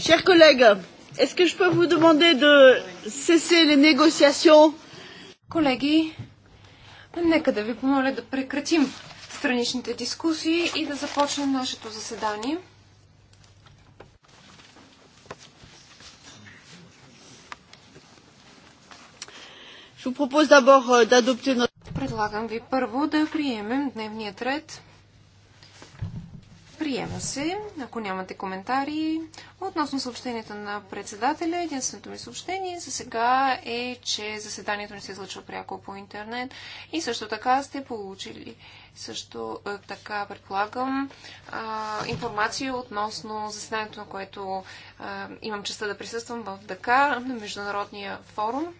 Chers collègues, est-ce que je peux vous demander de cesser les négociations Колеги, нека да ви помоля да прекратим страничните дискусии и да започнем нашето заседание. Euh, Предлагам ви първо да приемем дневният ред. Приема се, ако нямате коментари. Относно съобщенията на председателя, единственото ми съобщение за сега е, че заседанието не се излъчва пряко по интернет и също така сте получили също е, така предполагам а, информация относно заседанието, на което а, имам честа да присъствам в ДК на Международния форум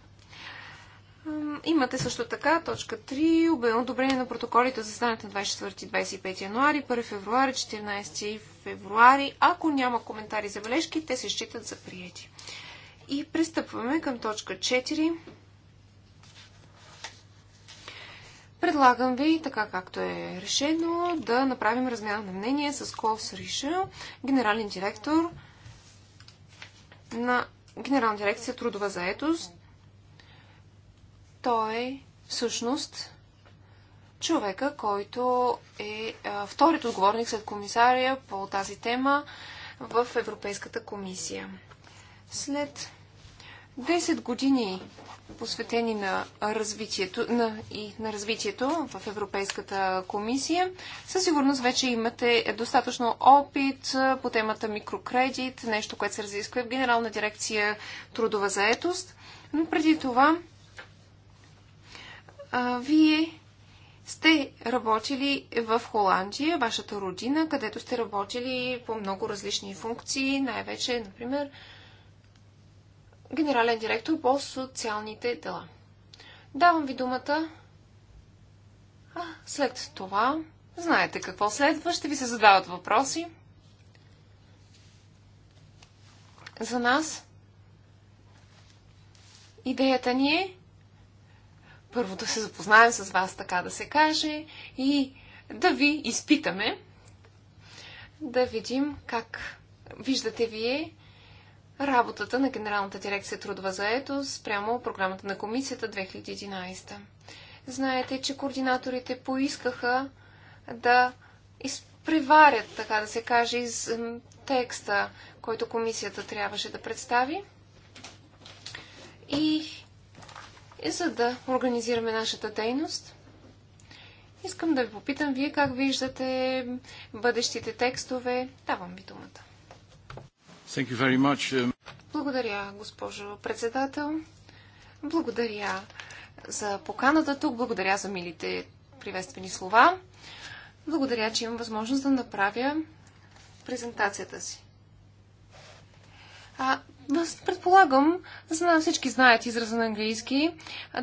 Имате също така точка 3, одобрение на протоколите за станете на 24-25 януари, 1 февруари, 14 февруари. Ако няма коментари и забележки, те се считат за приети. И пристъпваме към точка 4. Предлагам ви, така както е решено, да направим размяна на мнение с Клоус Риша, генерален директор на Генерална дирекция Трудова заетост той всъщност човека, който е вторият отговорник след комисария по тази тема в Европейската комисия. След 10 години посветени на развитието, на, и на развитието в Европейската комисия. Със сигурност вече имате достатъчно опит по темата микрокредит, нещо, което се разисква в Генерална дирекция трудова заетост. Но преди това а, вие сте работили в Холандия, вашата родина, където сте работили по много различни функции, най-вече, например, генерален директор по социалните дела. Давам ви думата. А, след това, знаете какво следва, ще ви се задават въпроси. За нас идеята ни е първо да се запознаем с вас, така да се каже, и да ви изпитаме, да видим как виждате вие работата на Генералната дирекция Трудова заетост прямо програмата на комисията 2011. Знаете, че координаторите поискаха да изпреварят, така да се каже, из текста, който комисията трябваше да представи. И и за да организираме нашата дейност, искам да ви попитам вие как виждате бъдещите текстове. Давам ви думата. Thank you very much. Um, Благодаря, госпожо председател. Благодаря за поканата тук. Благодаря за милите приветствени слова. Благодаря, че имам възможност да направя презентацията си. А, предполагам, зна, всички знаят израза на английски,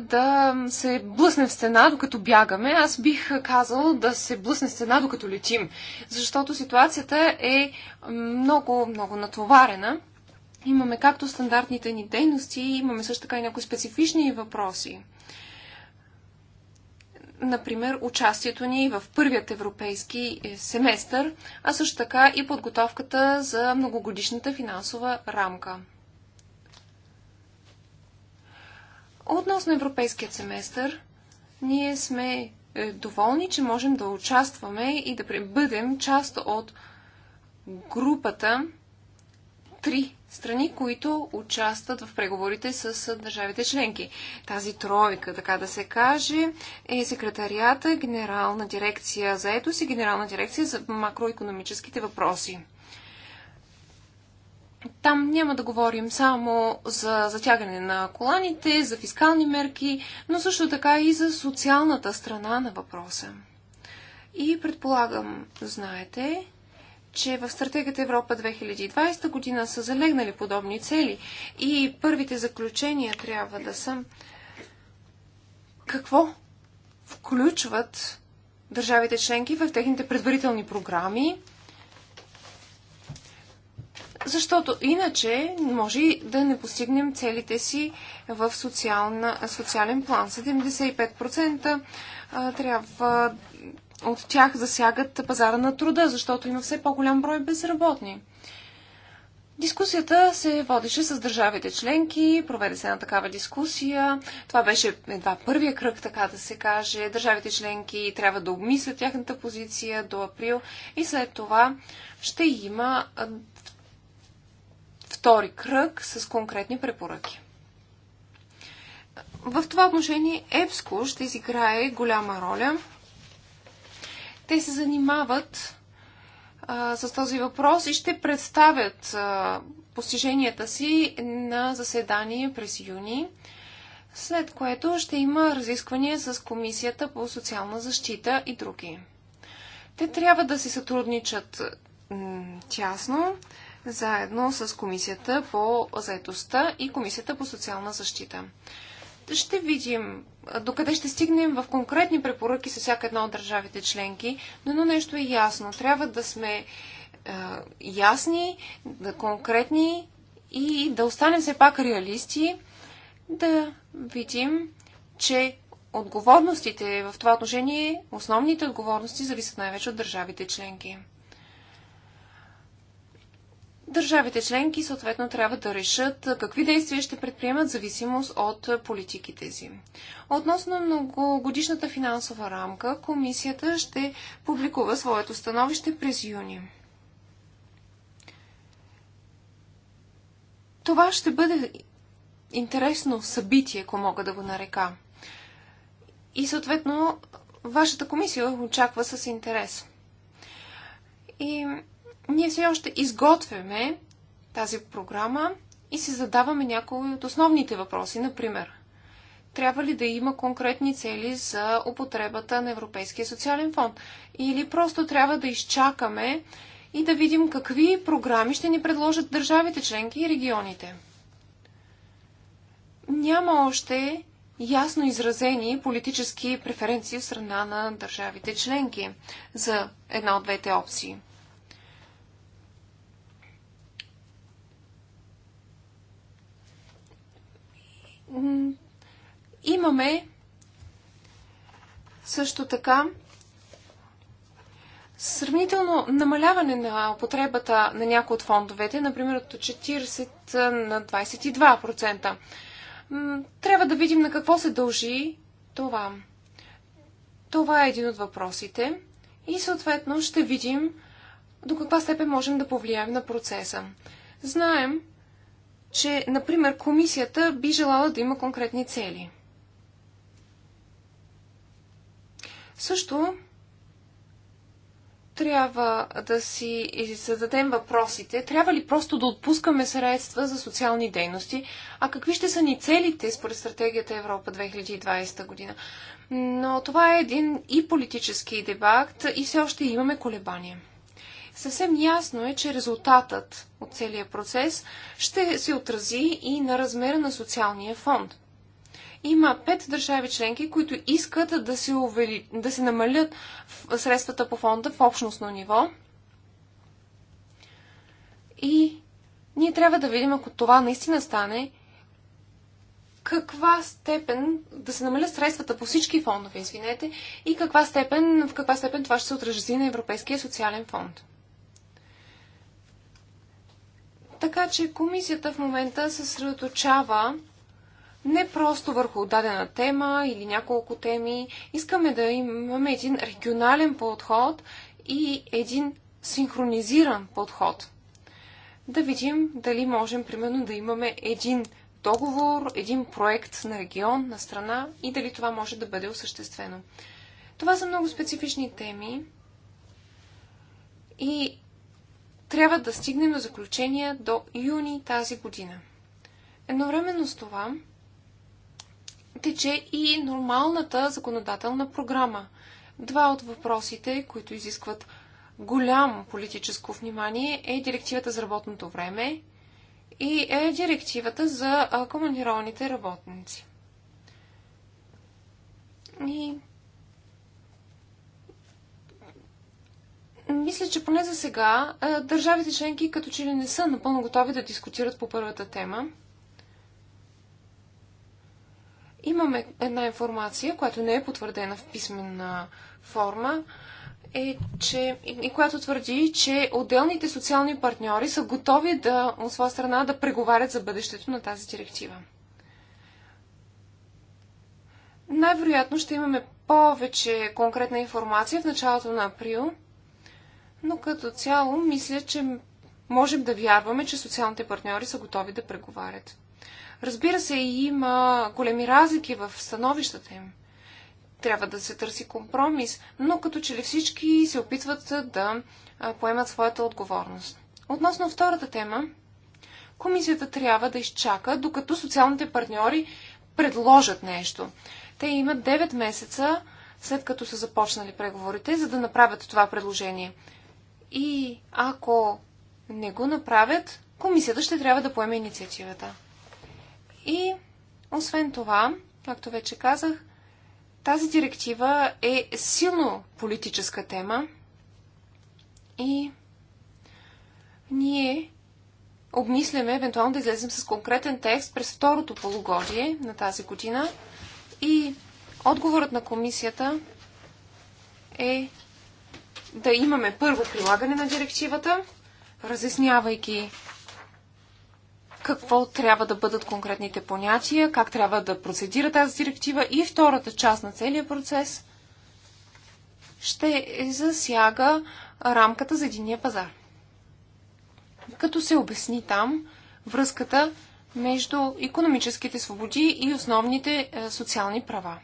да се блъсне в стена, докато бягаме. Аз бих казал да се блъсне в стена, докато летим, защото ситуацията е много, много натоварена. Имаме както стандартните ни дейности, имаме също така и някои специфични въпроси например, участието ни в първият европейски е, семестър, а също така и подготовката за многогодишната финансова рамка. Относно европейският семестър, ние сме е, доволни, че можем да участваме и да бъдем част от групата страни, които участват в преговорите с държавите членки. Тази тройка, така да се каже, е секретарията, генерална дирекция за етос и генерална дирекция за макроекономическите въпроси. Там няма да говорим само за затягане на коланите, за фискални мерки, но също така и за социалната страна на въпроса. И предполагам, знаете, че в стратегията Европа 2020 година са залегнали подобни цели и първите заключения трябва да са какво включват държавите членки в техните предварителни програми, защото иначе може да не постигнем целите си в социална, социален план. 75% трябва от тях засягат пазара на труда, защото има все по-голям брой безработни. Дискусията се водеше с държавите членки, проведе се една такава дискусия. Това беше едва първия кръг, така да се каже. Държавите членки трябва да обмислят тяхната позиция до април и след това ще има втори кръг с конкретни препоръки. В това отношение ЕПСКО ще изиграе голяма роля – те се занимават а, с този въпрос и ще представят а, постиженията си на заседание през юни, след което ще има разисквания с Комисията по социална защита и други. Те трябва да си сътрудничат тясно, заедно с Комисията по заедостта и Комисията по социална защита ще видим докъде ще стигнем в конкретни препоръки с всяка една от държавите членки, но едно нещо е ясно. Трябва да сме е, ясни, да конкретни и да останем все пак реалисти, да видим, че отговорностите в това отношение, основните отговорности зависят най-вече от държавите членки. Държавите членки съответно трябва да решат какви действия ще предприемат зависимост от политиките си. Относно многогодишната финансова рамка, комисията ще публикува своето становище през юни. Това ще бъде интересно събитие, ако мога да го нарека. И съответно, вашата комисия очаква с интерес. И ние все още изготвяме тази програма и си задаваме някои от основните въпроси. Например, трябва ли да има конкретни цели за употребата на Европейския социален фонд? Или просто трябва да изчакаме и да видим какви програми ще ни предложат държавите членки и регионите? Няма още ясно изразени политически преференции в страна на държавите членки за една от двете опции – Имаме също така сравнително намаляване на употребата на някои от фондовете, например от 40 на 22%. Трябва да видим на какво се дължи това. Това е един от въпросите и съответно ще видим до каква степен можем да повлияем на процеса. Знаем, че, например, комисията би желала да има конкретни цели. Също трябва да си зададем въпросите, трябва ли просто да отпускаме средства за социални дейности, а какви ще са ни целите според стратегията Европа 2020 година. Но това е един и политически дебат и все още имаме колебания. Съвсем ясно е, че резултатът от целия процес ще се отрази и на размера на социалния фонд. Има пет държави членки, които искат да се, увели... да се намалят средствата по фонда в общностно ниво. И ние трябва да видим, ако това наистина стане, каква степен да се намалят средствата по всички фондове, извинете, и каква степен, в каква степен това ще се отрази на Европейския социален фонд. Така че комисията в момента се съсредоточава не просто върху дадена тема или няколко теми. Искаме да имаме един регионален подход и един синхронизиран подход. Да видим дали можем, примерно, да имаме един договор, един проект на регион, на страна и дали това може да бъде осъществено. Това са много специфични теми и трябва да стигнем до заключение до юни тази година. Едновременно с това тече и нормалната законодателна програма. Два от въпросите, които изискват голямо политическо внимание е директивата за работното време и е директивата за командированите работници. И мисля, че поне за сега държавите членки като че ли не са напълно готови да дискутират по първата тема. Имаме една информация, която не е потвърдена в писменна форма, е, че, и която твърди, че отделните социални партньори са готови да, от своя страна да преговарят за бъдещето на тази директива. Най-вероятно ще имаме повече конкретна информация в началото на април – но като цяло мисля, че можем да вярваме, че социалните партньори са готови да преговарят. Разбира се, има големи разлики в становищата им. Трябва да се търси компромис, но като че ли всички се опитват да поемат своята отговорност. Относно втората тема, комисията трябва да изчака, докато социалните партньори предложат нещо. Те имат 9 месеца, след като са започнали преговорите, за да направят това предложение. И ако не го направят, комисията ще трябва да поеме инициативата. И освен това, както вече казах, тази директива е силно политическа тема и ние обмисляме евентуално да излезем с конкретен текст през второто полугодие на тази година и отговорът на комисията е да имаме първо прилагане на директивата, разяснявайки какво трябва да бъдат конкретните понятия, как трябва да процедира тази директива и втората част на целия процес ще засяга рамката за единия пазар. Като се обясни там връзката между економическите свободи и основните е, социални права.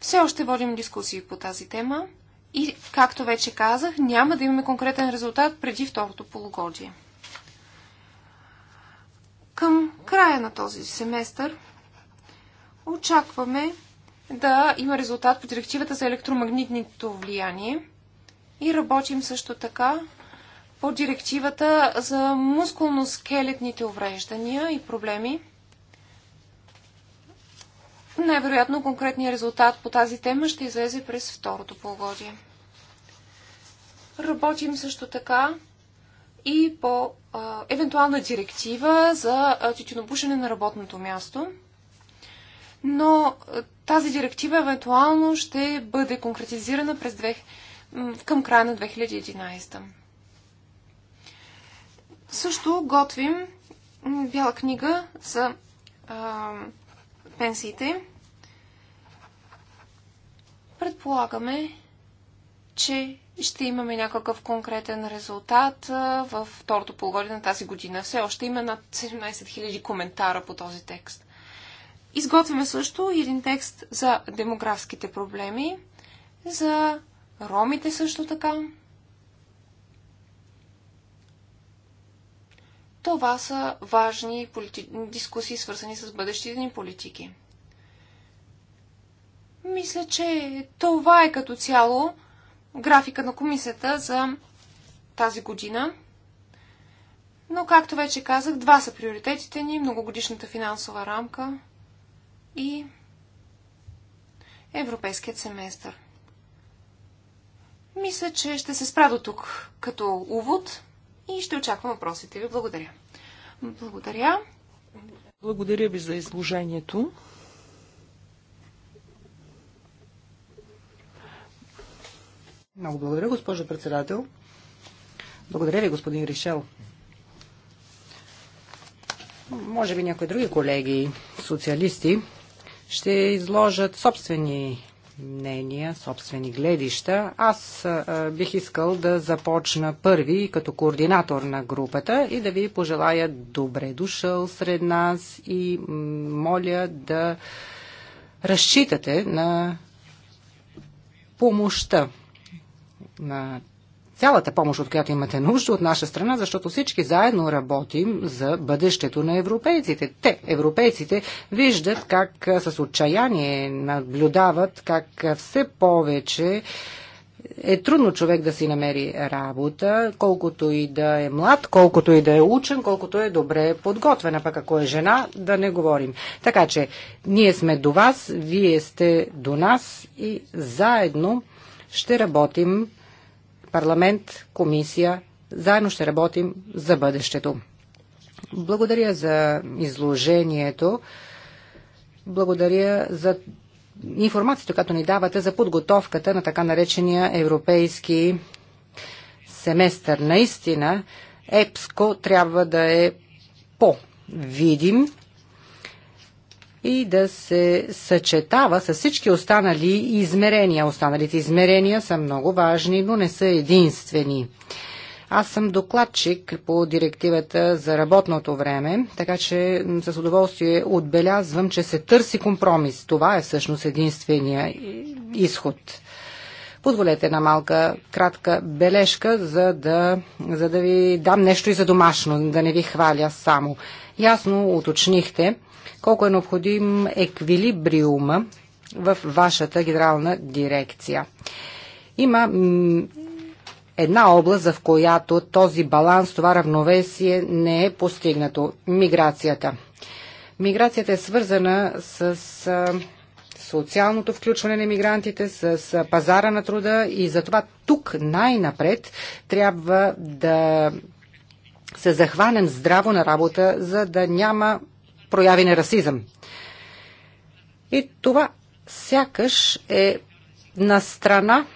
Все още водим дискусии по тази тема и, както вече казах, няма да имаме конкретен резултат преди второто полугодие. Към края на този семестър очакваме да има резултат по директивата за електромагнитното влияние и работим също така по директивата за мускулно-скелетните увреждания и проблеми. Най-вероятно конкретният резултат по тази тема ще излезе през второто полугодие. Работим също така и по а, евентуална директива за тютюнопушене на работното място. Но а, тази директива евентуално ще бъде конкретизирана през две, към края на 2011. Също готвим бяла книга за а, пенсиите, предполагаме, че ще имаме някакъв конкретен резултат във второто полугодие на тази година. Все още има над 17 000 коментара по този текст. Изготвяме също един текст за демографските проблеми, за ромите също така. Това са важни полити... дискусии, свързани с бъдещите ни политики. Мисля, че това е като цяло графика на комисията за тази година. Но, както вече казах, два са приоритетите ни многогодишната финансова рамка и европейският семестър. Мисля, че ще се спра до тук като увод и ще очаквам въпросите ви. Благодаря. Благодаря. Благодаря ви за изложението. Много благодаря, госпожо председател. Благодаря ви, господин Ришел. Може би някои други колеги, социалисти, ще изложат собствени мнения, собствени гледища. Аз а, бих искал да започна първи като координатор на групата и да ви пожелая добре дошъл сред нас и моля да разчитате на помощта на цялата помощ, от която имате нужда от наша страна, защото всички заедно работим за бъдещето на европейците. Те, европейците, виждат как с отчаяние наблюдават как все повече е трудно човек да си намери работа, колкото и да е млад, колкото и да е учен, колкото е добре подготвена, пък ако е жена, да не говорим. Така че, ние сме до вас, вие сте до нас и заедно ще работим парламент, комисия, заедно ще работим за бъдещето. Благодаря за изложението. Благодаря за информацията, която ни давате за подготовката на така наречения европейски семестър. Наистина, ЕПСКО трябва да е по-видим и да се съчетава с всички останали измерения. Останалите измерения са много важни, но не са единствени. Аз съм докладчик по директивата за работното време, така че с удоволствие отбелязвам, че се търси компромис. Това е всъщност единствения изход. Позволете една малка кратка бележка, за да, за да ви дам нещо и за домашно, да не ви хваля само. Ясно уточнихте, колко е необходим еквилибриума в вашата генерална дирекция. Има една област, в която този баланс, това равновесие не е постигнато – миграцията. Миграцията е свързана с социалното включване на мигрантите, с пазара на труда и затова тук най-напред трябва да се захванем здраво на работа, за да няма прояви на расизъм. И това сякаш е на страна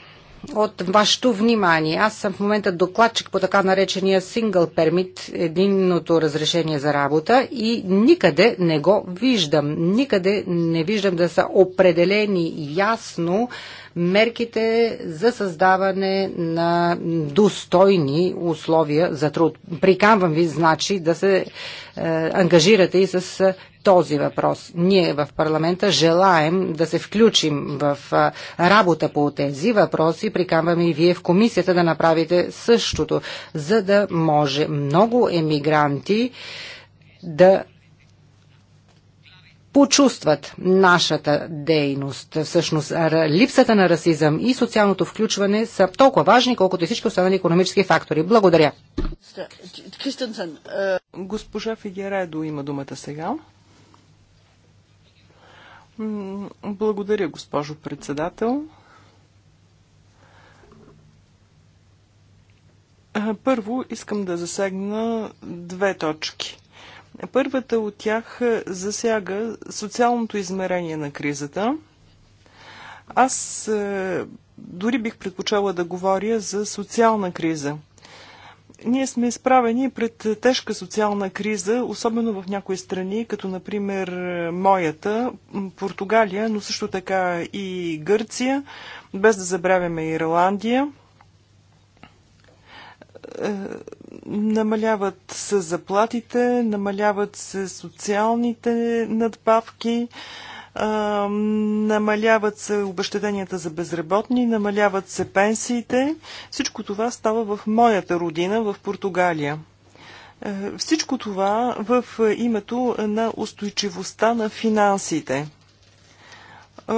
от вашето внимание. Аз съм в момента докладчик по така наречения сингъл пермит, единното разрешение за работа и никъде не го виждам. Никъде не виждам да са определени ясно мерките за създаване на достойни условия за труд. Приканвам ви, значи, да се е, ангажирате и с този въпрос. Ние в парламента желаем да се включим в работа по тези въпроси. Прикамваме и вие в комисията да направите същото, за да може много емигранти да почувстват нашата дейност. Всъщност, липсата на расизъм и социалното включване са толкова важни, колкото и всички останали економически фактори. Благодаря. Е, Госпожа Фигерайдо има думата сега. Благодаря, госпожо председател. Първо искам да засегна две точки. Първата от тях засяга социалното измерение на кризата. Аз е, дори бих предпочела да говоря за социална криза – ние сме изправени пред тежка социална криза, особено в някои страни, като например е, моята, Португалия, но също така и Гърция, без да забравяме Ирландия. Е, намаляват се заплатите, намаляват се социалните надбавки, намаляват се обещеденията за безработни, намаляват се пенсиите. Всичко това става в моята родина, в Португалия. Е, всичко това в името на устойчивостта на финансите е,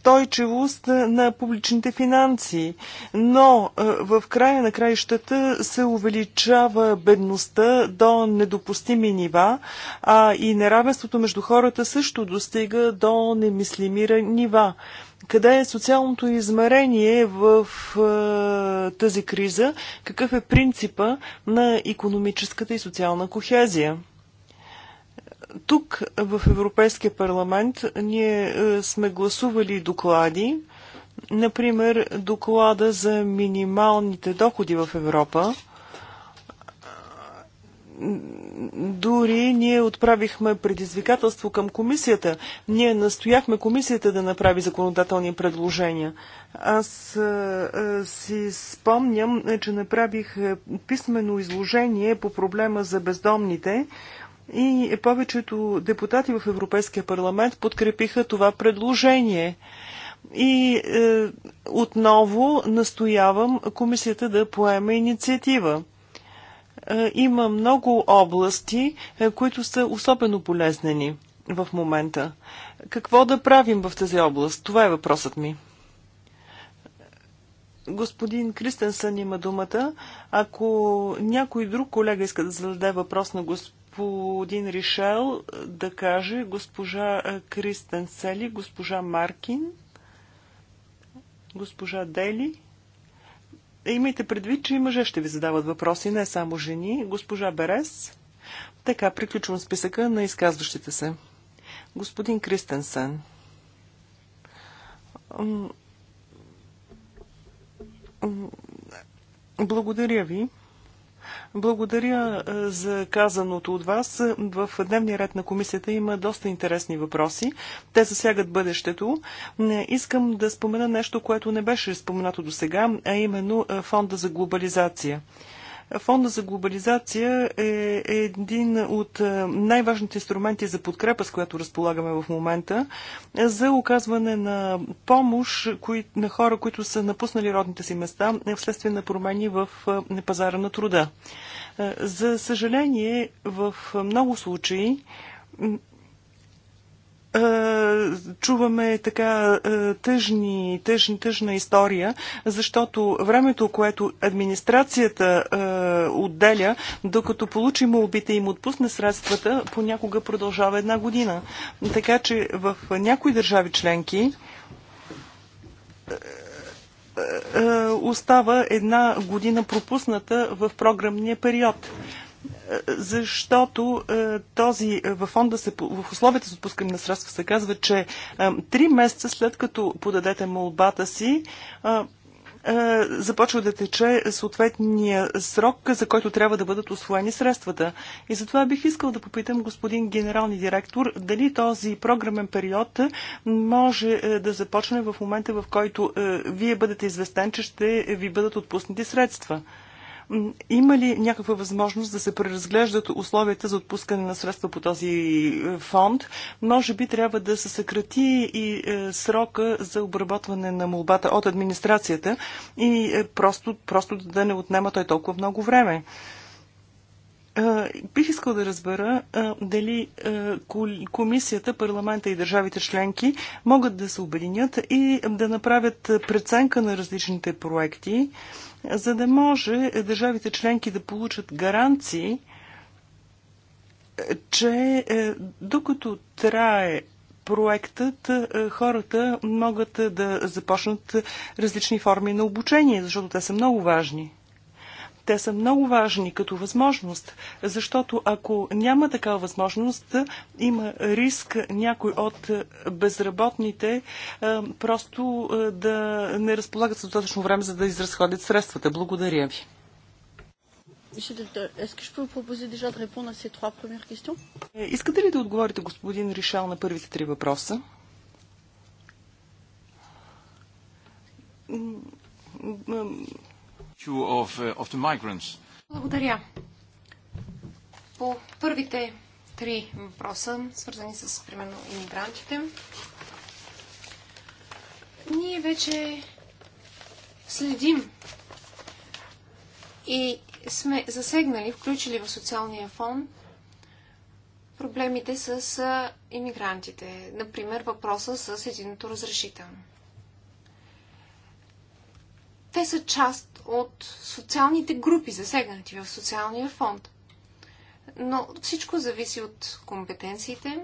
устойчивост на публичните финанси. Но е, в края на краищата се увеличава бедността до недопустими нива, а и неравенството между хората също достига до немислимира нива. Къде е социалното измерение в е, тази криза? Какъв е принципа на економическата и социална кохезия? Тук в Европейския парламент ние е, сме гласували доклади, например доклада за минималните доходи в Европа. Дори ние отправихме предизвикателство към комисията. Ние настояхме комисията да направи законодателни предложения. Аз а, е, е, си спомням, че направих писмено изложение по проблема за бездомните. А, и повечето депутати в Европейския парламент подкрепиха това предложение. И е, отново настоявам комисията да поеме инициатива. Е, има много области, е, които са особено полезнени в момента. Какво да правим в тази област? Това е въпросът ми. Господин Кристенсън има думата. Ако някой друг колега иска да зададе въпрос на господин господин Ришел да каже госпожа Кристен Сели, госпожа Маркин, госпожа Дели. Имайте предвид, че и мъже ще ви задават въпроси, не само жени. Госпожа Берес. Така, приключвам списъка на изказващите се. Господин Кристенсен. Благодаря ви. Благодаря е, за казаното от вас. В дневния ред на комисията има доста интересни въпроси. Те засягат бъдещето. Е, искам да спомена нещо, което не беше споменато до сега, а именно е, фонда за глобализация. Фонда за глобализация е един от е, най-важните инструменти за подкрепа, с която разполагаме в момента, е, за оказване на помощ на хора, които са напуснали родните си места е, вследствие на промени в пазара на труда. За съжаление, в много случаи е, чуваме така е, тъжни, тъжни, тъжна история, защото времето, което администрацията е, отделя, докато получи молбите им отпусне средствата, понякога продължава една година. Така че в някои държави членки остава една година пропусната в програмния период защото е, този е, във фонда се, в условията за отпускане на средства се казва, че е, три месеца след като подадете молбата си, започва да тече съответния срок, за който трябва да бъдат освоени средствата. И затова бих искал да попитам господин генерални директор, дали този програмен период може да започне в момента, в който вие бъдете известен, че ще ви бъдат отпуснати средства. Има ли някаква възможност да се преразглеждат условията за отпускане на средства по този е, фонд? Може би трябва да се съкрати и е, срока за обработване на молбата от администрацията и е, просто, просто да не отнема той толкова много време. Бих искал да разбера дали комисията, парламента и държавите членки могат да се объединят и да направят преценка на различните проекти, за да може държавите членки да получат гаранции, че е, докато трае проектът е, хората могат е, да започнат различни форми на обучение, защото те са много важни. Те са много важни като възможност, защото ако няма такава възможност, има риск някой от безработните е, просто е, да не разполагат с достатъчно време, за да изразходят средствата. Благодаря ви. Е, искате ли да отговорите, господин Ришал, на първите три въпроса? Of, uh, of the Благодаря. По първите три въпроса, свързани с, примерно, иммигрантите, ние вече следим и сме засегнали, включили в социалния фон проблемите с иммигрантите. Например, въпроса с единото разрешително. Те са част от социалните групи, засегнати в социалния фонд. Но всичко зависи от компетенциите.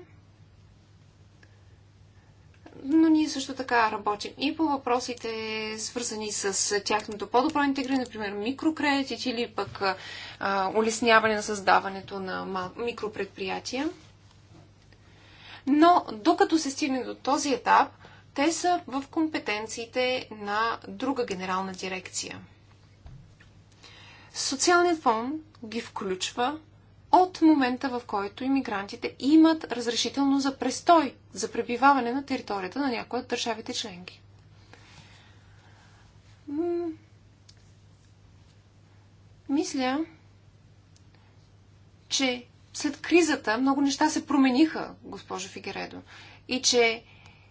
Но ние също така работим и по въпросите, свързани с тяхното по-добро интегриране, например микрокредити, или пък а, улесняване на създаването на мал... микропредприятия. Но докато се стигне до този етап, те са в компетенциите на друга генерална дирекция. Социалният фонд ги включва от момента, в който иммигрантите имат разрешително за престой, за пребиваване на територията на някоя от държавите членки. Мисля, че след кризата много неща се промениха, госпожо Фигередо, и че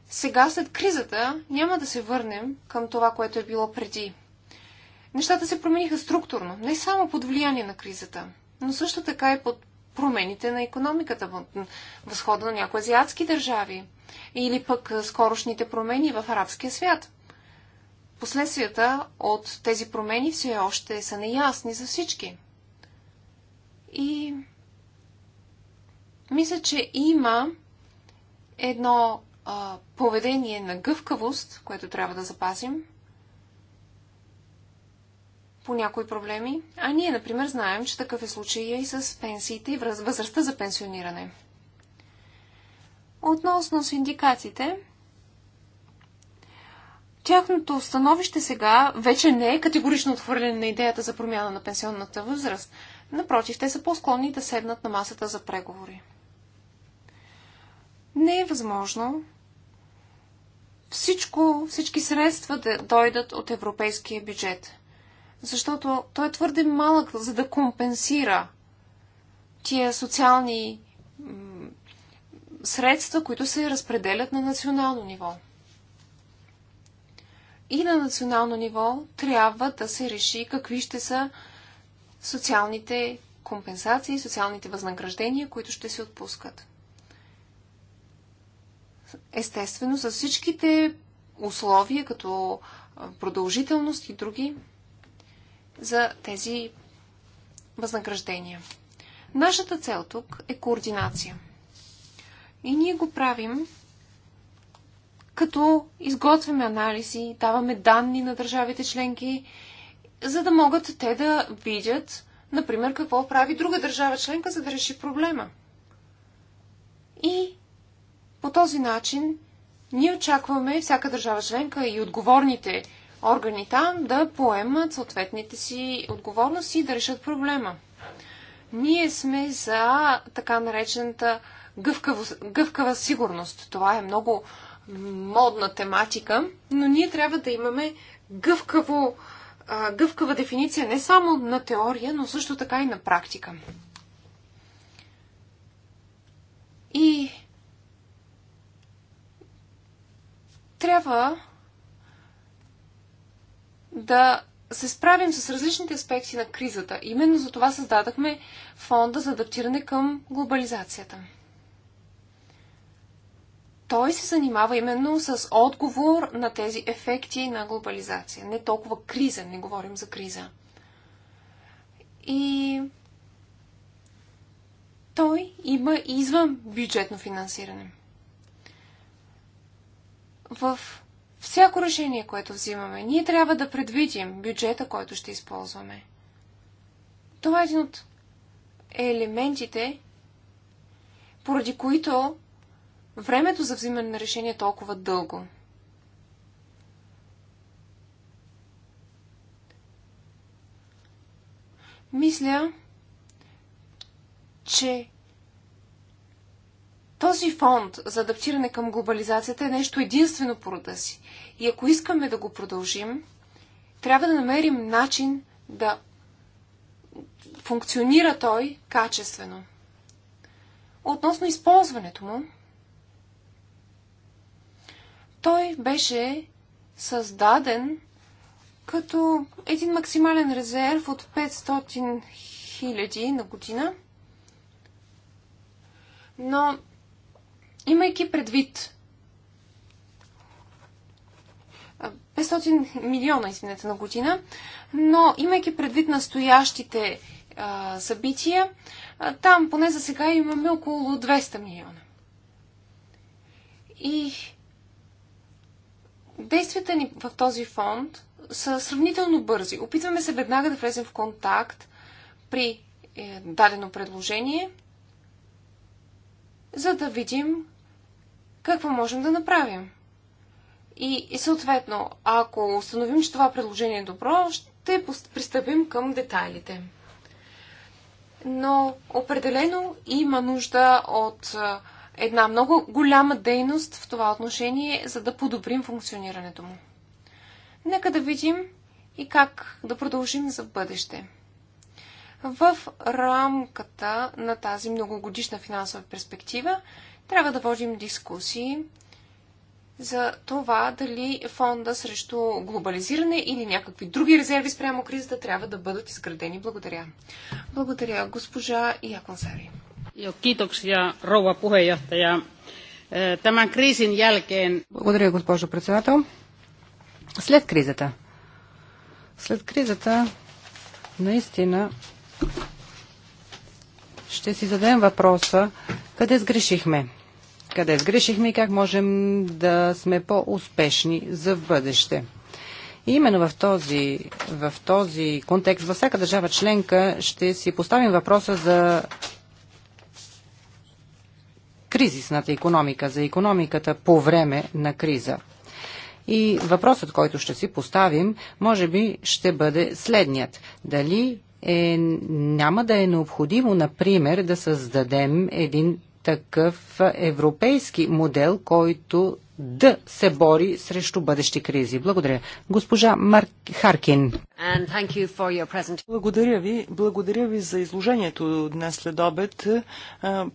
сега след кризата няма да се върнем към това, което е било преди нещата се промениха структурно, не само под влияние на кризата, но също така и под промените на економиката, възхода на някои азиатски държави или пък скорошните промени в арабския свят. Последствията от тези промени все още са неясни за всички. И мисля, че има едно а, поведение на гъвкавост, което трябва да запазим – по някои проблеми, а ние, например, знаем, че такъв е случай и с пенсиите и възрастта за пенсиониране. Относно синдикатите, тяхното становище сега вече не е категорично отхвърлено на идеята за промяна на пенсионната възраст. Напротив, те са по-склонни да седнат на масата за преговори. Не е възможно всичко, всички средства да дойдат от европейския бюджет – защото той е твърде малък, за да компенсира тия социални средства, които се разпределят на национално ниво. И на национално ниво трябва да се реши какви ще са социалните компенсации, социалните възнаграждения, които ще се отпускат. Естествено, за всичките условия, като продължителност и други, за тези възнаграждения. Нашата цел тук е координация. И ние го правим като изготвяме анализи, даваме данни на държавите членки, за да могат те да видят, например, какво прави друга държава членка, за да реши проблема. И по този начин ние очакваме всяка държава членка и отговорните органи там да поемат съответните си отговорности и да решат проблема. Ние сме за така наречената гъвкаво, гъвкава сигурност. Това е много модна тематика, но ние трябва да имаме гъвкаво, гъвкава дефиниция не само на теория, но също така и на практика. И трябва да се справим с различните аспекти на кризата. Именно за това създадахме фонда за адаптиране към глобализацията. Той се занимава именно с отговор на тези ефекти на глобализация. Не толкова криза, не говорим за криза. И той има извън бюджетно финансиране. В всяко решение, което взимаме, ние трябва да предвидим бюджета, който ще използваме. Това е един от елементите, поради които времето за взимане на решение е толкова дълго. Мисля, че този фонд за адаптиране към глобализацията е нещо единствено по рода си. И ако искаме да го продължим, трябва да намерим начин да функционира той качествено. Относно използването му, той беше създаден като един максимален резерв от 500 хиляди на година. Но, имайки предвид 500 милиона, извинете, на година, но имайки предвид настоящите а, събития, а, там поне за сега имаме около 200 милиона. И действията ни в този фонд са сравнително бързи. Опитваме се веднага да влезем в контакт при е, дадено предложение, за да видим какво можем да направим. И, и съответно, ако установим, че това предложение е добро, ще пристъпим към детайлите. Но определено има нужда от една много голяма дейност в това отношение, за да подобрим функционирането му. Нека да видим и как да продължим за бъдеще. В рамката на тази многогодишна финансова перспектива трябва да водим дискусии за това дали фонда срещу глобализиране или някакви други резерви спрямо кризата трябва да бъдат изградени. Благодаря. Благодаря, госпожа Яконсари. Е, Благодаря, госпожо председател. След кризата. След кризата наистина ще си зададем въпроса къде сгрешихме къде сгрешихме и как можем да сме по-успешни за бъдеще. И именно в този, в този контекст, във всяка държава членка ще си поставим въпроса за кризисната економика, за економиката по време на криза. И въпросът, който ще си поставим, може би ще бъде следният. Дали е, няма да е необходимо, например, да създадем един такъв европейски модел, който да се бори срещу бъдещи кризи. Благодаря. Госпожа Марк Харкин. Благодаря ви. Благодаря ви за изложението днес след обед.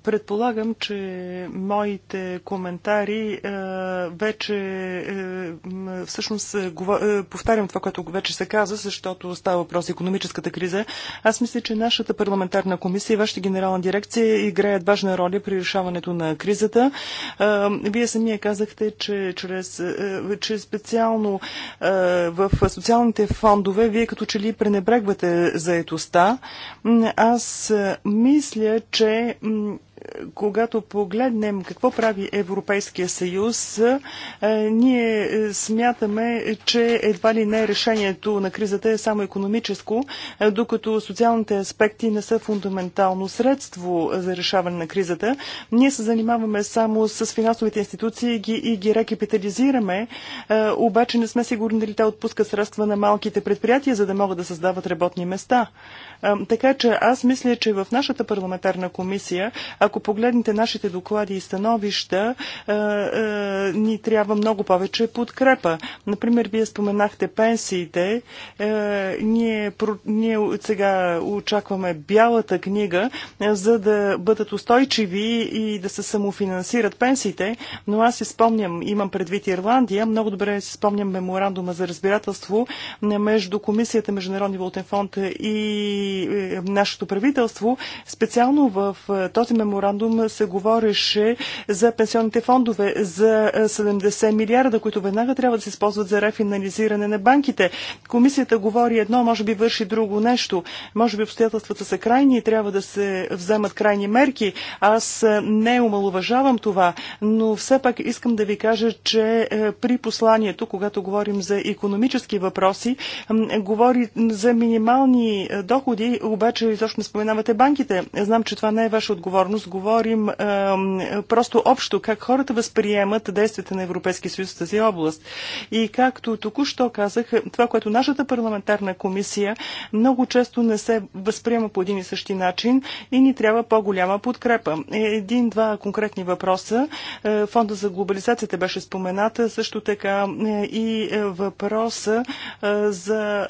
Предполагам, че моите коментари вече е, всъщност е, е, повтарям това, което вече се каза, защото става въпрос за економическата криза. Аз мисля, че нашата парламентарна комисия и вашата генерална дирекция играят важна роля при решаването на кризата. Вие самия казахте, че, чрез, че специално в социалните фондове вие като че ли пренебрегвате заетостта. Аз мисля, че когато погледнем какво прави Европейския съюз, е, ние смятаме, че едва ли не решението на кризата е само економическо, е, докато социалните аспекти не са фундаментално средство за решаване на кризата. Ние се занимаваме само с финансовите институции ги, и ги рекапитализираме, е, обаче не сме сигурни дали те отпускат средства на малките предприятия, за да могат да създават работни места. Така че аз мисля, че в нашата парламентарна комисия, ако погледнете нашите доклади и становища, ни трябва много повече подкрепа. Например, вие споменахте пенсиите. Е, ние, ние сега очакваме бялата книга, е, за да бъдат устойчиви и да се самофинансират пенсиите, но аз си спомням, имам предвид Ирландия, много добре си спомням меморандума за разбирателство е, между Комисията Международни валутен фонд и е, нашето правителство. Специално в е, този меморандум се говореше за пенсионните фондове, за 70 е, милиарда, които веднага трябва да се използват за рефинализиране на банките. Комисията говори едно, може би върши друго нещо. Може би обстоятелствата са крайни и трябва да се вземат крайни мерки. Аз не омалуважавам това, но все пак искам да ви кажа, че при посланието, когато говорим за економически въпроси, говори за минимални доходи, преди, обаче изобщо не споменавате банките. Знам, че това не е ваша отговорност. Говорим е, просто общо как хората възприемат действията на Европейския съюз в тази област. И както току-що казах, това, което нашата парламентарна комисия много често не се възприема по един и същи начин и ни трябва по-голяма подкрепа. Е, един-два конкретни въпроса. Е, фонда за глобализацията беше спомената, също така е, и въпроса за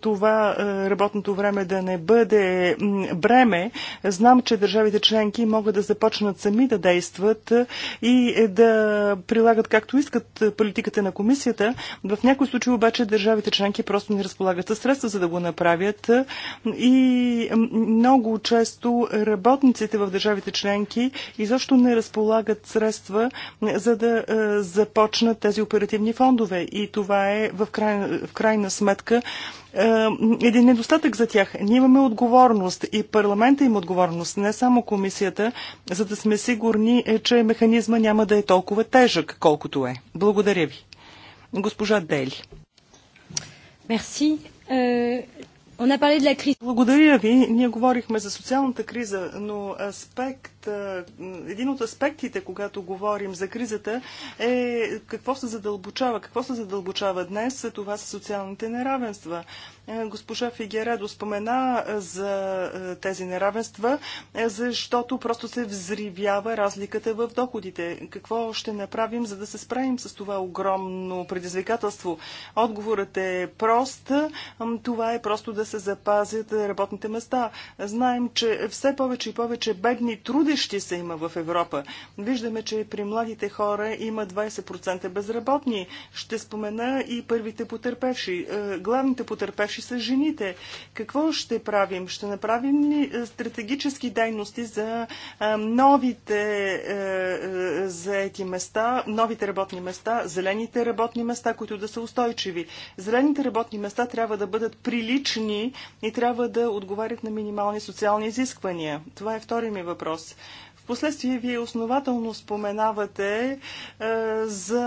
това работното време време да не бъде бреме. Знам, че държавите членки могат да започнат сами да действат е, и е, да прилагат както искат е, политиката на комисията. В някои случаи обаче държавите членки просто не разполагат със средства, за да го направят. И много често работниците в държавите членки изобщо не разполагат средства, за да започнат тези оперативни фондове. И това е в в крайна сметка е, един недостатък за тях. Ние имаме отговорност и парламента има отговорност, не само комисията, за да сме сигурни, е, че механизма няма да е толкова тежък, колкото е. Благодаря ви. Госпожа Дели. Мерси. Е, Благодаря ви. Ние говорихме за социалната криза, но аспект един от аспектите, когато говорим за кризата, е какво се задълбочава. Какво се задълбочава днес, това са социалните неравенства. Е, госпожа Фигередо спомена за тези неравенства, е, защото просто се взривява разликата в доходите. Какво ще направим, за да се справим с това огромно предизвикателство? Отговорът е прост. Това е просто да се запазят работните места. Знаем, че все повече и повече бедни труди бъдеще се има в Европа. Виждаме, че при младите хора има 20% безработни. Ще спомена и първите потерпевши. Е, главните потерпевши са жените. Какво ще правим? Ще направим ли е, стратегически дейности за е, новите заети места, новите работни места, зелените работни места, които да са устойчиви? Зелените работни места трябва да бъдат прилични и трябва да отговарят на минимални социални изисквания. Това е втори ми въпрос. Впоследствие вие основателно споменавате е, за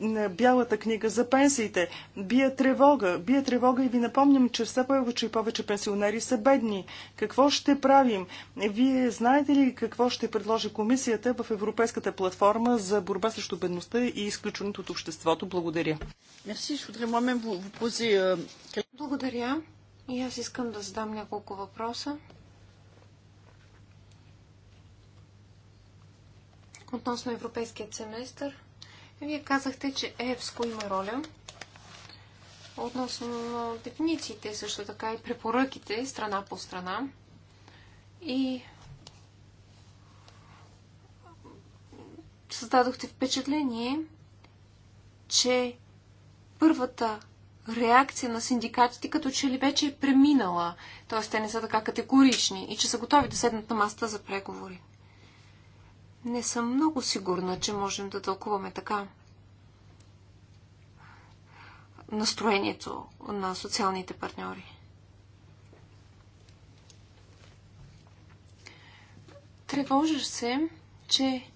е, е, бялата книга за пенсиите. Бия тревога. Бия тревога и ви напомням, че все повече и повече пенсионери са бедни. Какво ще правим? Вие знаете ли какво ще предложи комисията в Европейската платформа за борба срещу бедността и изключването от обществото? Благодаря. Euh, Благодаря. И аз искам да задам няколко въпроса. относно европейският семестър. Вие казахте, че ЕПСКО има роля относно дефинициите, също така и препоръките страна по страна. И създадохте впечатление, че първата реакция на синдикатите като че ли вече е преминала, т.е. те не са така категорични и че са готови да седнат на масата за преговори. Не съм много сигурна, че можем да тълкуваме така настроението на социалните партньори. Тревожиш се, че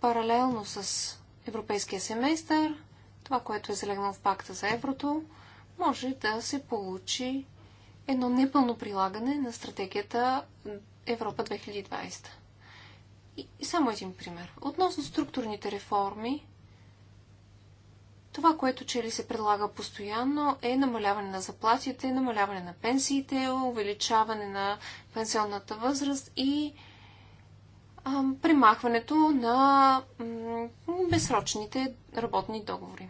паралелно с европейския семестър, това, което е залегнало в пакта за еврото, може да се получи едно непълно прилагане на стратегията Европа 2020. И само един пример. Относно структурните реформи, това, което че ли се предлага постоянно е намаляване на заплатите, намаляване на пенсиите, увеличаване на пенсионната възраст и примахването на безсрочните работни договори.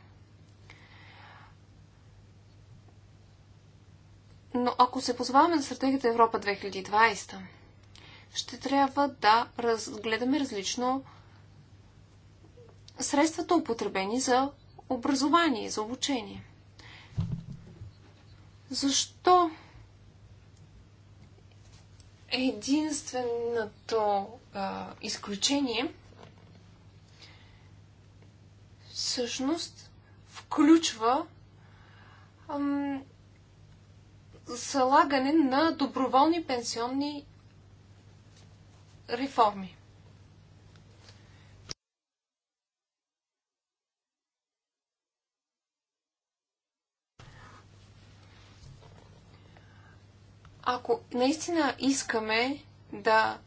Но ако се позоваваме на стратегията Европа 2020, ще трябва да разгледаме различно средствата употребени за образование, за обучение. Защо единственото а, изключение всъщност включва ам, залагане на доброволни пенсионни реформи. Ако наистина искаме да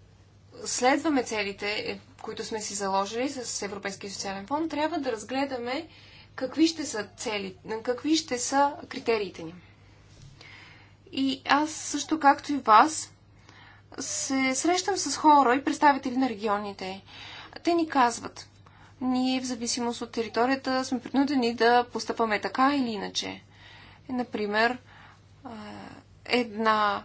следваме целите, е, които сме си заложили с Европейския социален фонд, трябва да разгледаме какви ще са цели, какви ще са критериите ни. И аз също както и вас се срещам с хора и представители на регионите. Те ни казват, ние в зависимост от територията сме принудени да постъпаме така или иначе. Например, една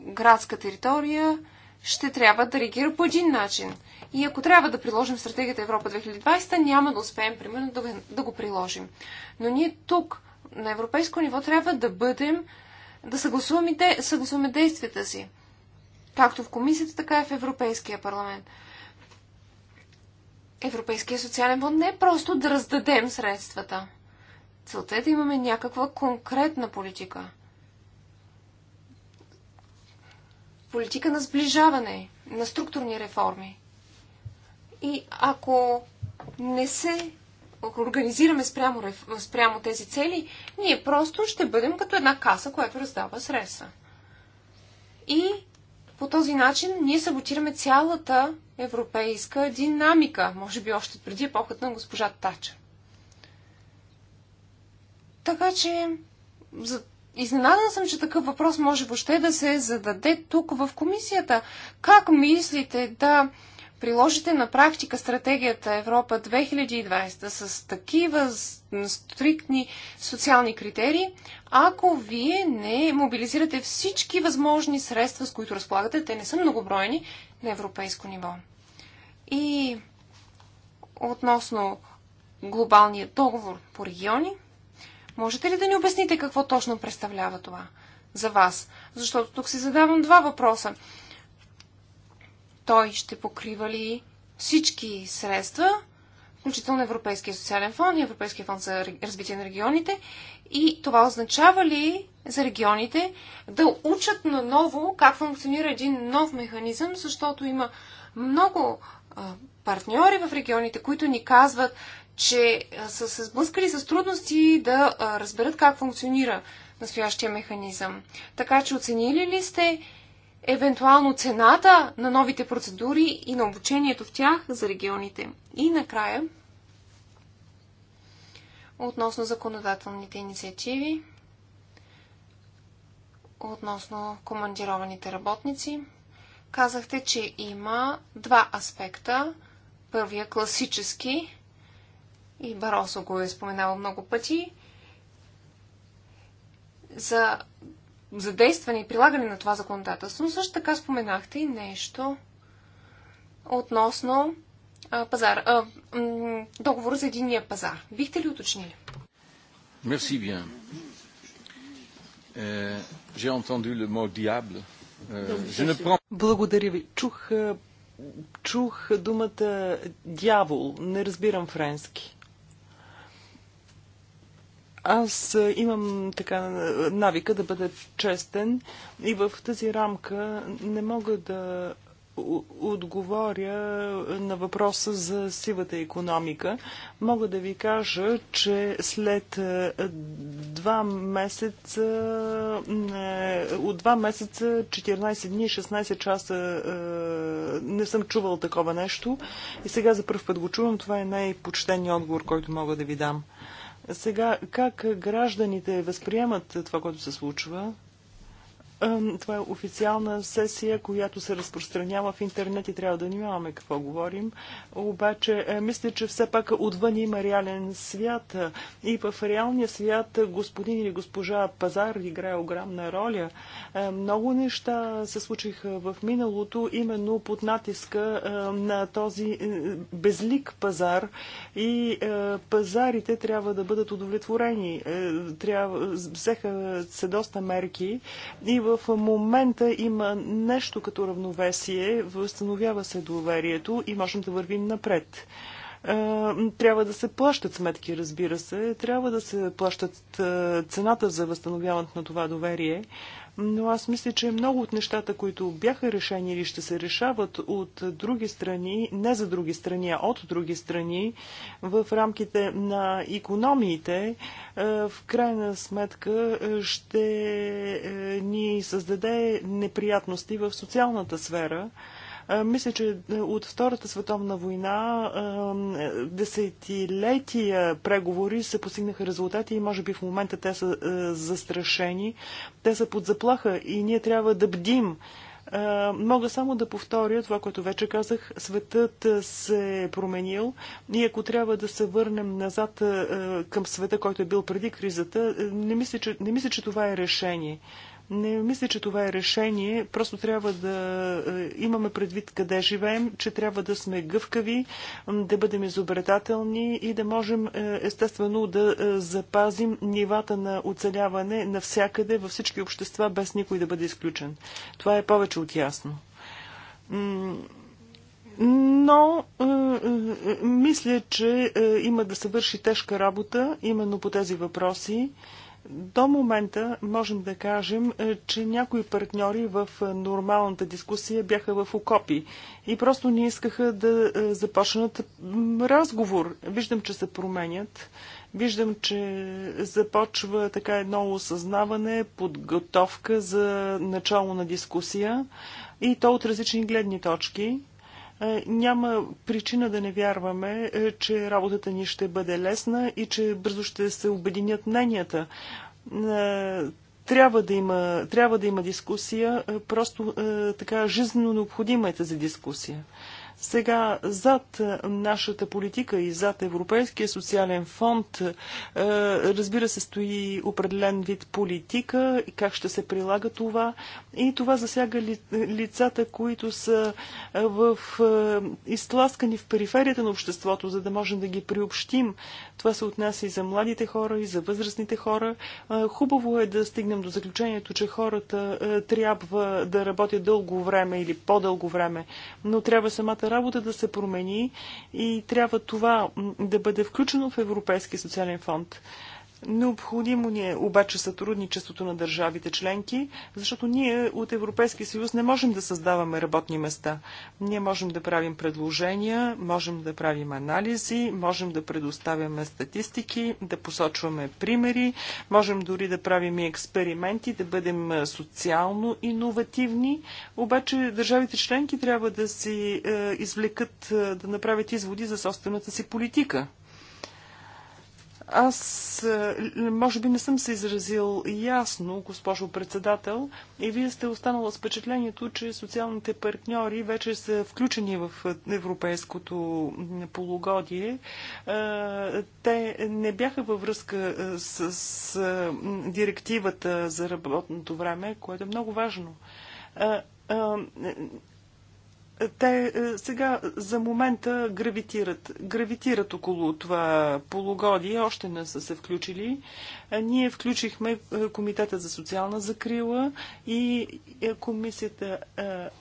градска територия ще трябва да реагира по един начин. И ако трябва да приложим стратегията Европа 2020, няма да успеем, примерно, да, да го приложим. Но ние тук, на европейско ниво, трябва да бъдем, да съгласуваме, съгласуваме действията си както в комисията, така и в Европейския парламент. Европейския социален фонд не е просто да раздадем средствата. Целта е да имаме някаква конкретна политика. Политика на сближаване, на структурни реформи. И ако не се организираме спрямо, спрямо тези цели, ние просто ще бъдем като една каса, която раздава средства. И по този начин ние саботираме цялата европейска динамика, може би още преди епохата на госпожа Тача. Така че изненадана изненадан съм, че такъв въпрос може въобще да се зададе тук в комисията. Как мислите да приложите на практика стратегията Европа 2020 с такива стриктни социални критерии, ако вие не мобилизирате всички възможни средства, с които разполагате, те не са многобройни, на европейско ниво. И относно глобалния договор по региони, можете ли да ни обясните какво точно представлява това за вас? Защото тук си задавам два въпроса. Той ще покрива ли всички средства, включително Европейския социален фонд и Европейския фонд за развитие на регионите. И това означава ли за регионите да учат наново как функционира един нов механизъм, защото има много партньори в регионите, които ни казват, че са се сблъскали с трудности да разберат как функционира настоящия механизъм. Така че оценили ли сте евентуално цената на новите процедури и на обучението в тях за регионите. И накрая, относно законодателните инициативи, относно командированите работници, казахте, че има два аспекта. Първия класически, и Баросо го е споменавал много пъти, за задействане и прилагане на това законодателство, но също така споменахте и нещо относно а, пазар, а, договор за единия пазар. Бихте ли уточнили? Merci bien. Euh, J'ai entendu le mot diable. Euh, Благодаря ви. Чух, чух думата дявол. Не разбирам френски. Аз имам така навика да бъда честен и в тази рамка не мога да отговоря на въпроса за сивата економика. Мога да ви кажа, че след два месеца, от два месеца, 14 дни, 16 часа не съм чувал такова нещо и сега за първ път го чувам. Това е най почтения отговор, който мога да ви дам. Сега, как гражданите възприемат това, което се случва? Това е официална сесия, която се разпространява в интернет и трябва да внимаваме какво говорим. Обаче, е, мисля, че все пак отвън има реален свят и в реалния свят господин или госпожа Пазар играе огромна роля. Е, много неща се случиха в миналото, именно под натиска е, на този безлик пазар и пазарите трябва да бъдат удовлетворени. Трябва, взеха се доста мерки и в в момента има нещо като равновесие, възстановява се доверието и можем да вървим напред. Е, трябва да се плащат сметки, разбира се. Трябва да се плащат е, цената за възстановяването на това доверие но аз мисля, че много от нещата, които бяха решени или ще се решават от други страни, не за други страни, а от други страни, в рамките на економиите, е, в крайна сметка е, ще е, ни създаде неприятности в социалната сфера. Мисля, че е, от Втората световна война е, десетилетия преговори се постигнаха резултати и може би в момента те са е, застрашени. Те са под заплаха и ние трябва да бдим. Мога само да повторя това, което вече казах. Светът се е променил и ако трябва да се върнем назад към света, който е бил преди кризата, не мисля, че, не мисля, че това е решение. Не мисля, че това е решение. Просто трябва да е, имаме предвид къде живеем, че трябва да сме гъвкави, да бъдем изобретателни и да можем е, естествено да е, запазим нивата на оцеляване навсякъде, във всички общества, без никой да бъде изключен. Това е повече от ясно но мисля, че има да се върши тежка работа именно по тези въпроси. До момента можем да кажем, е, че някои партньори в е, нормалната дискусия бяха в окопи и просто не искаха да е, започнат разговор. Виждам, че се променят. Виждам, че започва така едно осъзнаване, подготовка за начало на дискусия и то от различни гледни точки. Е, няма причина да не вярваме, е, че работата ни ще бъде лесна и че бързо ще се обединят мненията. Е, трябва да има, трябва да има дискусия, просто така жизненно необходима е тази дискусия. Сега зад нашата политика и зад Европейския социален фонд е, разбира се стои определен вид политика и как ще се прилага това. И това засяга лицата, които са е, в, е, изтласкани в периферията на обществото, за да можем да ги приобщим. Това се отнася и за младите хора, и за възрастните хора. Хубаво е да стигнем до заключението, че хората трябва да работят дълго време или по-дълго време, но трябва самата работа да се промени и трябва това да бъде включено в Европейския социален фонд. Необходимо ни е обаче сътрудничеството на държавите членки, защото ние от Европейския съюз не можем да създаваме работни места. Ние можем да правим предложения, можем да правим анализи, можем да предоставяме статистики, да посочваме примери, можем дори да правим и експерименти, да бъдем социално иновативни. Обаче държавите членки трябва да си е, извлекат, е, да направят изводи за собствената си политика. Аз е, може би не съм се изразил ясно, госпожо председател, и вие сте останала с впечатлението, че социалните партньори вече са включени в европейското полугодие. Е, те не бяха във връзка е, с, с директивата за работното време, което е много важно те е, сега за момента гравитират, гравитират около това полугодие, още не са се включили. Е, ние включихме е, Комитета за социална закрила и комисията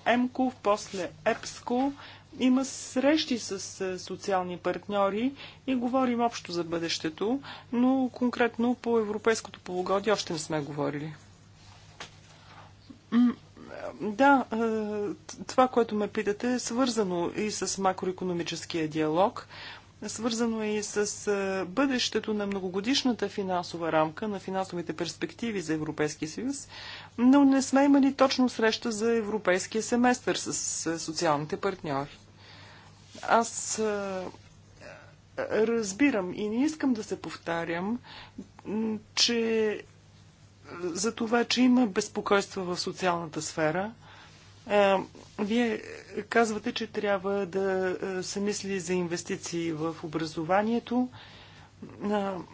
ЕМКОВ, после ЕПСКО. Има срещи с социални партньори и говорим общо за бъдещето, но конкретно по европейското полугодие още не сме говорили. Да, е, това, което ме питате, е свързано и с макроекономическия диалог, свързано е и с е, бъдещето на многогодишната финансова рамка, на финансовите перспективи за Европейския съюз, но не сме имали точно среща за европейския семестър с социалните партньори. Аз разбирам и не искам да се повтарям, че за това, че има безпокойство в социалната сфера. Вие казвате, че трябва да се мисли за инвестиции в образованието.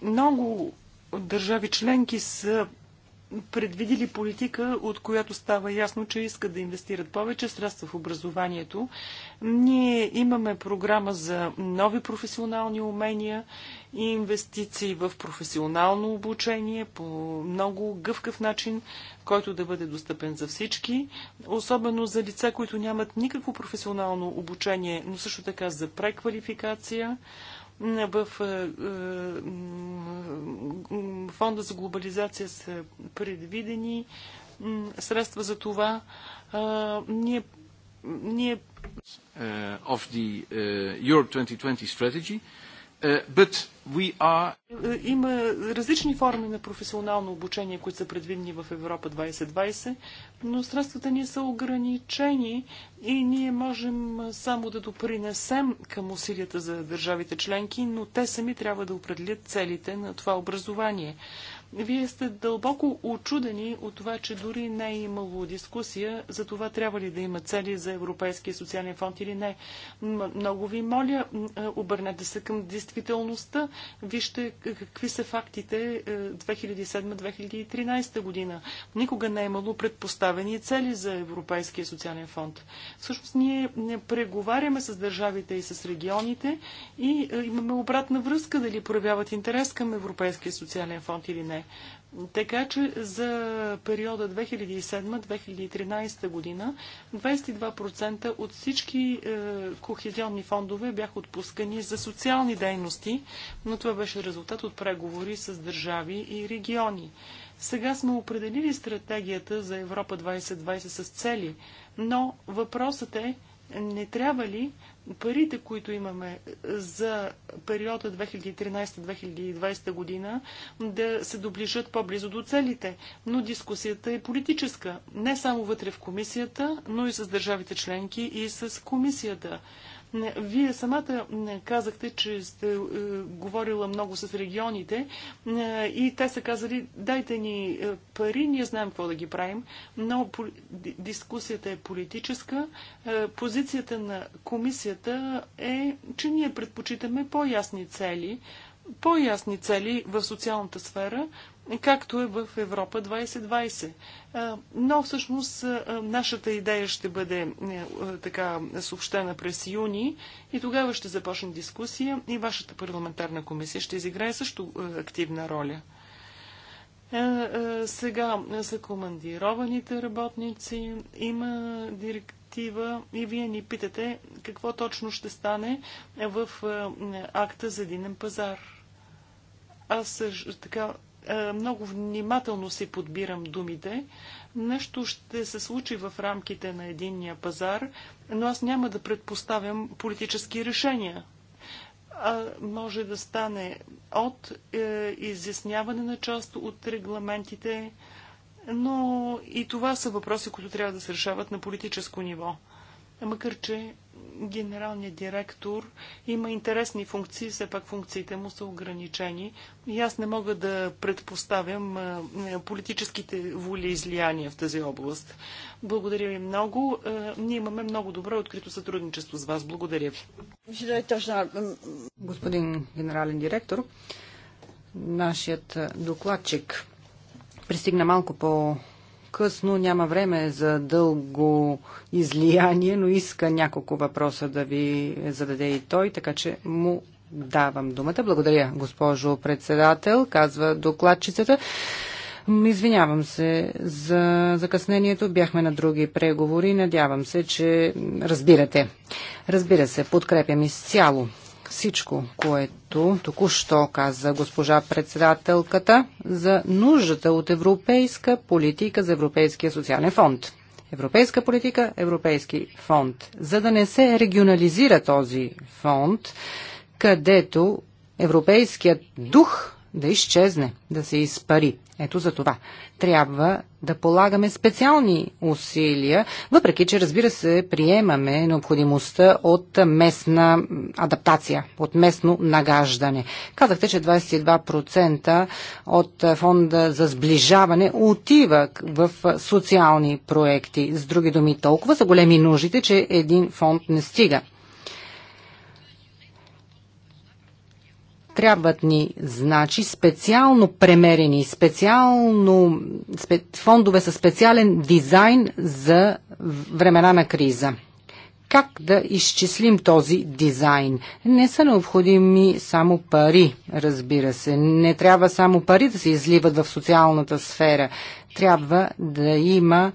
Много държави членки са предвидили политика, от която става ясно, че искат да инвестират повече средства в образованието. Ние имаме програма за нови професионални умения и инвестиции в професионално обучение по много гъвкав начин, който да бъде достъпен за всички, особено за лица, които нямат никакво професионално обучение, но също така за преквалификация. В е, е, фонда за глобализация са предвидени средства за това. Ние, ние... Е, of the uh, Europe 2020 strategy, uh, but Are... Има различни форми на професионално обучение, които са предвидени в Европа 2020, но средствата ни са ограничени и ние можем само да допринесем към усилията за държавите членки, но те сами трябва да определят целите на това образование. Вие сте дълбоко очудени от това, че дори не е имало дискусия за това трябва ли да има цели за Европейския социален фонд или не. Много ви моля, е, обърнете се към действителността. Вижте какви са фактите 2007-2013 е, година. Никога не е имало предпоставени цели за Европейския социален фонд. Всъщност ние не преговаряме с държавите и с регионите и е, имаме обратна връзка дали проявяват интерес към Европейския социален фонд или не. Така че за периода 2007-2013 година 22% от всички е, кохезионни фондове бяха отпускани за социални дейности, но това беше резултат от преговори с държави и региони. Сега сме определили стратегията за Европа 2020 с цели, но въпросът е не трябва ли парите, които имаме за периода 2013-2020 година, да се доближат по-близо до целите. Но дискусията е политическа. Не само вътре в комисията, но и с държавите членки и с комисията. Вие самата казахте, че сте е, говорила много с регионите и те са казали, дайте ни е, пари, ние знаем какво да ги правим, но дискусията е политическа. Е, позицията на комисията е, че ние предпочитаме по-ясни цели, по-ясни цели в социалната сфера, както е в Европа 2020. Но всъщност нашата идея ще бъде е, е, така съобщена през юни и тогава ще започне дискусия и вашата парламентарна комисия ще изиграе също е, активна роля. Сега за командированите работници има директива и вие ни питате какво точно ще стане в акта за единен пазар. Аз така е, много внимателно си подбирам думите. Нещо ще се случи в рамките на единния пазар, но аз няма да предпоставям политически решения. А може да стане от е, изясняване на част от регламентите, но и това са въпроси, които трябва да се решават на политическо ниво. Макар, че генералният директор има интересни функции, все пак функциите му са ограничени и аз не мога да предпоставям е, политическите воли излияния в тази област. Благодаря ви много. Ние имаме много добро и открито сътрудничество с вас. Благодаря ви. Господин генерален директор, нашият докладчик пристигна малко по късно, няма време за дълго излияние, но иска няколко въпроса да ви зададе и той, така че му давам думата. Благодаря, госпожо председател, казва докладчицата. Извинявам се за закъснението. Бяхме на други преговори. Надявам се, че разбирате. Разбира се, подкрепям изцяло всичко, което току-що каза госпожа председателката за нуждата от европейска политика за Европейския социален фонд. Европейска политика, Европейски фонд. За да не се регионализира този фонд, където европейският дух да изчезне, да се изпари. Ето за това. Трябва да полагаме специални усилия, въпреки че, разбира се, приемаме необходимостта от местна адаптация, от местно нагаждане. Казахте, че 22% от фонда за сближаване отива в социални проекти. С други думи, толкова са големи нуждите, че един фонд не стига. Трябват ни, значи, специално премерени, специално спе, фондове с специален дизайн за времена на криза как да изчислим този дизайн. Не са необходими само пари, разбира се. Не трябва само пари да се изливат в социалната сфера. Трябва да има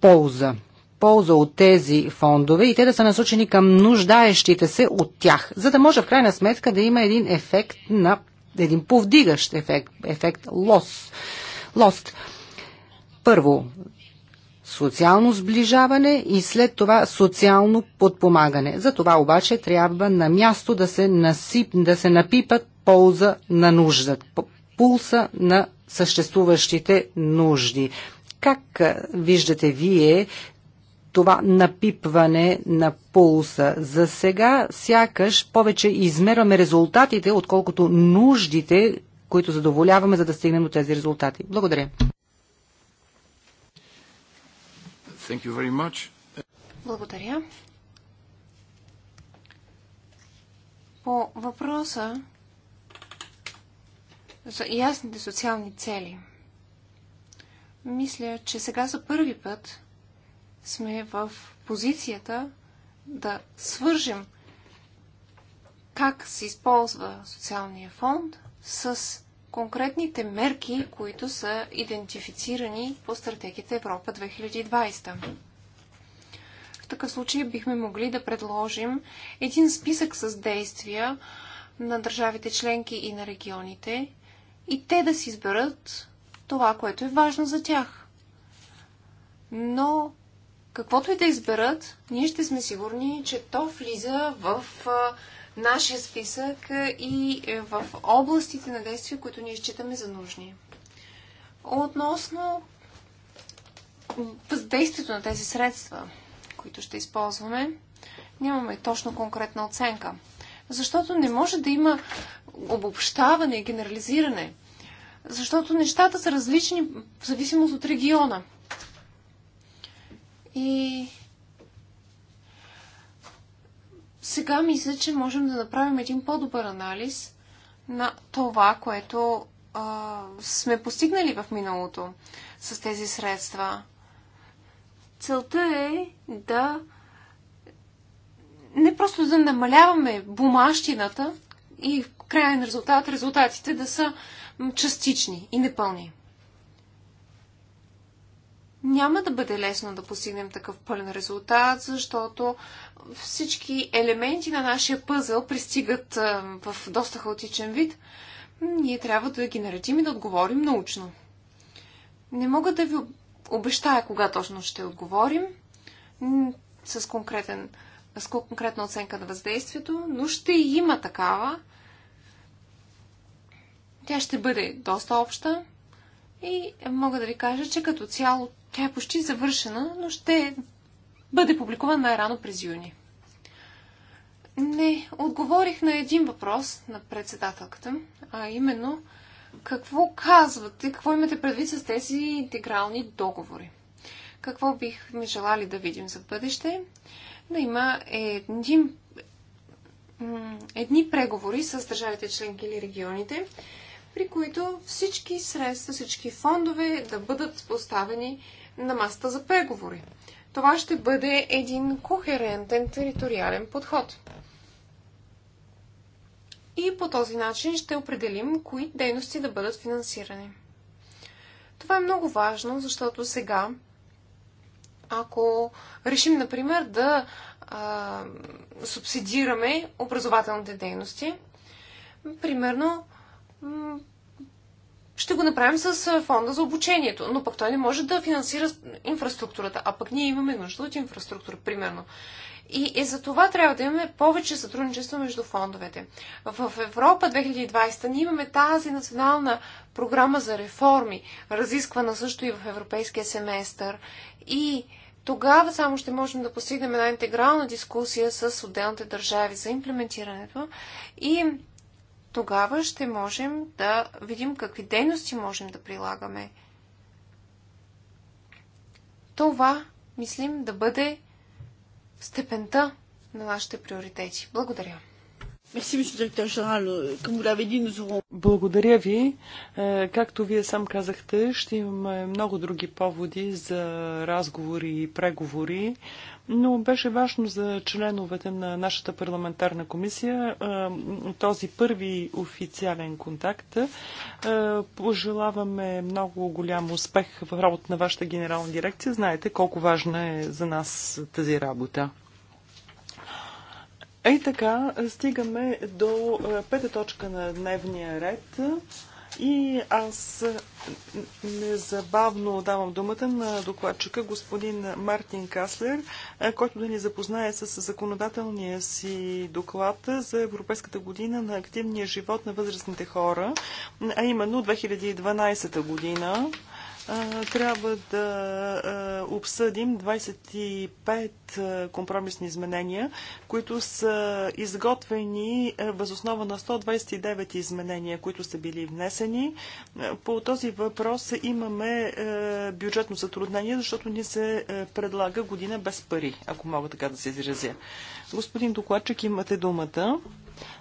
полза полза от тези фондове и те да са насочени към нуждаещите се от тях, за да може в крайна сметка да има един ефект на един повдигащ ефект, ефект лос. Лост. Първо, социално сближаване и след това социално подпомагане. За това обаче трябва на място да се, насип, да се напипат полза на нужда, пулса на съществуващите нужди. Как виждате вие това напипване на пулса. За сега сякаш повече измерваме резултатите, отколкото нуждите, които задоволяваме, за да стигнем до тези резултати. Благодаря. Thank you very much. Благодаря. По въпроса за ясните социални цели. Мисля, че сега за първи път сме в позицията да свържем как се използва социалния фонд с конкретните мерки, които са идентифицирани по стратегията Европа 2020. В такъв случай бихме могли да предложим един списък с действия на държавите членки и на регионите и те да си изберат това, което е важно за тях. Но каквото и да изберат, ние ще сме сигурни, че то влиза в нашия списък и е, в областите на действия, които ние считаме за нужни. Относно въздействието на тези средства, които ще използваме, нямаме точно конкретна оценка. Защото не може да има обобщаване и генерализиране. Защото нещата са различни в зависимост от региона. И сега мисля, че можем да направим един по-добър анализ на това, което а, сме постигнали в миналото с тези средства. Целта е да не просто да намаляваме бумащината и крайен резултат резултатите да са частични и непълни. Няма да бъде лесно да постигнем такъв пълен резултат, защото всички елементи на нашия пъзъл пристигат в доста хаотичен вид. Ние трябва да ги наредим и да отговорим научно. Не мога да ви обещая кога точно ще отговорим с, конкретен, с конкретна оценка на въздействието, но ще има такава. Тя ще бъде доста обща и мога да ви кажа, че като цяло тя е почти завършена, но ще бъде публикувана най-рано през юни. Не, отговорих на един въпрос на председателката, а именно какво казвате, какво имате предвид с тези интегрални договори? Какво бихме желали да видим за бъдеще? Да има едни, едни преговори с държавите членки или регионите, при които всички средства, всички фондове да бъдат поставени на масата за преговори. Това ще бъде един кохерентен териториален подход. И по този начин ще определим кои дейности да бъдат финансирани. Това е много важно, защото сега, ако решим, например, да а, субсидираме образователните дейности, примерно ще го направим с фонда за обучението, но пък той не може да финансира инфраструктурата, а пък ние имаме нужда от инфраструктура, примерно. И е за това трябва да имаме повече сътрудничество между фондовете. В Европа 2020 ние имаме тази национална програма за реформи, разисквана също и в европейския семестър. И тогава само ще можем да постигнем една интегрална дискусия с отделните държави за имплементирането и тогава ще можем да видим какви дейности можем да прилагаме. Това мислим да бъде степента на нашите приоритети. Благодаря. Благодаря ви. Е, както вие сам казахте, ще имаме много други поводи за разговори и преговори но беше важно за членовете на нашата парламентарна комисия този първи официален контакт. Пожелаваме много голям успех в работа на вашата генерална дирекция. Знаете колко важна е за нас тази работа. Ей така, стигаме до пета точка на дневния ред. И аз незабавно давам думата на докладчика господин Мартин Каслер, е, който да ни запознае с законодателния си доклад за Европейската година на активния живот на възрастните хора, а именно 2012 година трябва да обсъдим 25 компромисни изменения, които са изготвени възоснова на 129 изменения, които са били внесени. По този въпрос имаме бюджетно затруднение, защото ни се предлага година без пари, ако мога така да се изразя. Господин докладчик, имате думата.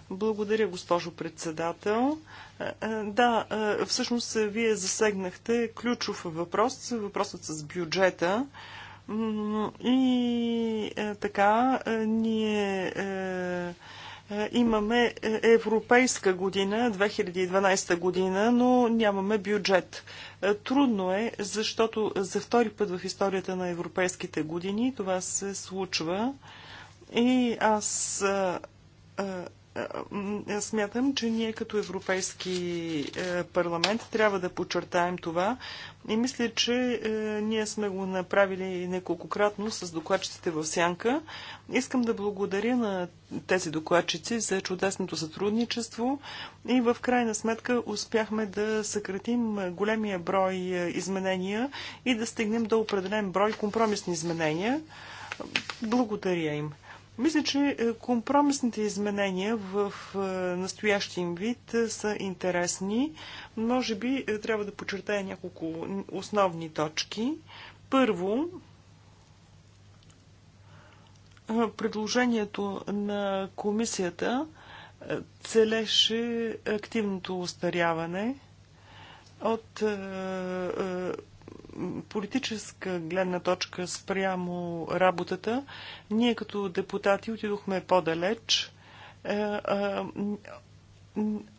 Благодаря, госпожо председател. Е, е, да, е, всъщност вие засегнахте ключов въпрос, въпросът с бюджета. И така, ние имаме Европейска година, 2012 година, но нямаме бюджет. Трудно е, защото за втори път в историята на европейските години това се случва. И аз е, смятам, че ние като Европейски е, парламент трябва да подчертаем това и мисля, че е, ние сме го направили неколкократно с докладчиците в Сянка. Искам да благодаря на тези докладчици за чудесното сътрудничество и в крайна сметка успяхме да съкратим големия брой изменения и да стигнем до определен брой компромисни изменения. Благодаря им. Мисля, че е, компромисните изменения в е, настоящия им вид е, са интересни. Може би трябва да подчертая няколко основни точки. Първо, предложението на комисията целеше активното устаряване от политическа гледна точка спрямо работата, ние като депутати отидохме по-далеч. Е,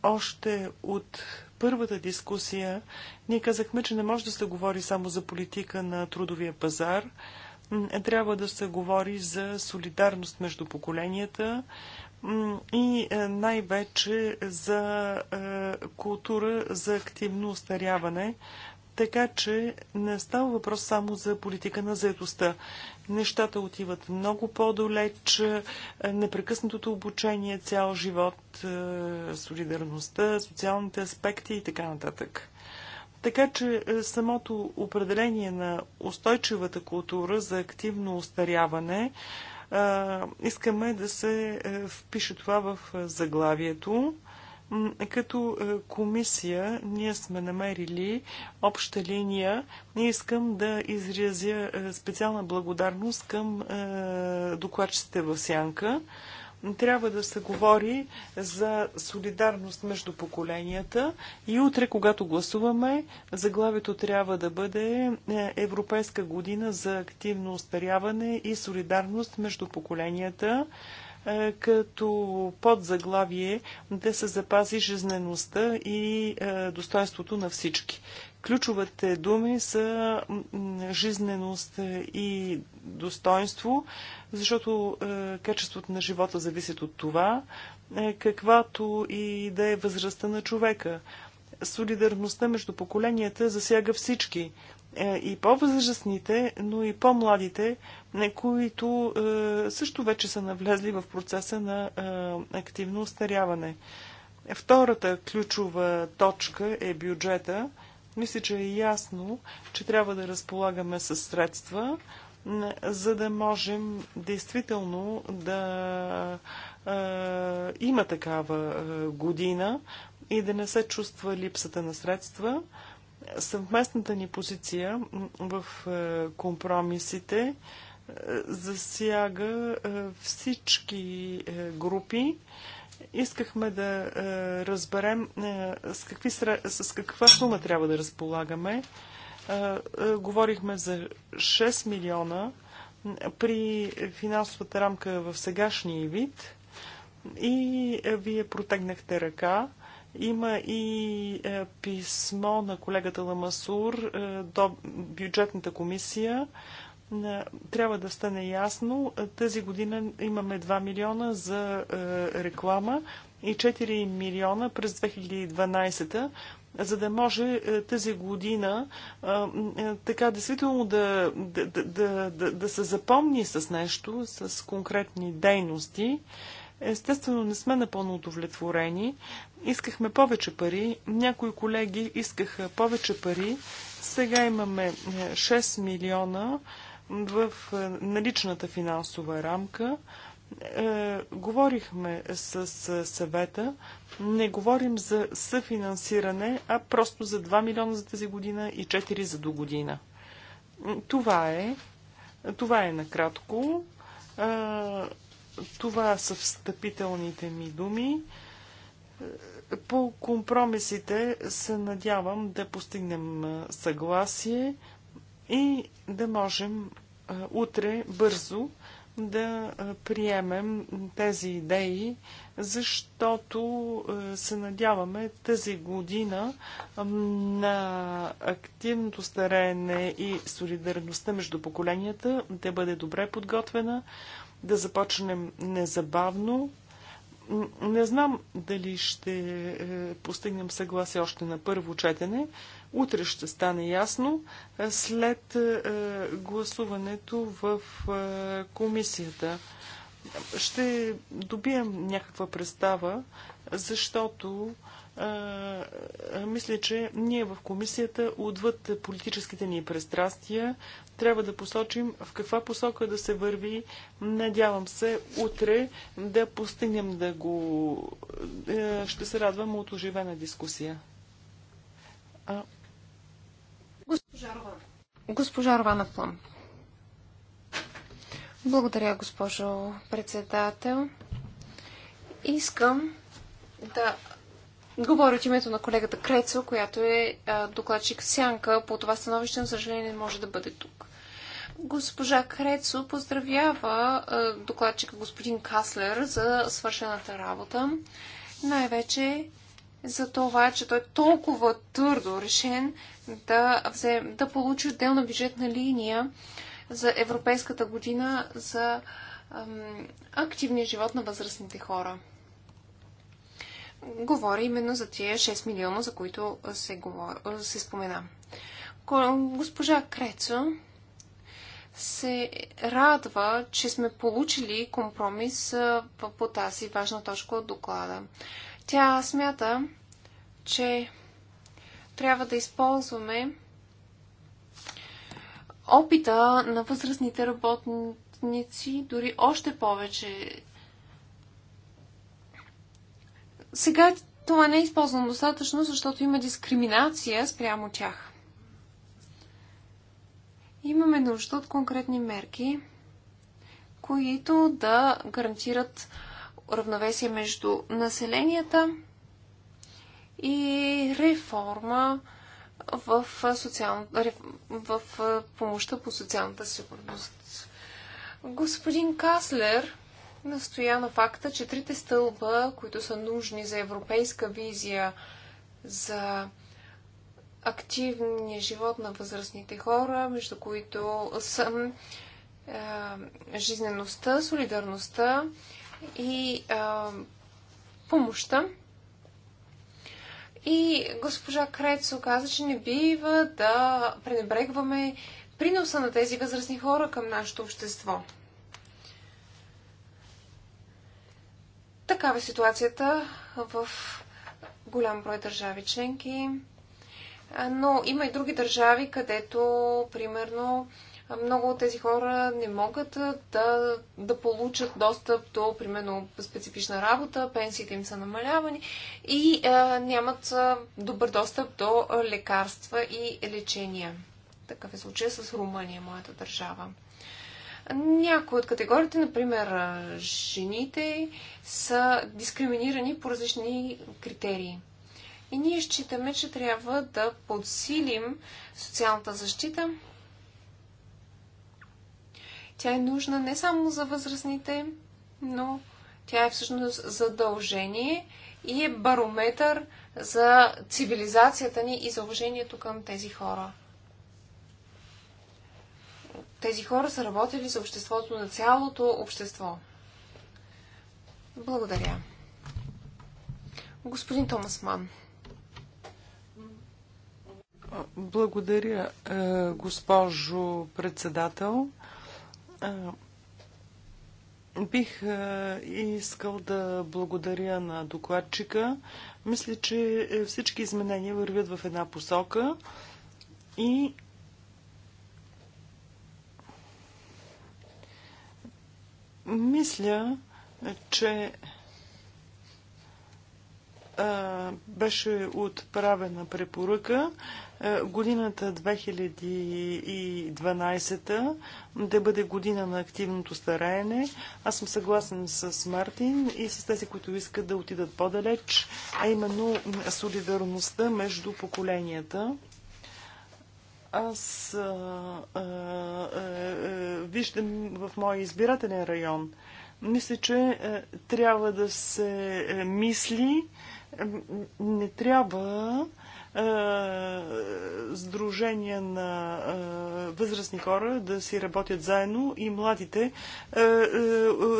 още от първата дискусия ние казахме, че не може да се говори само за политика на трудовия пазар. Трябва да се говори за солидарност между поколенията, и е, най-вече за е, култура за активно устаряване, така че не става въпрос само за политика на заедостта. Нещата отиват много по-долеч. Непрекъснатото обучение, цял живот, е, солидарността, социалните аспекти и така нататък. Така че е, самото определение на устойчивата култура за активно устаряване е, искаме да се впише това в заглавието. Като е, комисия ние сме намерили обща линия. и Искам да изразя е, специална благодарност към е, докладчите в Сянка трябва да се говори за солидарност между поколенията и утре, когато гласуваме, заглавието трябва да бъде Европейска година за активно устаряване и солидарност между поколенията. Е, като подзаглавие да се запази жизнеността и е, достоинството на всички. Ключовите думи са жизненост и достоинство, защото е, качеството на живота зависи от това, каквато и да е възрастта на човека. Солидарността между поколенията засяга всички е, и по-възрастните, но и по-младите, е, които е, също вече са навлезли в процеса на активно устаряване. Втората ключова точка е бюджета. Мисля, че е ясно, че трябва да разполагаме с средства, за да можем действително да има такава година и да не се чувства липсата на средства съвместната ни позиция в е, компромисите е, засяга е, всички групи. Искахме да разберем с, какви, с каква сума трябва да разполагаме. Говорихме за 6 милиона при финансовата рамка в сегашния вид и вие протегнахте ръка има и е, писмо на колегата Ламасур е, до бюджетната комисия. Е, трябва да стане ясно. Е, тази година имаме 2 милиона за е, реклама и 4 милиона през 2012 за да може е, тази година така действително да, да, да, да, да се запомни с нещо, с конкретни дейности. Естествено, не сме напълно удовлетворени. Искахме повече пари. Някои колеги искаха повече пари. Сега имаме 6 е, милиона в е, наличната финансова рамка. Е, говорихме с, съвета. Не говорим за съфинансиране, а просто за 2 милиона за тази година и 4 за до година. Това е. Това е накратко. Е, това са встъпителните ми думи. По компромисите се надявам да постигнем съгласие и да можем утре бързо да приемем тези идеи, защото се надяваме тази година на активното стареене и солидарността между поколенията да бъде добре подготвена, да започнем незабавно. Не знам дали ще е, постигнем съгласие още на първо четене. Утре ще стане ясно е, след е, гласуването в комисията. Ще добием някаква представа, защото мисля, че ние в комисията, отвъд политическите ни пристрастия, трябва да посочим в каква посока да се върви. Надявам се утре да постигнем да го... Е, ще се радвам от оживена дискусия. А... Госпожа Рована. Госпожа Рована Плъм. Благодаря, госпожо председател. Искам да говоря от името на колегата Крецо, която е докладчик Сянка. По това становище, на съжаление, не може да бъде тук. Госпожа Крецо поздравява е, докладчика господин Каслер за свършената работа. Най-вече за това, че той е толкова твърдо решен да, взем, да получи отделна бюджетна линия за Европейската година за ам, активния живот на възрастните хора. Говоря именно за тия 6 милиона, за които се, говор... се спомена. Госпожа Крецо се радва, че сме получили компромис по тази важна точка от доклада. Тя смята, че трябва да използваме опита на възрастните работници дори още повече. Сега това не е използвано достатъчно, защото има дискриминация спрямо тях. Имаме нужда от конкретни мерки, които да гарантират равновесие между населенията и реформа в, социал... в помощта по социалната сигурност. Господин Каслер настоя на факта, че трите стълба, които са нужни за европейска визия за активния живот на възрастните хора, между които са е, жизнеността, солидарността и е, помощта. И госпожа Крецо каза, че не бива да пренебрегваме приноса на тези възрастни хора към нашето общество. Такава е ситуацията в голям брой държави членки но има и други държави, където, примерно, много от тези хора не могат да, да получат достъп до, примерно, специфична работа, пенсиите им са намалявани и а, нямат добър достъп до лекарства и лечения. Такъв е случай с Румъния, моята държава. Някои от категориите, например, жените, са дискриминирани по различни критерии. И ние считаме, че трябва да подсилим социалната защита. Тя е нужна не само за възрастните, но тя е всъщност задължение и е барометър за цивилизацията ни и за уважението към тези хора. Тези хора са работили за обществото на цялото общество. Благодаря. Господин Томас Ман. Благодаря, е, госпожо председател. Е, бих е, искал да благодаря на докладчика. Мисля, че всички изменения вървят в една посока и мисля, че беше отправена препоръка е, годината 2012 да бъде година на активното стараене. Аз съм съгласен с Мартин и с тези, които искат да отидат по-далеч, а именно солидарността между поколенията. Аз а, а, а, виждам в моя избирателен район. Мисля, че а, е, трябва да се е, мисли. Не трябва а, е, сдружения на е, възрастни хора да си работят заедно и младите е,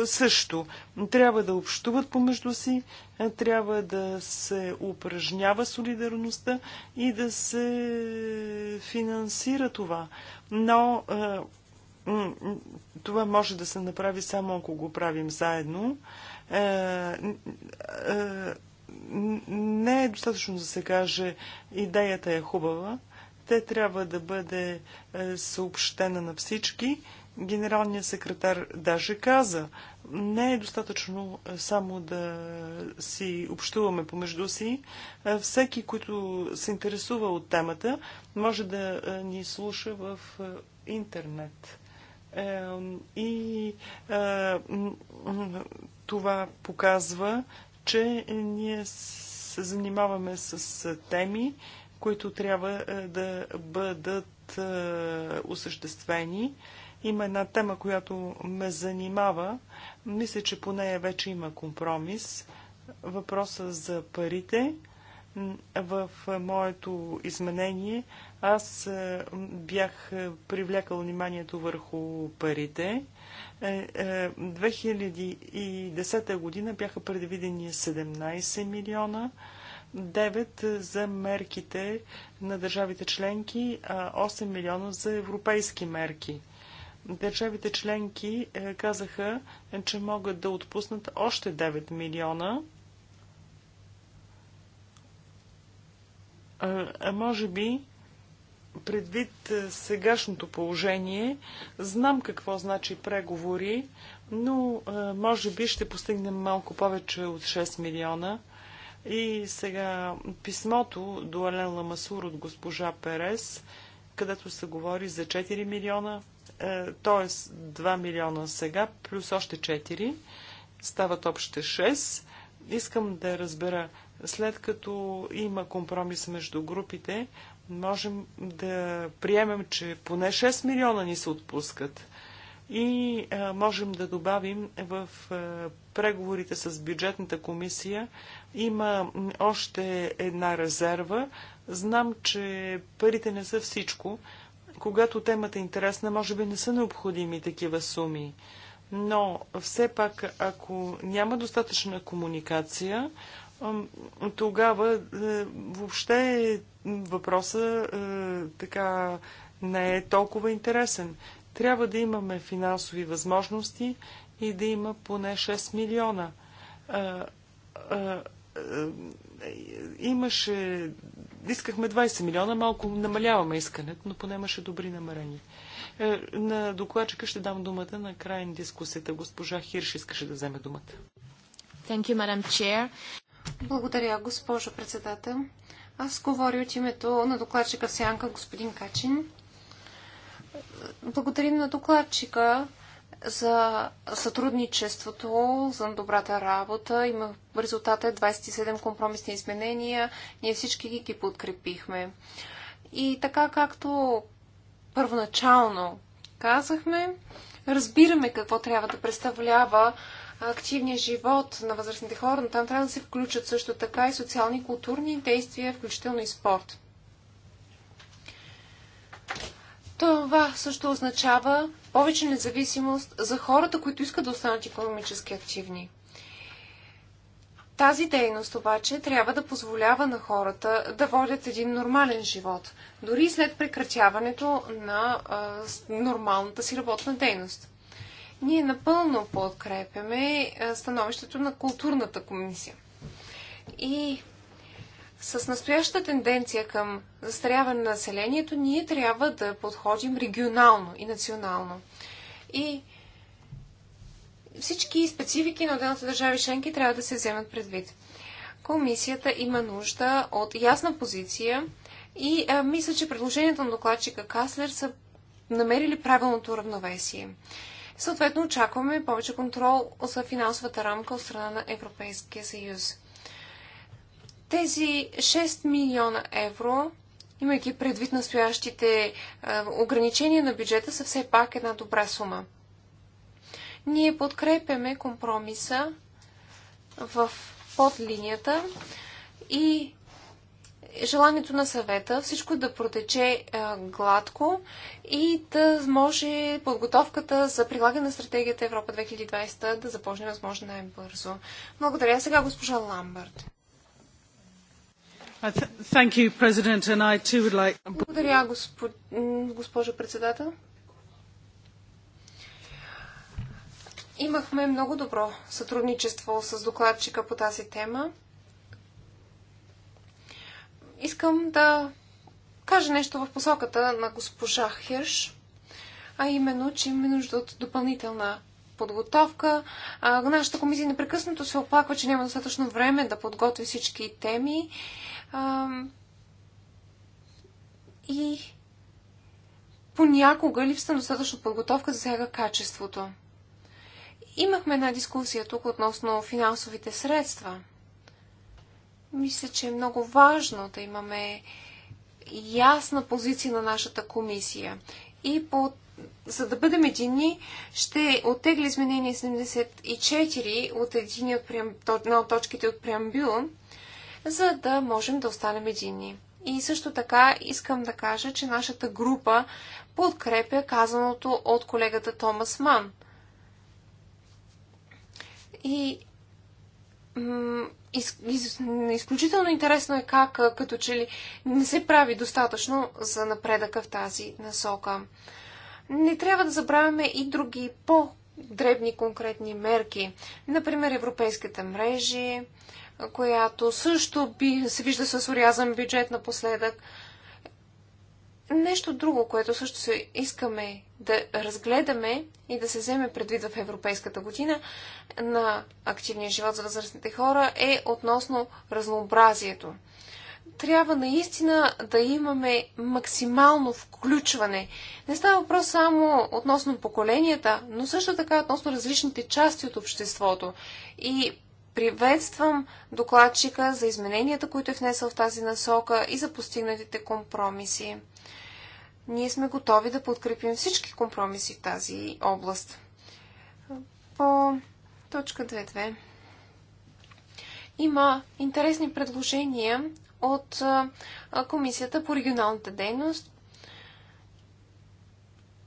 също. Трябва да общуват помежду си, трябва да се упражнява солидарността и да се финансира това. Но това може да се направи само ако го правим заедно не е достатъчно да се каже идеята е хубава. Те трябва да бъде е, съобщена на всички. Генералният секретар даже каза, не е достатъчно е, само да си общуваме помежду си. Е, всеки, който се интересува от темата, може да ни слуша в интернет. И това показва, че ние се занимаваме с теми, които трябва е, да бъдат е, осъществени. Има една тема, която ме занимава. Мисля, че по нея вече има компромис. Въпроса за парите. В моето изменение аз е, бях привлякал вниманието върху парите 2010 е, е, година бяха предвидени 17 милиона, 9 за мерките на държавите членки, 8 милиона за европейски мерки. Държавите членки е, казаха, че могат да отпуснат още 9 милиона. Може би предвид е, сегашното положение, знам какво значи преговори, но е, може би ще постигнем малко повече от 6 милиона. И сега писмото до Ален Ламасур от госпожа Перес, където се говори за 4 милиона, т.е. 2 милиона сега, плюс още 4, стават общите 6. Искам да разбера, след като има компромис между групите, можем да приемем, че поне 6 милиона ни се отпускат и можем да добавим в преговорите с бюджетната комисия има още една резерва. Знам, че парите не са всичко. Когато темата е интересна, може би не са необходими такива суми. Но все пак, ако няма достатъчна комуникация, тогава е, въобще въпросът е, така не е толкова интересен. Трябва да имаме финансови възможности и да има поне 6 милиона. Е, имаше. Искахме 20 милиона, малко намаляваме искането, но поне имаше добри намерения. На докладчика ще дам думата на край на дискусията. Госпожа Хирш искаше да вземе думата. Thank you, Madam Chair. Благодаря, госпожо председател. Аз говоря от името на докладчика Сянка, господин Качин. Благодарим на докладчика за сътрудничеството, за добрата работа. Има резултата е 27 компромисни изменения. Ние всички ги, ги подкрепихме. И така както първоначално казахме, разбираме какво трябва да представлява активния живот на възрастните хора, но там трябва да се включат също така и социални и културни действия, включително и спорт. Това също означава повече независимост за хората, които искат да останат економически активни. Тази дейност обаче трябва да позволява на хората да водят един нормален живот, дори след прекратяването на а, нормалната си работна дейност. Ние напълно подкрепяме становището на културната комисия. И с настояща тенденция към застаряване на населението, ние трябва да подходим регионално и национално. И всички специфики на отделните държави членки трябва да се вземат предвид. Комисията има нужда от ясна позиция и а, мисля, че предложението на докладчика Каслер са намерили правилното равновесие. Съответно, очакваме повече контрол за финансовата рамка от страна на Европейския съюз. Тези 6 милиона евро, имайки предвид настоящите е, ограничения на бюджета, са все пак една добра сума. Ние подкрепяме компромиса в подлинията и желанието на съвета всичко да протече а, гладко и да може подготовката за прилагане на стратегията Европа 2020 да започне възможно най-бързо. Благодаря. Сега госпожа Ламбард. Uh, you, like... Благодаря, госпожо председател. Имахме много добро сътрудничество с докладчика по тази тема искам да кажа нещо в посоката на госпожа Хирш, а именно, че имаме нужда от допълнителна подготовка. А, нашата комисия непрекъснато се оплаква, че няма достатъчно време да подготви всички теми. А, и понякога липсата на достатъчно подготовка засяга качеството. Имахме една дискусия тук относно финансовите средства – мисля, че е много важно да имаме ясна позиция на нашата комисия. И по, за да бъдем едини, ще оттегли изменение 74 от едини от прием, една от точките от преамбюл, за да можем да останем едини. И също така искам да кажа, че нашата група подкрепя казаното от колегата Томас Ман. И из, из, изключително интересно е как като че ли не се прави достатъчно за напредъка в тази насока. Не трябва да забравяме и други по-дребни конкретни мерки. Например, европейските мрежи, която също би, се вижда с урязан бюджет напоследък. Нещо друго, което също се искаме да разгледаме и да се вземе предвид в Европейската година на активния живот за възрастните хора е относно разнообразието. Трябва наистина да имаме максимално включване. Не става въпрос само относно поколенията, но също така относно различните части от обществото. И приветствам докладчика за измененията, които е внесъл в тази насока и за постигнатите компромиси ние сме готови да подкрепим всички компромиси в тази област. По точка 2.2 има интересни предложения от Комисията по регионалната дейност.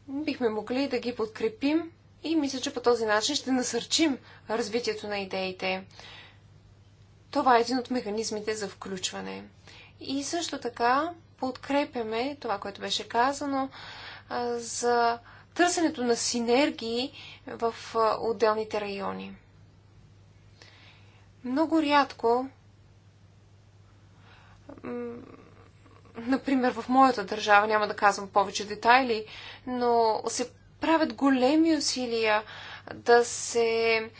Бихме могли да ги подкрепим и мисля, че по този начин ще насърчим развитието на идеите. Това е един от механизмите за включване. И също така подкрепяме това, което беше казано за търсенето на синергии в отделните райони. Много рядко, например в моята държава, няма да казвам повече детайли, но се правят големи усилия да се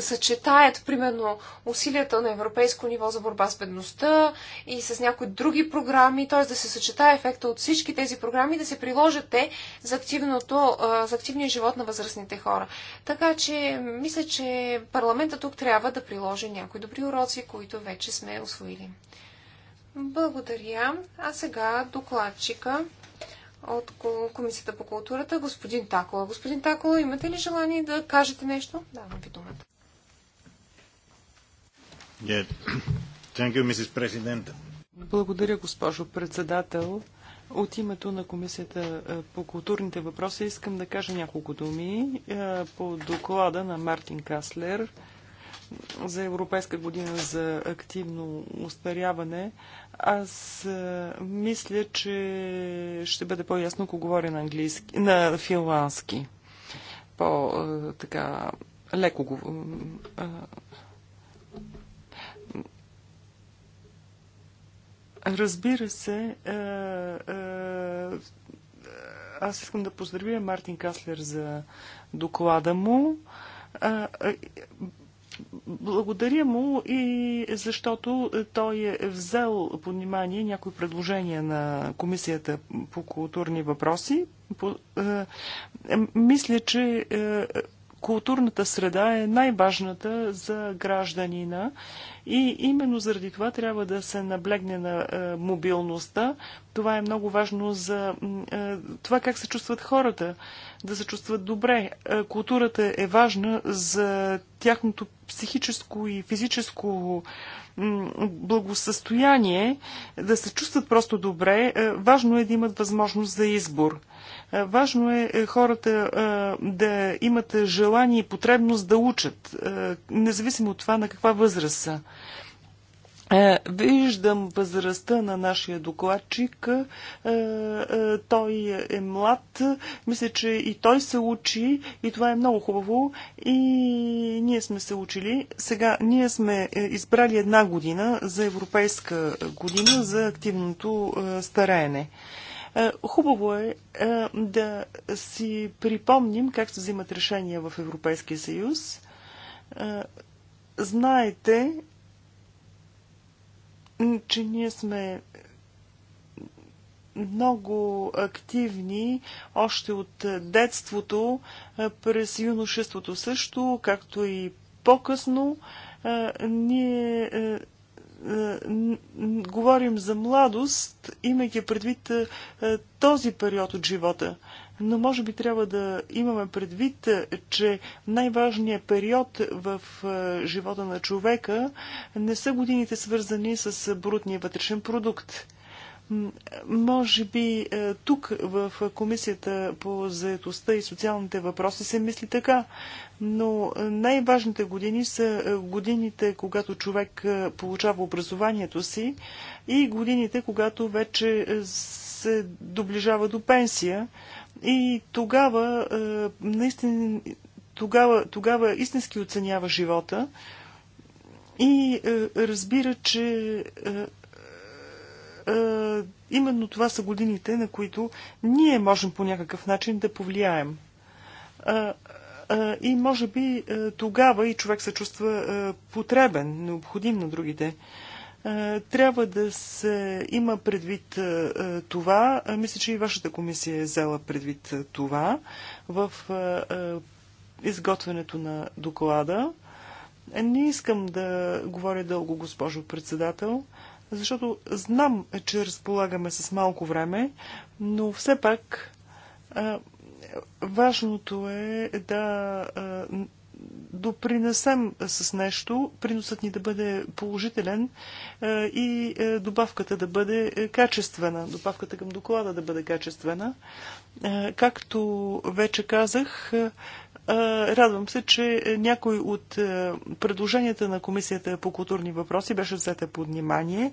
съчетаят, примерно, усилията на европейско ниво за борба с бедността и с някои други програми, т.е. да се съчетае ефекта от всички тези програми и да се приложат те за, активното, за активния живот на възрастните хора. Така че, мисля, че парламента тук трябва да приложи някои добри уроци, които вече сме освоили. Благодаря. А сега докладчика от Комисията по културата, господин Такола. Господин Такола, имате ли желание да кажете нещо? Давам ви думата. Благодаря, госпожо председател. От името на Комисията е, по културните въпроси искам да кажа няколко думи е, по доклада на Мартин Каслер за Европейска година за активно устаряване. Аз е, мисля, че ще бъде по-ясно, ако говоря на, английски, на финландски. По-така леко го Разбира се, е, е, аз искам да поздравя Мартин Каслер за доклада му. Е, благодаря му и защото той е взел под внимание някои предложения на Комисията по културни въпроси. Мисля, че културната среда е най-важната за гражданина и именно заради това трябва да се наблегне на е, мобилността. Това е много важно за е, това как се чувстват хората, да се чувстват добре. Е, културата е важна за тяхното психическо и физическо благосъстояние, да се чувстват просто добре. Важно е да имат възможност за избор. Важно е хората да имат желание и потребност да учат, независимо от това на каква възраст са. Е, виждам възрастта на нашия докладчик. Е, е, той е млад. Мисля, че и той се учи и това е много хубаво. И ние сме се учили. Сега ние сме избрали една година за Европейска година за активното стараене. Хубаво е да си припомним как се взимат решения в Европейския съюз. Знаете, че ние сме много активни още от детството, през юношеството също, както и по-късно. Ние говорим за младост, имайки предвид този период от живота но може би трябва да имаме предвид, е, че най-важният период в е, живота на човека не са годините свързани с е, брутния вътрешен продукт. Може би тук в Комисията по заедостта и социалните въпроси се мисли така, но най-важните години са годините, когато човек получава образованието си и годините, когато вече се доближава до пенсия. И тогава, е, наистина, тогава, тогава истински оценява живота и е, разбира, че е, именно това са годините, на които ние можем по някакъв начин да повлияем. И може би тогава и човек се чувства потребен, необходим на другите. Е, трябва да се има предвид е, е, това. Мисля, че и вашата комисия е взела предвид това в изготвянето на доклада. Не искам да говоря дълго, госпожо председател, защото знам, че разполагаме с малко време, но все пак важното е да допринесем с нещо, приносът ни да бъде положителен е, и е, добавката да бъде е, качествена, добавката към доклада да бъде качествена. Както вече казах, Радвам се, че някой от предложенията на Комисията по културни въпроси беше взета под внимание.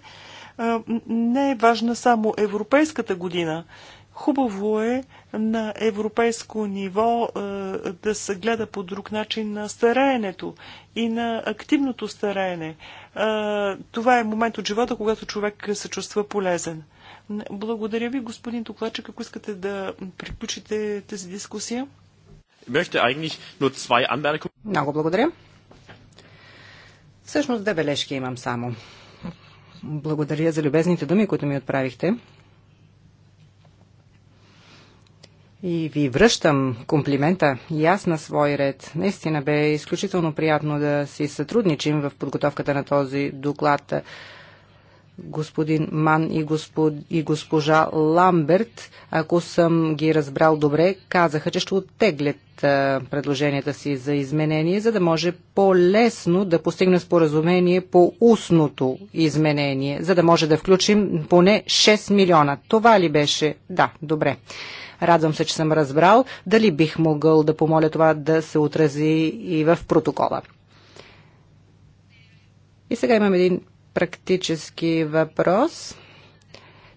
Не е важна само Европейската година. Хубаво е на европейско ниво е, да се гледа по друг начин на стареенето и на активното стареене. Е, това е момент от живота, когато човек се чувства полезен. Благодаря ви, господин Токлачек, ако искате да приключите тази дискусия. Много благодаря. Всъщност две бележки имам само. Благодаря за любезните думи, които ми отправихте. И ви връщам комплимента и аз на свой ред. Наистина бе изключително приятно да си сътрудничим в подготовката на този доклад. Господин Ман и, господ... и госпожа Ламберт, ако съм ги разбрал добре, казаха, че ще оттеглят предложенията си за изменение, за да може по-лесно да постигне споразумение по устното изменение, за да може да включим поне 6 милиона. Това ли беше? Да, добре. Радвам се, че съм разбрал. Дали бих могъл да помоля това да се отрази и в протокола? И сега имам един практически въпрос.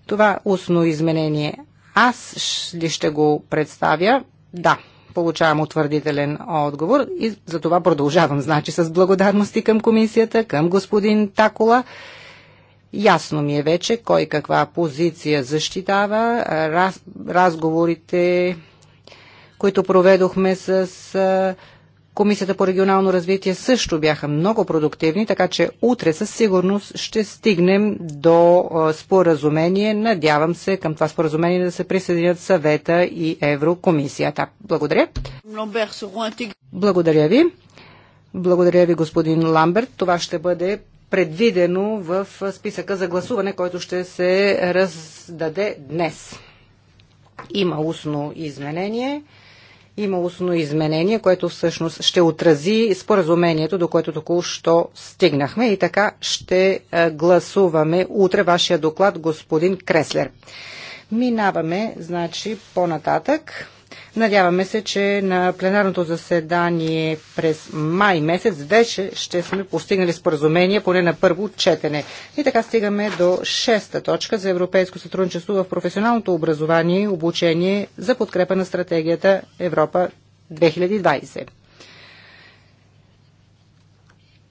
Това устно изменение аз ли ще го представя? Да, получавам утвърдителен отговор и за това продължавам, значи, с благодарности към комисията, към господин Такола. Ясно ми е вече кой каква позиция защитава. Раз, разговорите, които проведохме с Комисията по регионално развитие също бяха много продуктивни, така че утре със сигурност ще стигнем до споразумение. Надявам се към това споразумение да се присъединят съвета и Еврокомисията. Благодаря. Благодаря ви. Благодаря ви, господин Ламберт. Това ще бъде предвидено в списъка за гласуване, който ще се раздаде днес. Има устно изменение. Има устно изменение, което всъщност ще отрази споразумението, до което току-що стигнахме и така ще е, гласуваме утре вашия доклад, господин Креслер. Минаваме, значи, по-нататък. Надяваме се, че на пленарното заседание през май месец вече ще сме постигнали споразумение поне на първо четене. И така стигаме до шеста точка за европейско сътрудничество в професионалното образование и обучение за подкрепа на стратегията Европа 2020.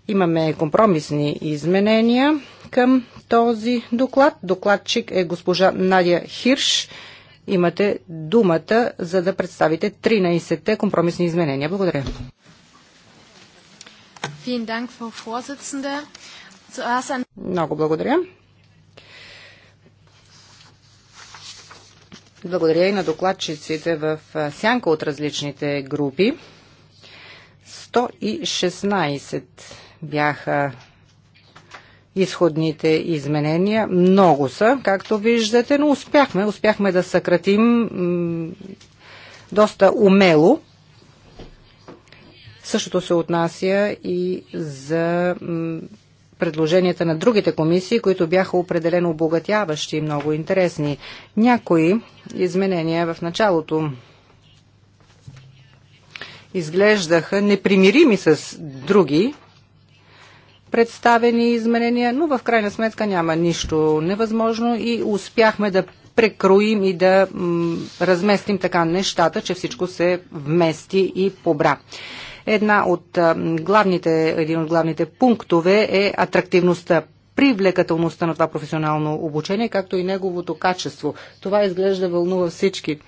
Имаме компромисни изменения към този доклад. Докладчик е госпожа Надя Хирш Имате думата, за да представите 13-те компромисни изменения. Благодаря. Много благодаря. Благодаря и на докладчиците в сянка от различните групи. 116 бяха изходните изменения. Много са, както виждате, но успяхме, успяхме да съкратим доста умело. Същото се отнася и за предложенията на другите комисии, които бяха определено обогатяващи и много интересни. Някои изменения в началото изглеждаха непримирими с други, представени изменения, но в крайна сметка няма нищо невъзможно и успяхме да прекроим и да разместим така нещата, че всичко се вмести и побра. Една от главните, един от главните пунктове е атрактивността привлекателността на това професионално обучение, както и неговото качество. Това изглежда вълнува всички.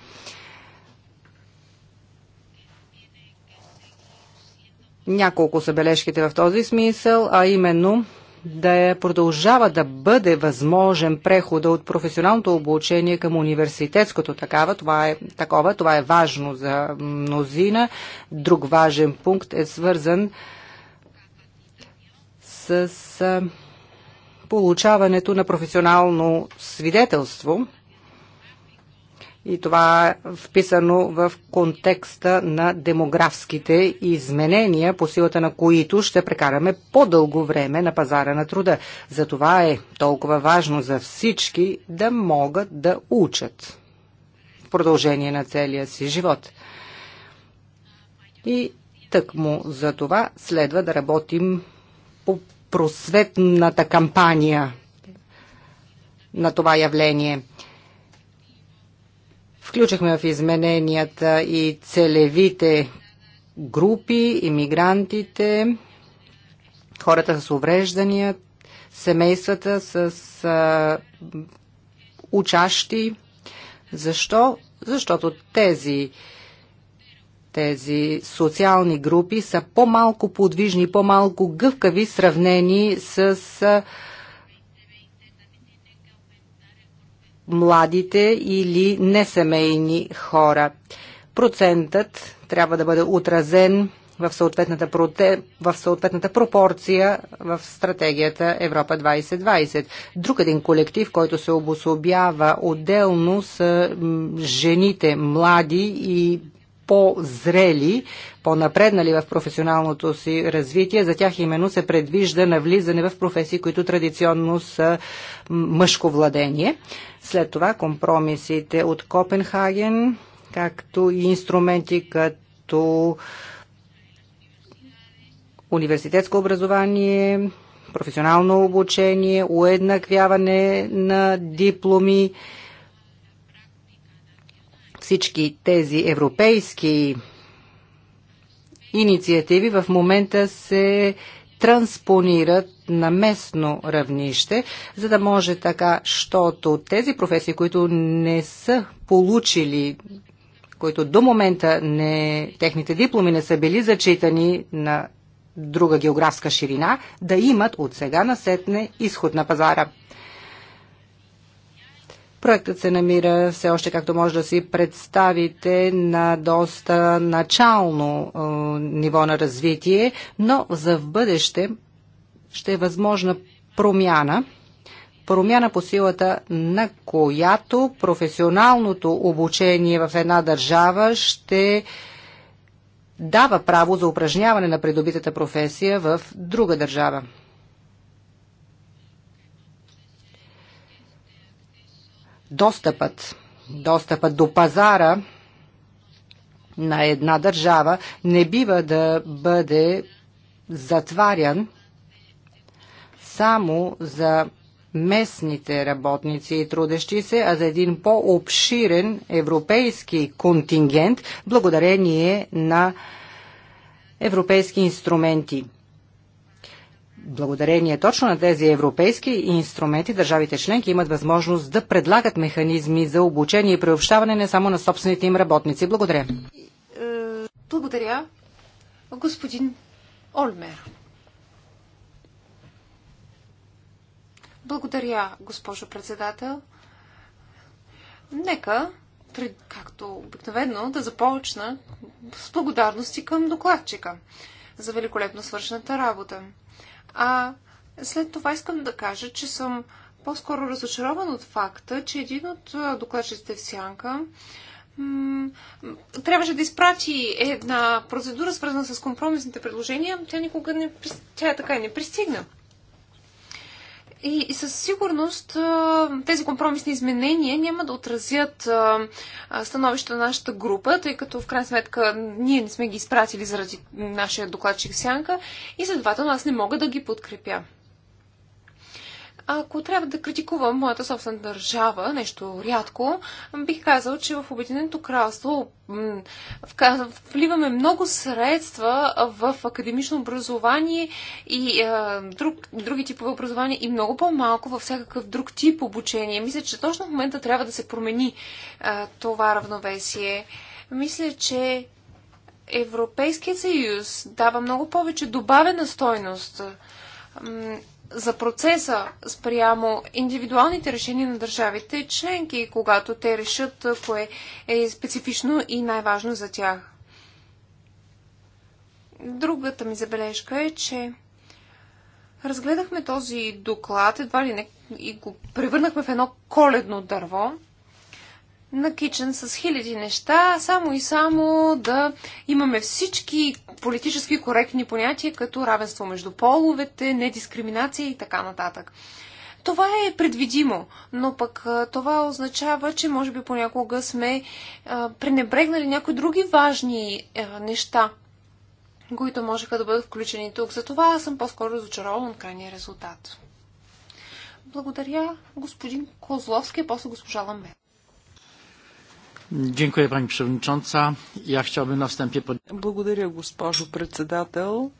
Няколко са бележките в този смисъл, а именно да продължава да бъде възможен прехода от професионалното обучение към университетското такава. Това е, такова. Това е важно за мнозина. Друг важен пункт е свързан с получаването на професионално свидетелство – и това е вписано в контекста на демографските изменения, по силата на които ще прекараме по-дълго време на пазара на труда. Затова е толкова важно за всички да могат да учат в продължение на целия си живот. И тъкмо за това следва да работим по просветната кампания на това явление – Включихме в измененията и целевите групи, иммигрантите, хората с увреждания, семействата с а, учащи. Защо? Защото тези тези социални групи са по-малко подвижни, по-малко гъвкави, сравнени с младите или несемейни хора. Процентът трябва да бъде отразен в съответната, проте... в съответната пропорция в стратегията Европа 2020. Друг един колектив, който се обособява отделно са жените, млади и по-зрели, по-напреднали в професионалното си развитие. За тях именно се предвижда навлизане в професии, които традиционно са мъжко владение. След това компромисите от Копенхаген, както и инструменти като университетско образование, професионално обучение, уеднаквяване на дипломи, всички тези европейски инициативи в момента се транспонират на местно равнище, за да може така, щото тези професии, които не са получили които до момента не, техните дипломи не са били зачитани на друга географска ширина, да имат от сега насетне изход на пазара. Проектът се намира все още, както може да си представите, на доста начално е, ниво на развитие, но за в бъдеще ще е възможна промяна промяна по силата на която професионалното обучение в една държава ще дава право за упражняване на придобитата професия в друга държава. достъпът, достъпът до пазара на една държава не бива да бъде затварян само за местните работници и трудещи се, а за един по-обширен европейски контингент, благодарение на европейски инструменти благодарение точно на тези европейски инструменти държавите членки имат възможност да предлагат механизми за обучение и приобщаване не само на собствените им работници. Благодаря. Благодаря, господин Олмер. Благодаря, госпожо председател. Нека, както обикновено, да започна с благодарности към докладчика за великолепно свършената работа. А след това искам да кажа, че съм по-скоро разочарован от факта, че един от докладчиците в Сянка трябваше да изпрати една процедура, свързана с компромисните предложения. Тя никога не, тя така и не пристигна. И, и със сигурност тези компромисни изменения няма да отразят становището на нашата група, тъй като в крайна сметка ние не сме ги изпратили заради нашия докладчик Сянка и следователно аз не мога да ги подкрепя. Ако трябва да критикувам моята собствена държава, нещо рядко, бих казал, че в Обединеното кралство вливаме много средства в академично образование и а, друг, други типове образование и много по-малко във всякакъв друг тип обучение. Мисля, че точно в момента трябва да се промени а, това равновесие. Мисля, че Европейският съюз дава много повече добавена стойност за процеса спрямо индивидуалните решения на държавите членки, когато те решат кое е специфично и най-важно за тях. Другата ми забележка е, че разгледахме този доклад, едва ли не и го превърнахме в едно коледно дърво – на кичен с хиляди неща, само и само да имаме всички политически коректни понятия, като равенство между половете, недискриминация и така нататък. Това е предвидимо, но пък това означава, че може би понякога сме пренебрегнали някои други важни неща, които можеха да бъдат включени тук. Затова съм по-скоро разочарован от крайния резултат. Благодаря господин Козловски, после госпожа Ламбер. Dziękuję Pani Przewodnicząca. Ja chciałbym na wstępie... Благодаря, госпожо председател.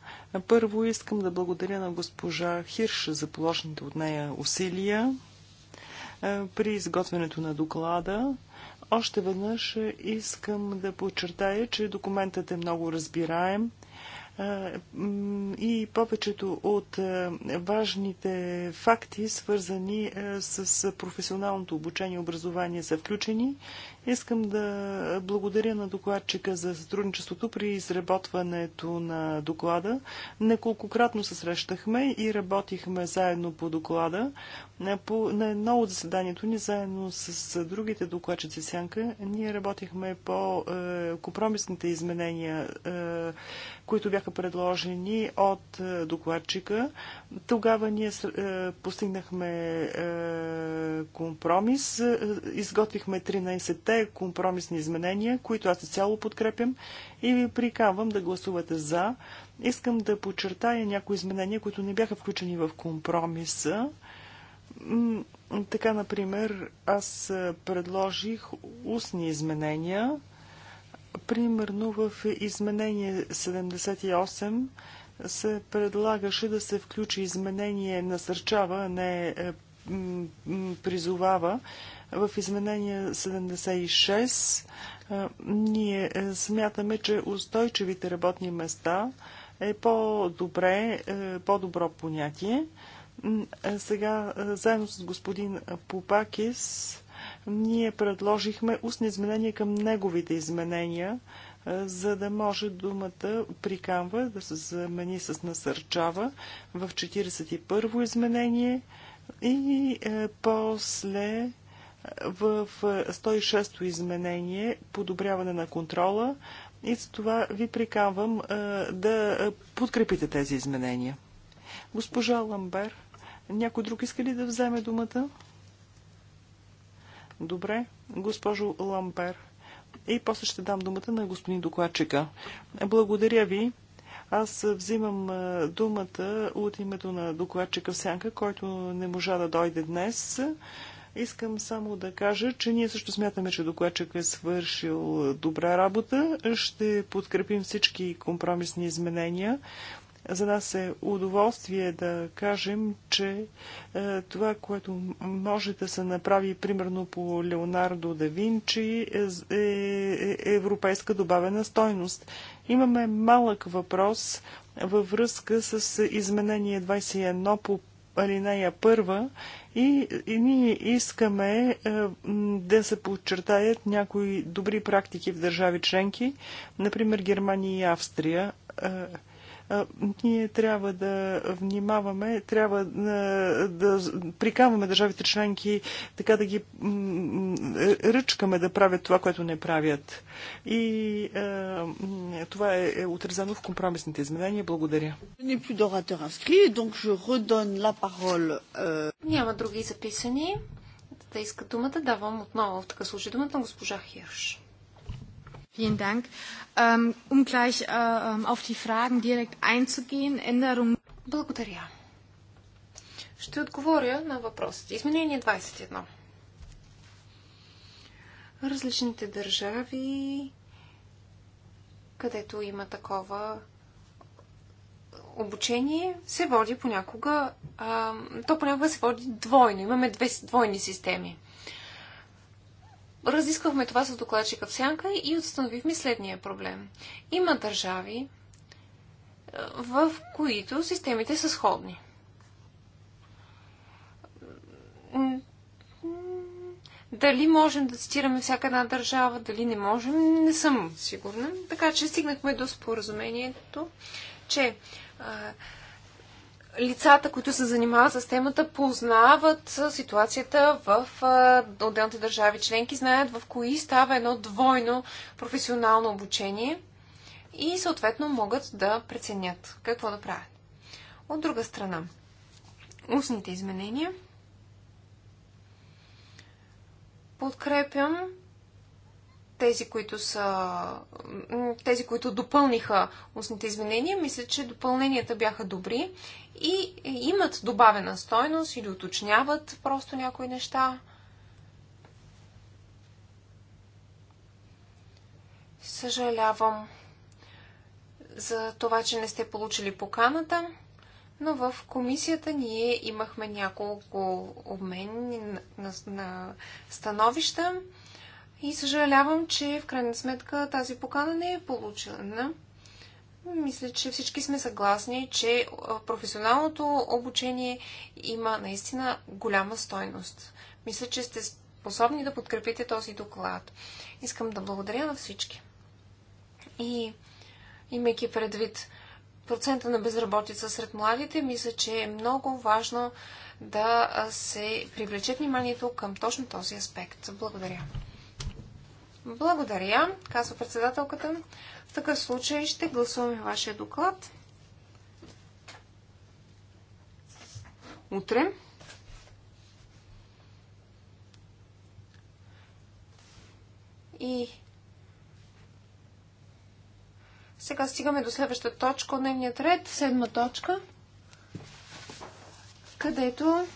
Първо искам да благодаря на госпожа Хирш за положените от нея усилия е, при изготвянето на доклада. Още веднъж искам да подчертая, че документът е много разбираем е, и повечето от е, важните факти, свързани с професионалното обучение и образование, са включени Искам да благодаря на докладчика за сътрудничеството при изработването на доклада. Неколкократно се срещахме и работихме заедно по доклада. на едно от заседанието ни, заедно с другите докладчици Сянка, ние работихме по е, компромисните изменения е, които бяха предложени от е, докладчика. Тогава ние е, постигнахме е, компромис, изготвихме 13-те компромисни изменения, които аз цяло подкрепям и ви приканвам да гласувате за. Искам да подчертая някои изменения, които не бяха включени в компромиса. Така, например, аз предложих устни изменения – Примерно в изменение 78 се предлагаше да се включи изменение насърчава, а не е, призовава. В изменение 76 е, ние е, смятаме, че устойчивите работни места е по-добре, по-добро понятие. Сега, заедно с господин Попакис, ние предложихме устни изменения към неговите изменения, за да може думата приканва да се замени с насърчава в 41-во изменение и е, после е, в 106-то е, изменение подобряване на контрола и за това ви приканвам да подкрепите тези изменения. Госпожа Ламбер, някой друг иска ли да вземе думата? Добре, госпожо Лампер. И после ще дам думата на господин докладчика. Благодаря ви. Аз взимам думата от името на докладчика в Сянка, който не можа да дойде днес. Искам само да кажа, че ние също смятаме, че докладчик е свършил добра работа. Ще подкрепим всички компромисни изменения. За нас е удоволствие да кажем, че е, това, което може да се направи примерно по Леонардо да Винчи е, е, е европейска добавена стойност. Имаме малък въпрос във връзка с изменение 21 по алинея първа и, и ние искаме е, да се подчертаят някои добри практики в държави членки, например Германия и Австрия. Е, ние трябва да внимаваме, трябва да прикамваме държавите членки, така да ги ръчкаме да правят това, което не правят. И това е, е отрезано в компромисните изменения. Благодаря. Euh, Няма други записани. Да иска думата, давам отново в така случай думата на госпожа Хирш. Vielen Dank. Ähm, um gleich äh, ähm, auf die Fragen direkt einzugehen, Änderung. Благодаря. Ще отговоря на въпросите. Изменение 21. Различните държави, където има такова обучение, се води понякога, а, то понякога се води двойно. Имаме две двойни системи разисквахме това с докладчика в Сянка и установихме следния проблем. Има държави, е, в които системите са сходни. Дали можем да цитираме всяка една държава, дали не можем, не съм сигурна. Така че стигнахме до споразумението, че а, лицата, които се занимават с темата, познават ситуацията в отделните държави членки, знаят в кои става едно двойно професионално обучение и съответно могат да преценят какво да правят. От друга страна, устните изменения. Подкрепям тези, които са тези, които допълниха устните изменения, мисля, че допълненията бяха добри и имат добавена стойност или уточняват просто някои неща. Съжалявам за това, че не сте получили поканата, но в комисията ние имахме няколко обмени на, на, на становища. И съжалявам, че в крайна сметка тази покана не е получена. Мисля, че всички сме съгласни, че професионалното обучение има наистина голяма стойност. Мисля, че сте способни да подкрепите този доклад. Искам да благодаря на всички. И имайки предвид процента на безработица сред младите, мисля, че е много важно да се привлече вниманието към точно този аспект. Благодаря. Благодаря, казва председателката. В такъв случай ще гласуваме вашия доклад. Утре. И сега стигаме до следващата точка от дневния ред, седма точка, където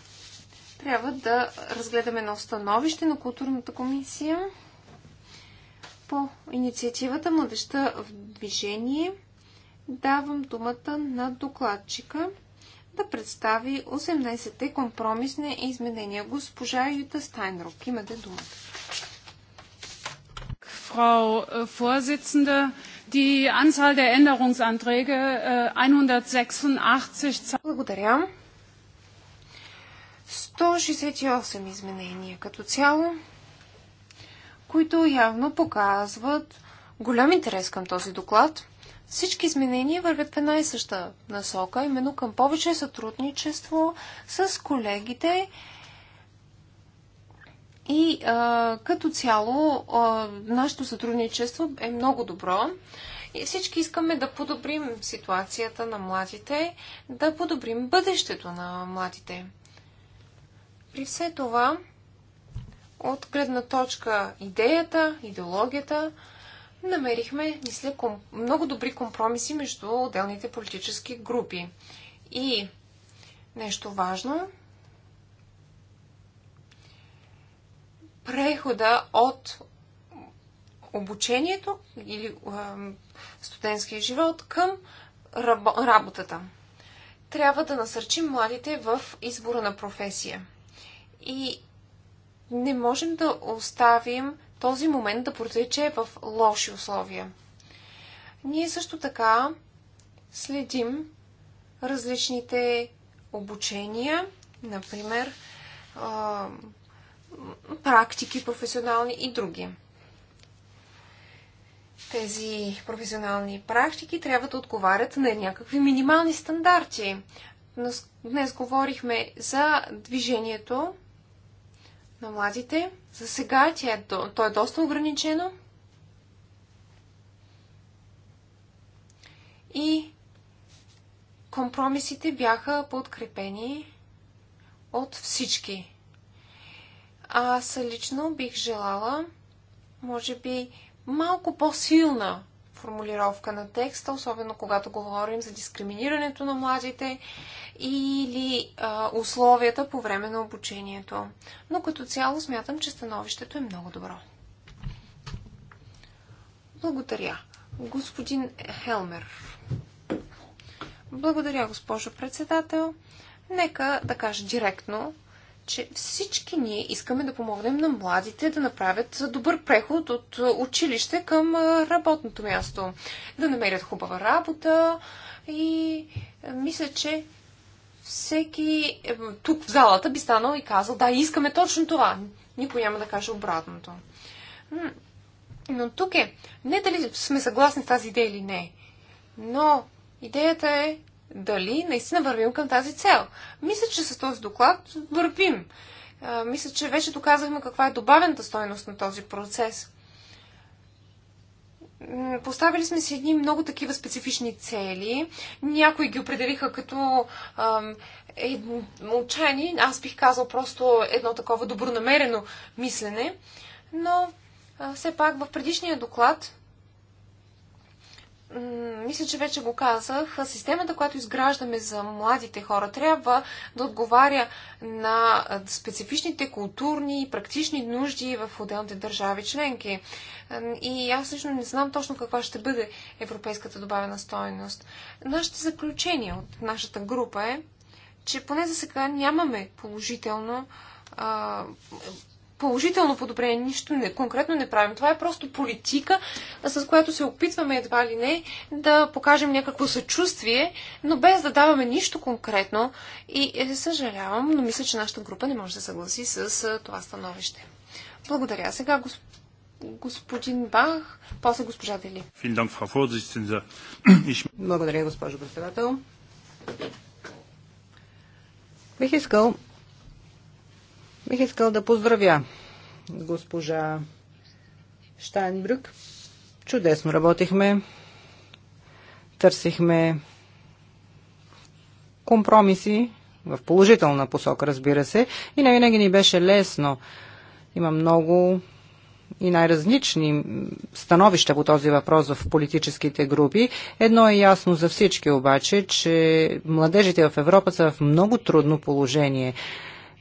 трябва да разгледаме едно становище на културната комисия по инициативата Младеща в движение давам думата на докладчика да представи 18-те компромисни изменения. Госпожа Юта Стайнрук, имате думата. Frau е, Vorsitzende, die Anzahl der Änderungsanträge 186. Е, Благодаря. 168 изменения като цяло които явно показват голям интерес към този доклад. Всички изменения вървят в една и съща насока, именно към повече сътрудничество с колегите и а, като цяло а, нашето сътрудничество е много добро. И всички искаме да подобрим ситуацията на младите, да подобрим бъдещето на младите. При все това, от гледна точка идеята, идеологията, намерихме, мисля, ком... много добри компромиси между отделните политически групи. И нещо важно, прехода от обучението или э, студентския живот към работата. Трябва да насърчим младите в избора на професия. И не можем да оставим този момент да протече в лоши условия. Ние също така следим различните обучения, например, практики професионални и други. Тези професионални практики трябва да отговарят на някакви минимални стандарти. Днес говорихме за движението на младите. За сега тя е, то е доста ограничено. И компромисите бяха подкрепени от всички. Аз лично бих желала, може би, малко по-силна формулировка на текста, особено когато говорим за дискриминирането на младите или а, условията по време на обучението. Но като цяло смятам, че становището е много добро. Благодаря. Господин Хелмер. Благодаря, госпожо председател. Нека да кажа директно, че всички ние искаме да помогнем на младите да направят добър преход от училище към работното място, да намерят хубава работа и мисля, че всеки е, тук в залата би станал и казал, да, искаме точно това. Никой няма да каже обратното. Но тук е, не дали сме съгласни с тази идея или не, но идеята е дали наистина вървим към тази цел. Мисля, че с този доклад вървим. Мисля, че вече доказахме каква е добавената стойност на този процес. Поставили сме си едни много такива специфични цели. Някои ги определиха като ам, е, отчаяни. Аз бих казал просто едно такова добронамерено мислене. Но а, все пак в предишния доклад мисля, че вече го казах, системата, която изграждаме за младите хора, трябва да отговаря на специфичните културни и практични нужди в отделните държави членки. И аз лично не знам точно каква ще бъде европейската добавена стоеност. Нашите заключения от нашата група е, че поне за сега нямаме положително положително подобрение, нищо не, конкретно не правим. Това е просто политика, с която се опитваме едва ли не да покажем някакво съчувствие, но без да даваме нищо конкретно. И е, съжалявам, но мисля, че нашата група не може да съгласи с е, това становище. Благодаря. Сега господин Бах, после госпожа Дели. Благодаря, госпожо председател. Бих искал Бих искал да поздравя госпожа Штайнбрюк. Чудесно работихме. Търсихме компромиси в положителна посока, разбира се. И не винаги ни беше лесно. Има много и най-различни становища по този въпрос в политическите групи. Едно е ясно за всички обаче, че младежите в Европа са в много трудно положение.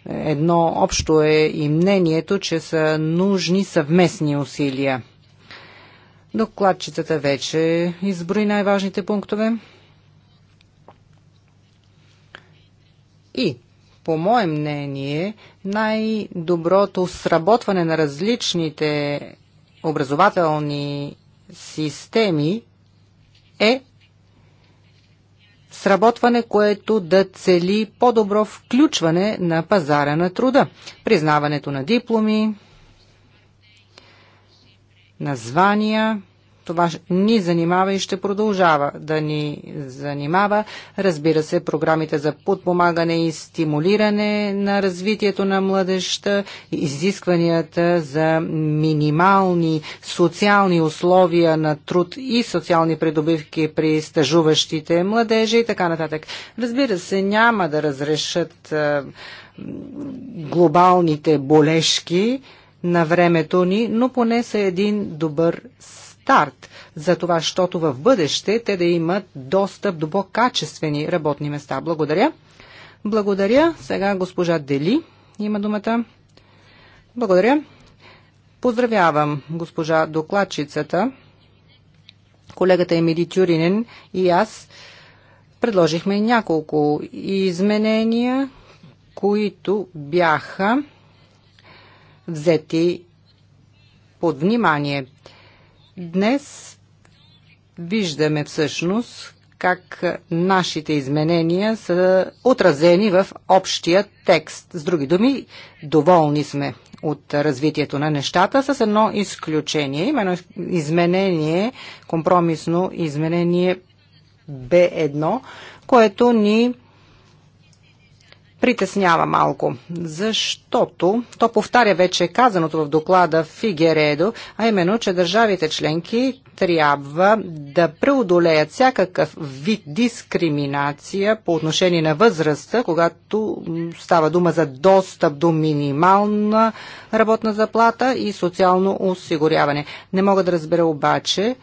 Едно общо е и мнението, че са нужни съвместни усилия. Докладчицата вече изброи най-важните пунктове. И, по мое мнение, най-доброто сработване на различните образователни системи е сработване, което да цели по-добро включване на пазара на труда. Признаването на дипломи, на звания, това ни занимава и ще продължава да ни занимава. Разбира се, програмите за подпомагане и стимулиране на развитието на младеща, изискванията за минимални социални условия на труд и социални придобивки при стажуващите младежи и така нататък. Разбира се, няма да разрешат глобалните болешки на времето ни, но поне са един добър старт за това, защото в бъдеще те да имат достъп до по-качествени работни места. Благодаря. Благодаря. Сега госпожа Дели има думата. Благодаря. Поздравявам госпожа докладчицата, колегата Емили Тюринен и аз предложихме няколко изменения, които бяха взети под внимание. Днес виждаме всъщност как нашите изменения са отразени в общия текст. С други думи, доволни сме от развитието на нещата с едно изключение, именно изменение, компромисно изменение Б1, което ни притеснява малко, защото то повтаря вече казаното в доклада Фигередо, а именно, че държавите членки трябва да преодолеят всякакъв вид дискриминация по отношение на възрастта, когато става дума за достъп до минимална работна заплата и социално осигуряване. Не мога да разбера обаче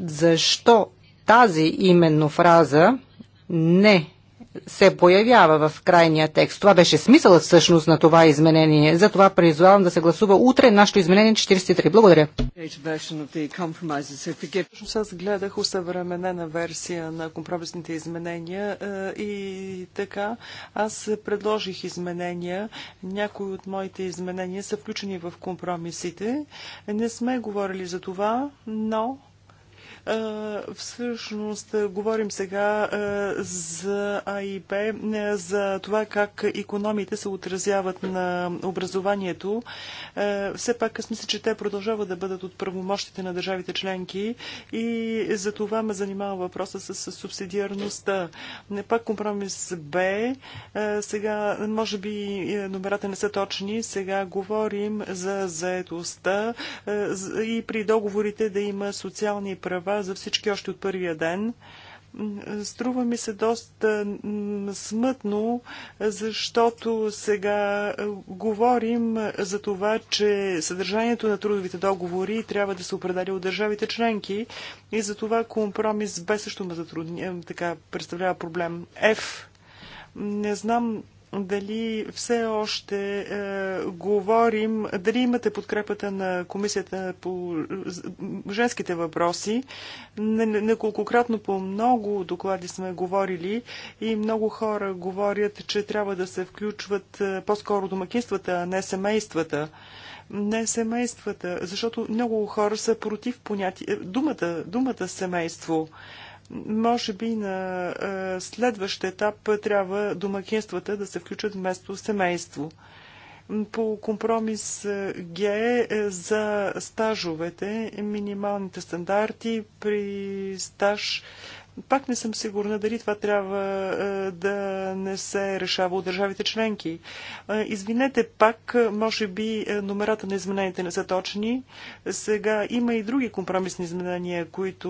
защо тази именно фраза не се появява в крайния текст. Това беше смисълът всъщност на това изменение. Затова призвавам да се гласува утре нашето изменение 43. Благодаря. Всъщност аз гледах усъвременена версия на компромисните изменения е, и така аз предложих изменения. Някои от моите изменения са включени в компромисите. Не сме говорили за това, но Всъщност говорим сега за А и Б, за това как економите се отразяват на образованието. Все пак аз мисля, че те продължават да бъдат от правомощите на държавите членки и за това ме занимава въпроса с субсидиарността. Не пак компромис Б. Сега, може би, е, номерата не са точни. Сега говорим за заедостта и при договорите да има социални права за всички още от първия ден. Струва ми се доста смътно, защото сега говорим за това, че съдържанието на трудовите договори трябва да се определя от държавите членки и за това компромис бе също ме затрудня, е, така представлява проблем. F. Не знам дали все още е, говорим, дали имате подкрепата на комисията по женските въпроси. Неколкократно по много доклади сме говорили и много хора говорят, че трябва да се включват е, по-скоро домакинствата, а не семействата. Не семействата, защото много хора са против понятие, е, думата, думата семейство. Е, може би на е, следващ етап трябва домакинствата да се включат вместо семейство. По компромис е, Г е, за стажовете, минималните стандарти при стаж пак не съм сигурна дали това трябва е, да не се решава от държавите членки. Е, извинете, пак, е, може би номерата на измененията не са точни. Сега има и други компромисни изменения, които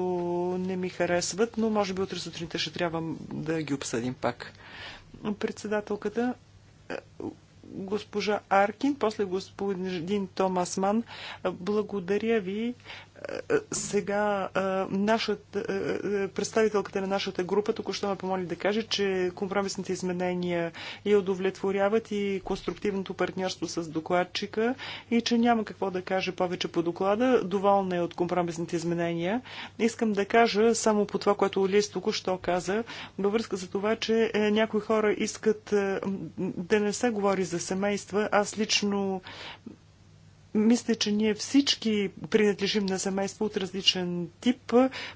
не ми харесват, но може би утре сутринта ще трябва да ги обсъдим пак. Председателката госпожа Аркин, после господин Томас Ман. Благодаря ви. Сега нашата, представителката на нашата група току-що ме помоли да каже, че компромисните изменения я удовлетворяват и конструктивното партньорство с докладчика и че няма какво да каже повече по доклада. Доволна е от компромисните изменения. Искам да кажа само по това, което Олис току-що каза, във връзка за това, че е, някои хора искат е, да не се говори за семейства. Аз лично мисля, че ние всички принадлежим на семейство от различен тип,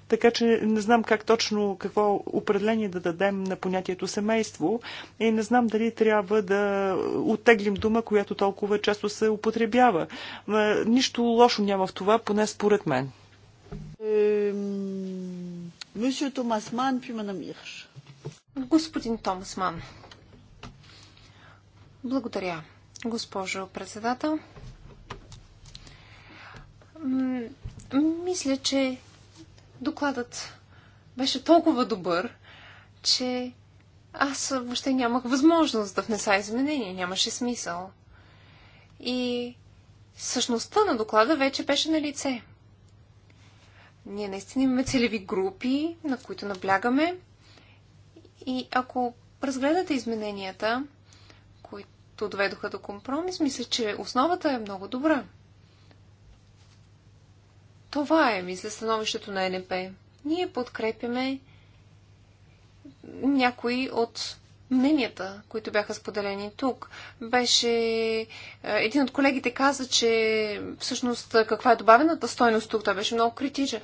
така че не знам как точно какво определение да дадем на понятието семейство и не знам дали трябва да оттеглим дума, която толкова често се употребява. Нищо лошо няма в това, поне според мен. Мисио Томас Ман, Господин Томас Ман. Благодаря, госпожо председател мисля, че докладът беше толкова добър, че аз въобще нямах възможност да внеса изменения, нямаше смисъл. И същността на доклада вече беше на лице. Ние наистина имаме целеви групи, на които наблягаме. И ако разгледате измененията, които доведоха до компромис, мисля, че основата е много добра. Това е, мисля, становището на НП. Ние подкрепяме някои от мненията, които бяха споделени тук. Беше... Е, един от колегите каза, че всъщност е, каква е добавената стойност тук. Той беше много критичен.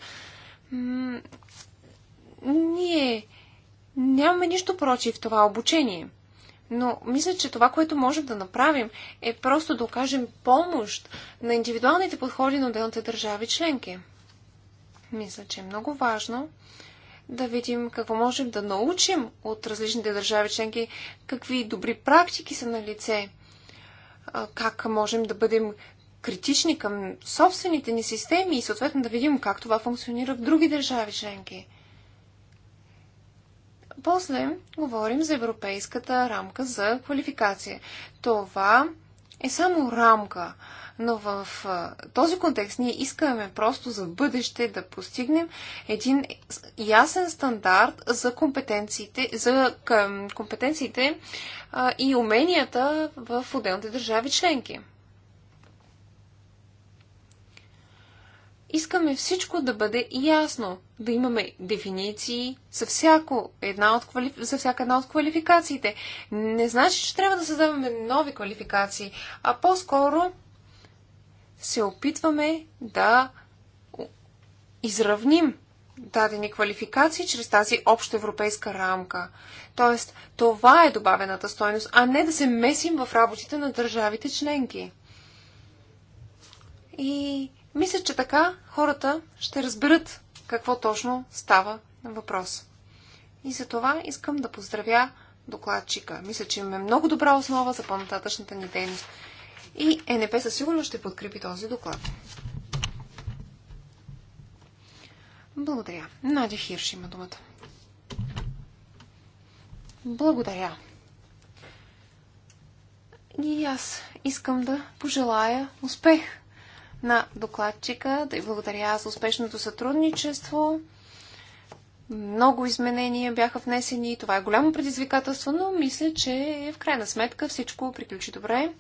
Ние нямаме нищо против в това обучение. Но мисля, че това, което можем да направим, е просто да окажем помощ на индивидуалните подходи на отделните държави членки. Мисля, че е много важно да видим какво можем да научим от различните държави членки, какви добри практики са на лице, как можем да бъдем критични към собствените ни системи и съответно да видим как това функционира в други държави членки. После говорим за европейската рамка за квалификация. Това е само рамка, но в този контекст ние искаме просто за бъдеще да постигнем един ясен стандарт за компетенциите, за компетенциите и уменията в отделните държави членки. искаме всичко да бъде ясно, да имаме дефиниции за, всяко една от квалиф... за всяка една от квалификациите. Не значи, че трябва да създаваме нови квалификации, а по-скоро се опитваме да изравним дадени квалификации чрез тази обща европейска рамка. Тоест, това е добавената стойност, а не да се месим в работите на държавите членки. И мисля, че така хората ще разберат какво точно става на въпрос. И за това искам да поздравя докладчика. Мисля, че имаме много добра основа за по-нататъчната ни дейност. И ЕНП със сигурност ще подкрепи този доклад. Благодаря. Надя Хирш има думата. Благодаря. И аз искам да пожелая успех на докладчика, да й благодаря за успешното сътрудничество. Много изменения бяха внесени. и Това е голямо предизвикателство, но мисля, че е в крайна сметка всичко приключи добре.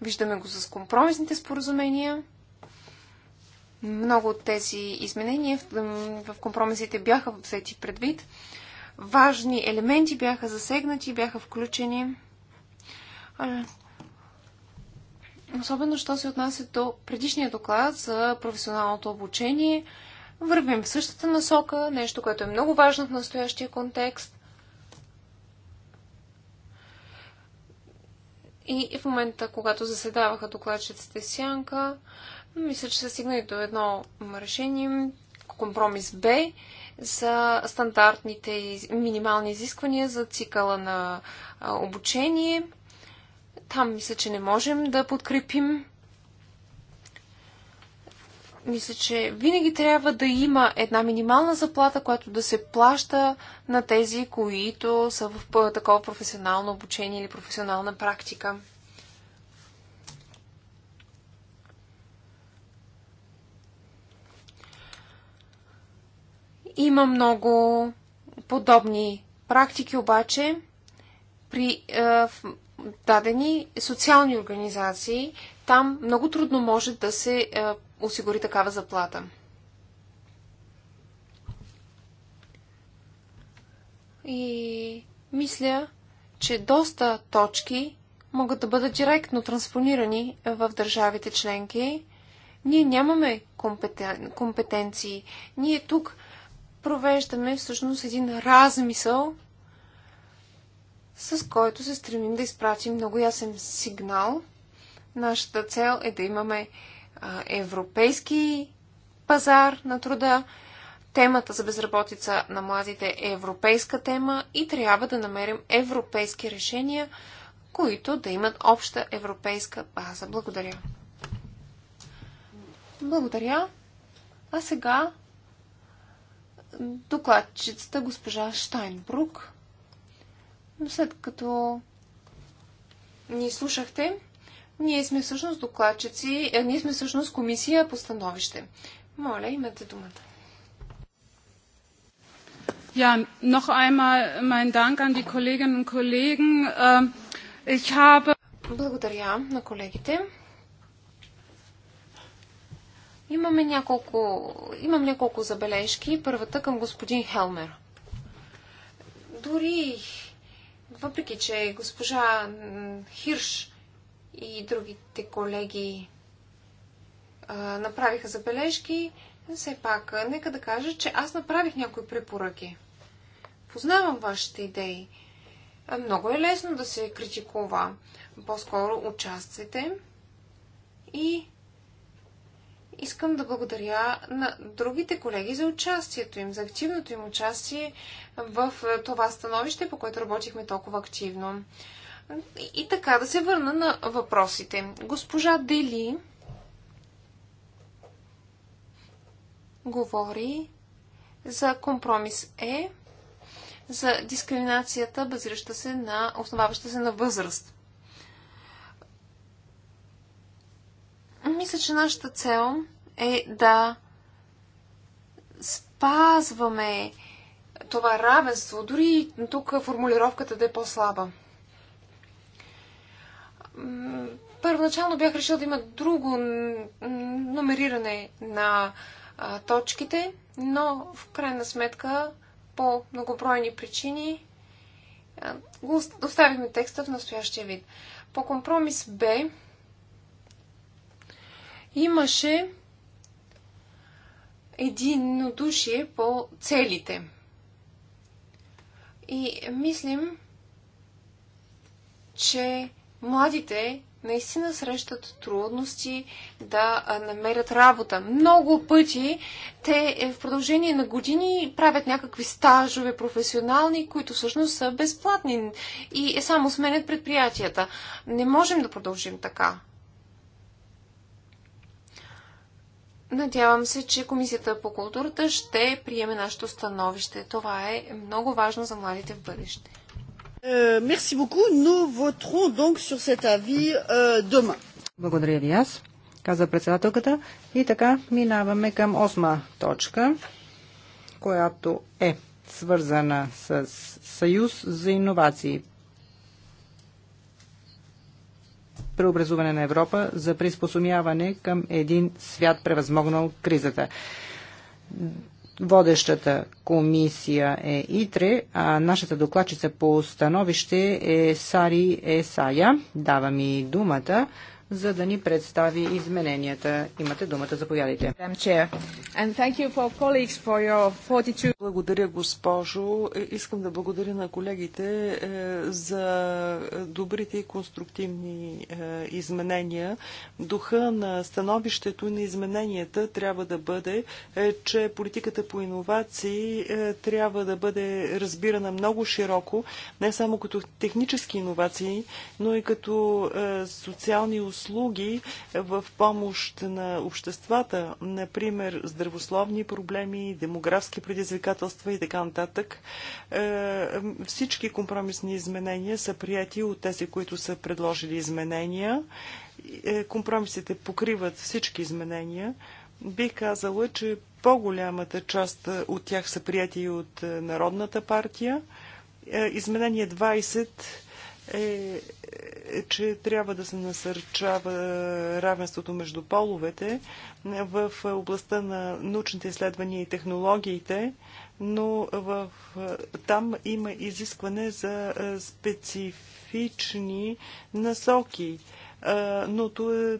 Виждаме го с компромисните споразумения. Много от тези изменения в компромисите бяха взети предвид. Важни елементи бяха засегнати, бяха включени особено що се отнася до предишния доклад за професионалното обучение. Вървим в същата насока, нещо, което е много важно в настоящия контекст. И в момента, когато заседаваха докладчиците Сянка, мисля, че се стигна и до едно решение, компромис Б, за стандартните минимални изисквания за цикъла на обучение – там мисля, че не можем да подкрепим. Мисля, че винаги трябва да има една минимална заплата, която да се плаща на тези, които са в такова професионално обучение или професионална практика. Има много подобни практики, обаче при, е, дадени социални организации, там много трудно може да се е, осигури такава заплата. И мисля, че доста точки могат да бъдат директно транспонирани в държавите членки. Ние нямаме компетен... компетенции. Ние тук провеждаме всъщност един размисъл с който се стремим да изпратим много ясен сигнал. Нашата цел е да имаме европейски пазар на труда. Темата за безработица на младите е европейска тема и трябва да намерим европейски решения, които да имат обща европейска база. Благодаря. Благодаря. А сега докладчицата госпожа Штайнбрук. Но след като ни слушахте, ние сме всъщност докладчици, а е, ние сме всъщност комисия по становище. Моля, имате думата. Ja, noch einmal mein Dank an die Kolleginnen und Kollegen. Ähm, ich habe благодаря на колегите. Имаме няколко, имам няколко забележки. Първата към господин Хелмер. Дори въпреки, че госпожа Хирш и другите колеги направиха забележки, все пак, нека да кажа, че аз направих някои препоръки. Познавам вашите идеи. Много е лесно да се критикува. По-скоро участвайте и Искам да благодаря на другите колеги за участието им, за активното им участие в е, това становище, по което работихме толкова активно. И така, да се върна на въпросите. Госпожа Дели говори за компромис Е, за дискриминацията, базираща се на, основаваща се на възраст. Мисля, че нашата цел е да спазваме това равенство, дори тук формулировката да е по-слаба. Първоначално бях решил да има друго номериране на точките, но в крайна сметка по многобройни причини го оставихме текста в настоящия вид. По компромис Б имаше единодушие по целите. И мислим, че младите наистина срещат трудности да намерят работа. Много пъти те е, в продължение на години правят някакви стажове професионални, които всъщност са безплатни и само сменят предприятията. Не можем да продължим така. Надявам се, че Комисията по културата ще приеме нашето становище. Това е много важно за младите в бъдеще. Мерси beaucoup. Nous voterons donc sur cet avis е, demain. Благодаря ви аз, каза председателката. И така минаваме към осма точка, която е свързана с Съюз за иновации. преобразуване на Европа за приспособяване към един свят, превъзмогнал кризата. Водещата комисия е ИТРЕ, а нашата докладчица по становище е Сари Есая. Дава ми думата, за да ни представи измененията. Имате думата, заповядайте. Благодаря, госпожо. Е, искам да благодаря на колегите е, за добрите и конструктивни е, изменения. Духа на становището и на измененията трябва да бъде, че политиката по иновации трябва да бъде разбирана много широко, не само като технически иновации, но и като социални услуги услуги в помощ на обществата, например здравословни проблеми, демографски предизвикателства и така нататък. Е, всички компромисни изменения са прияти от тези, които са предложили изменения. Е, компромисите покриват всички изменения. Бих казала, че по-голямата част от тях са прияти от е, Народната партия. Изменение 20 е, е, че трябва да се насърчава равенството между половете в областта на научните изследвания и технологиите, но в, там има изискване за е, специфични насоки, е, но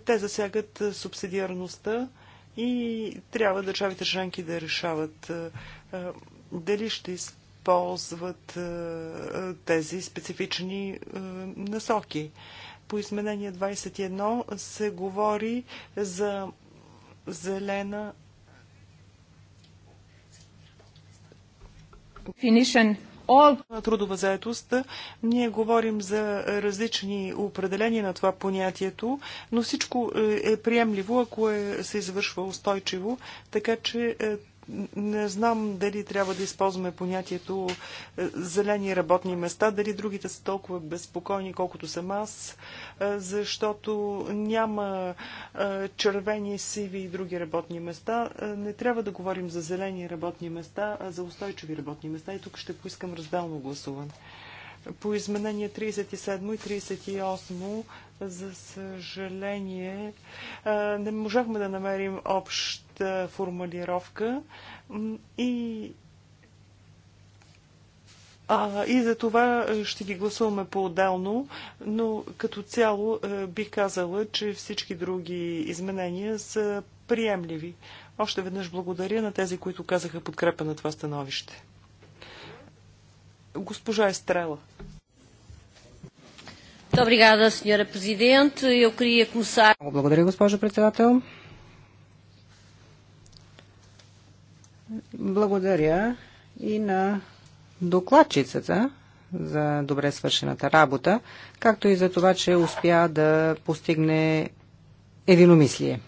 те засягат субсидиарността и трябва държавите членки да решават дали ще изпълнят използват е, е, тези специфични е, насоки. По изменение 21 се говори за зелена Definition на трудова заетост. Ние говорим за различни определения на това понятието, но всичко е приемливо, ако е, се извършва устойчиво, така че не знам дали трябва да използваме понятието е, зелени работни места, дали другите са толкова безпокойни, колкото съм аз, е, защото няма е, червени, сиви и други работни места. Не трябва да говорим за зелени работни места, а за устойчиви работни места. И тук ще поискам разделно гласуване по изменения 37 и 38, за съжаление, не можахме да намерим общ същата формулировка и а, и за това е, ще ги гласуваме по-отделно, но като цяло е, бих казала, че всички други изменения са приемливи. Още веднъж благодаря на тези, които казаха подкрепа на това становище. Госпожа Естрела. президент Благодаря, госпожо председател. Благодаря и на докладчицата за добре свършената работа, както и за това, че успя да постигне единомислие.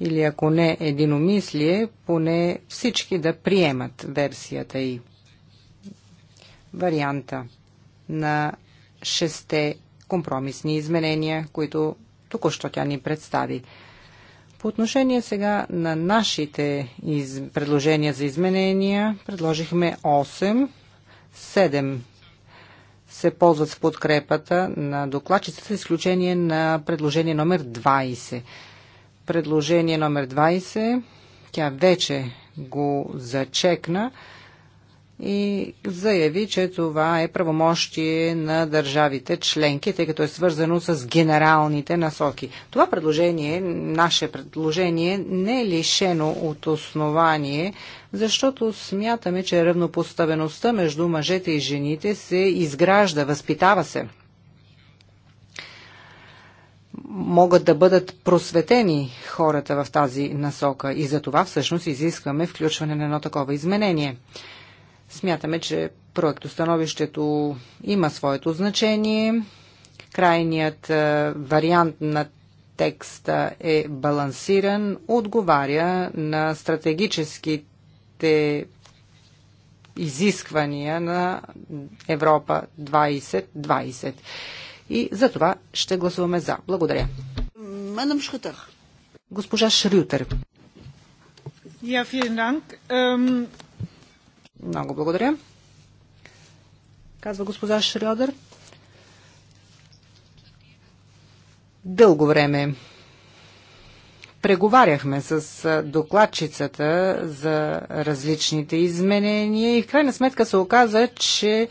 Или ако не единомислие, поне всички да приемат версията и варианта на шесте компромисни изменения, които току-що тя ни представи. По отношение сега на нашите из... предложения за изменения, предложихме 8, 7 се ползват с подкрепата на докладчицата, с изключение на предложение номер 20. Предложение номер 20, тя вече го зачекна и заяви, че това е правомощие на държавите членки, тъй като е свързано с генералните насоки. Това предложение, наше предложение, не е лишено от основание, защото смятаме, че равнопоставеността между мъжете и жените се изгражда, възпитава се. Могат да бъдат просветени хората в тази насока и за това всъщност изискваме включване на едно такова изменение. Смятаме, че проектостановището има своето значение. Крайният е, вариант на текста е балансиран, отговаря на стратегическите изисквания на Европа 2020. И за това ще гласуваме за. Благодаря. Мадам Шрютер. Госпожа Шрютер. Ja, vielen Dank. Ähm, много благодаря. Казва госпожа Шрёдър. Дълго време преговаряхме с докладчицата за различните изменения и в крайна сметка се оказа, че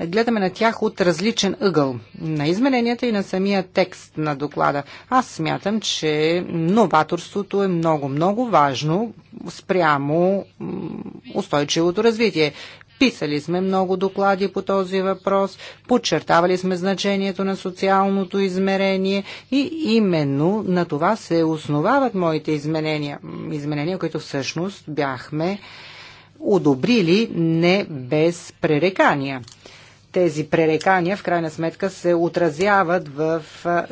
гледаме на тях от различен ъгъл на измененията и на самия текст на доклада. Аз смятам, че новаторството е много-много важно спрямо устойчивото развитие. Писали сме много доклади по този въпрос, подчертавали сме значението на социалното измерение и именно на това се основават моите изменения, изменения, които всъщност бяхме одобрили не без пререкания тези пререкания в крайна сметка се отразяват в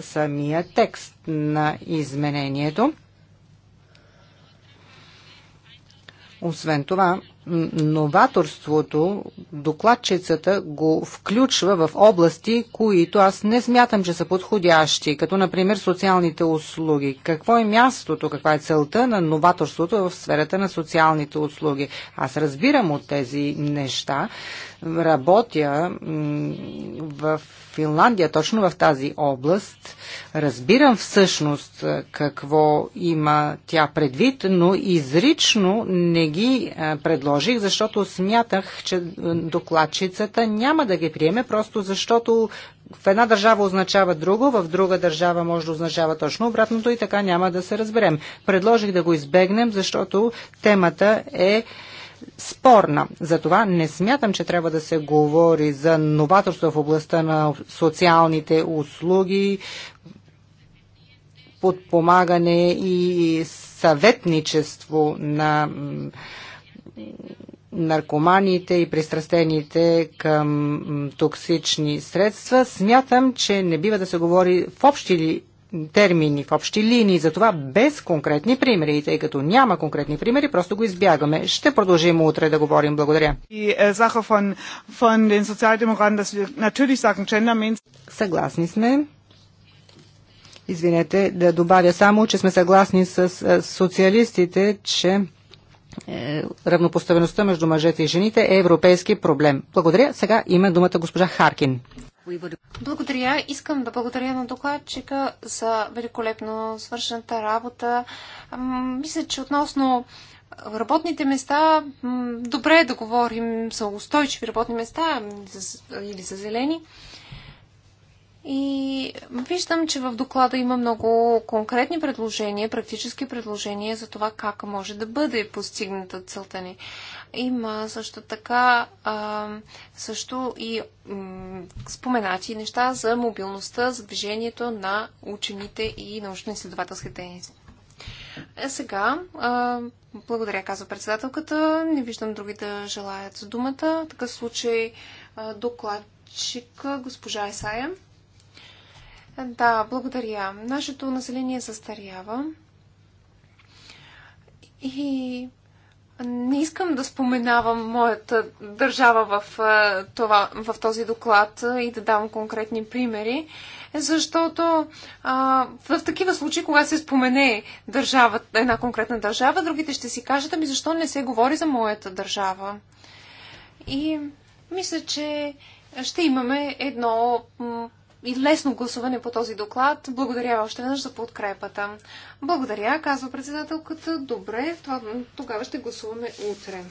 самия текст на изменението. Освен това, новаторството докладчицата го включва в области, които аз не смятам, че са подходящи, като например социалните услуги. Какво е мястото, каква е целта на новаторството в сферата на социалните услуги? Аз разбирам от тези неща, Работя в Финландия, точно в тази област. Разбирам всъщност какво има тя предвид, но изрично не ги предложих, защото смятах, че докладчицата няма да ги приеме, просто защото в една държава означава друго, в друга държава може да означава точно обратното и така няма да се разберем. Предложих да го избегнем, защото темата е спорна. Затова не смятам, че трябва да се говори за новаторство в областта на социалните услуги, подпомагане и съветничество на наркоманите и пристрастените към токсични средства. Смятам, че не бива да се говори в общи термини, в общи линии, затова без конкретни примери. И тъй като няма конкретни примери, просто го избягаме. Ще продължим утре да говорим. Благодаря. Е, съгласни сме. Извинете, да добавя само, че сме съгласни с е, социалистите, че е, равнопоставеността между мъжете и жените е европейски проблем. Благодаря. Сега има думата госпожа Харкин. Благодаря. Искам да благодаря на докладчика за великолепно свършената работа. Мисля, че относно работните места, добре е да говорим за устойчиви работни места или за зелени. И виждам, че в доклада има много конкретни предложения, практически предложения за това как може да бъде постигната целта ни. Има също така а, също и споменати неща за мобилността, за движението на учените и научно-изследователските дейности. Е, сега, а, благодаря, казва председателката. Не виждам други да желаят за думата. В такъв случай а, докладчик госпожа Есая. Да, благодаря. Нашето население застарява. И не искам да споменавам моята държава в, това, в този доклад и да давам конкретни примери, защото а, в такива случаи, когато се спомене държава, една конкретна държава, другите ще си кажат, ами защо не се говори за моята държава. И мисля, че ще имаме едно и лесно гласуване по този доклад. Благодаря още веднъж за подкрепата. Благодаря, казва председателката. Добре, това, тогава ще гласуваме утре.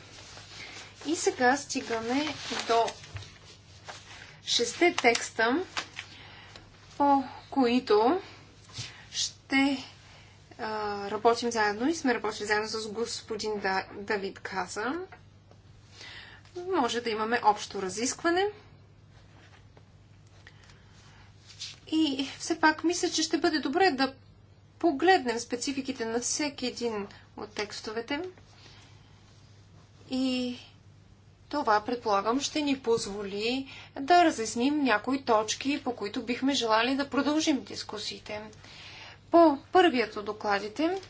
И сега стигаме до шесте текста, по които ще а, работим заедно и сме работили заедно с господин Давид Каза. Може да имаме общо разискване. И все пак мисля, че ще бъде добре да погледнем спецификите на всеки един от текстовете. И това, предполагам, ще ни позволи да разясним някои точки, по които бихме желали да продължим дискусиите. По първият от докладите,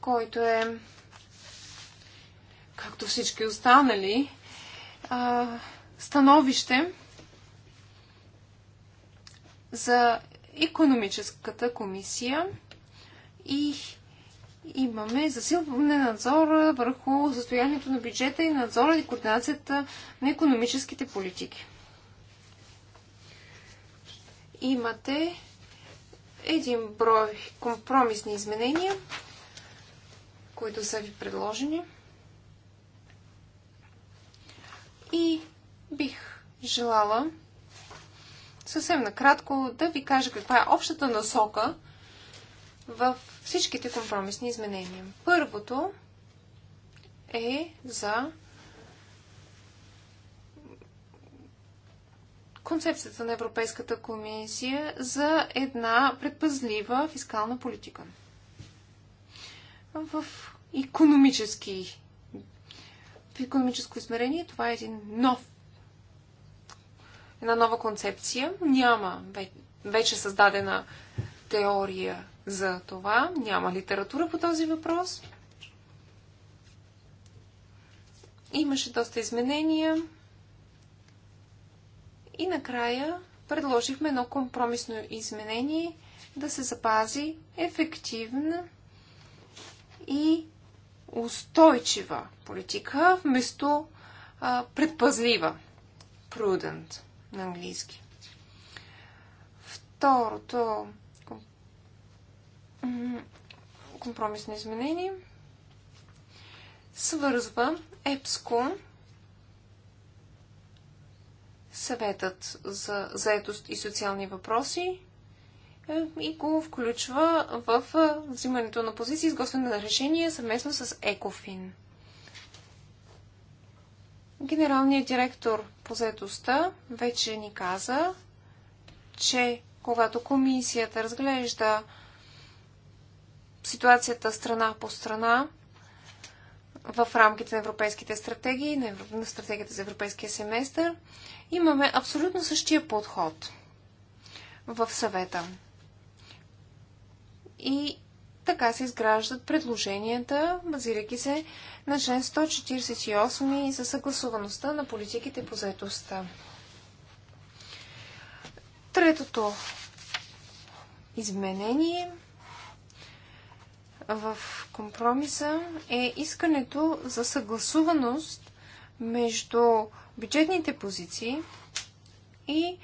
който е, както всички останали, становище за економическата комисия и имаме засилване на надзора върху състоянието на бюджета и надзора и координацията на економическите политики. Имате един брой компромисни изменения, които са ви предложени. И бих желала съвсем накратко да ви кажа каква е общата насока в всичките компромисни изменения. Първото е за концепцията на Европейската комисия за една предпазлива фискална политика. В економически в економическо измерение това е един нов една нова концепция. Няма вече създадена теория за това. Няма литература по този въпрос. Имаше доста изменения. И накрая предложихме едно компромисно изменение да се запази ефективна и устойчива политика вместо а, предпазлива. Prudent на английски. Второто компромисно изменение свързва ЕПСКО съветът за заетост и социални въпроси е, и го включва в е, взимането на позиции, изготвяне на решение съвместно с ЕКОФИН. Генералният директор по заедостта вече ни каза, че когато комисията разглежда ситуацията страна по страна в рамките на европейските стратегии, на, на стратегията за европейския семестър, имаме абсолютно същия подход в съвета. И така се изграждат предложенията, базирайки се на член 148 и за съгласуваността на политиките по заедостта. Третото изменение в компромиса е искането за съгласуваност между бюджетните позиции и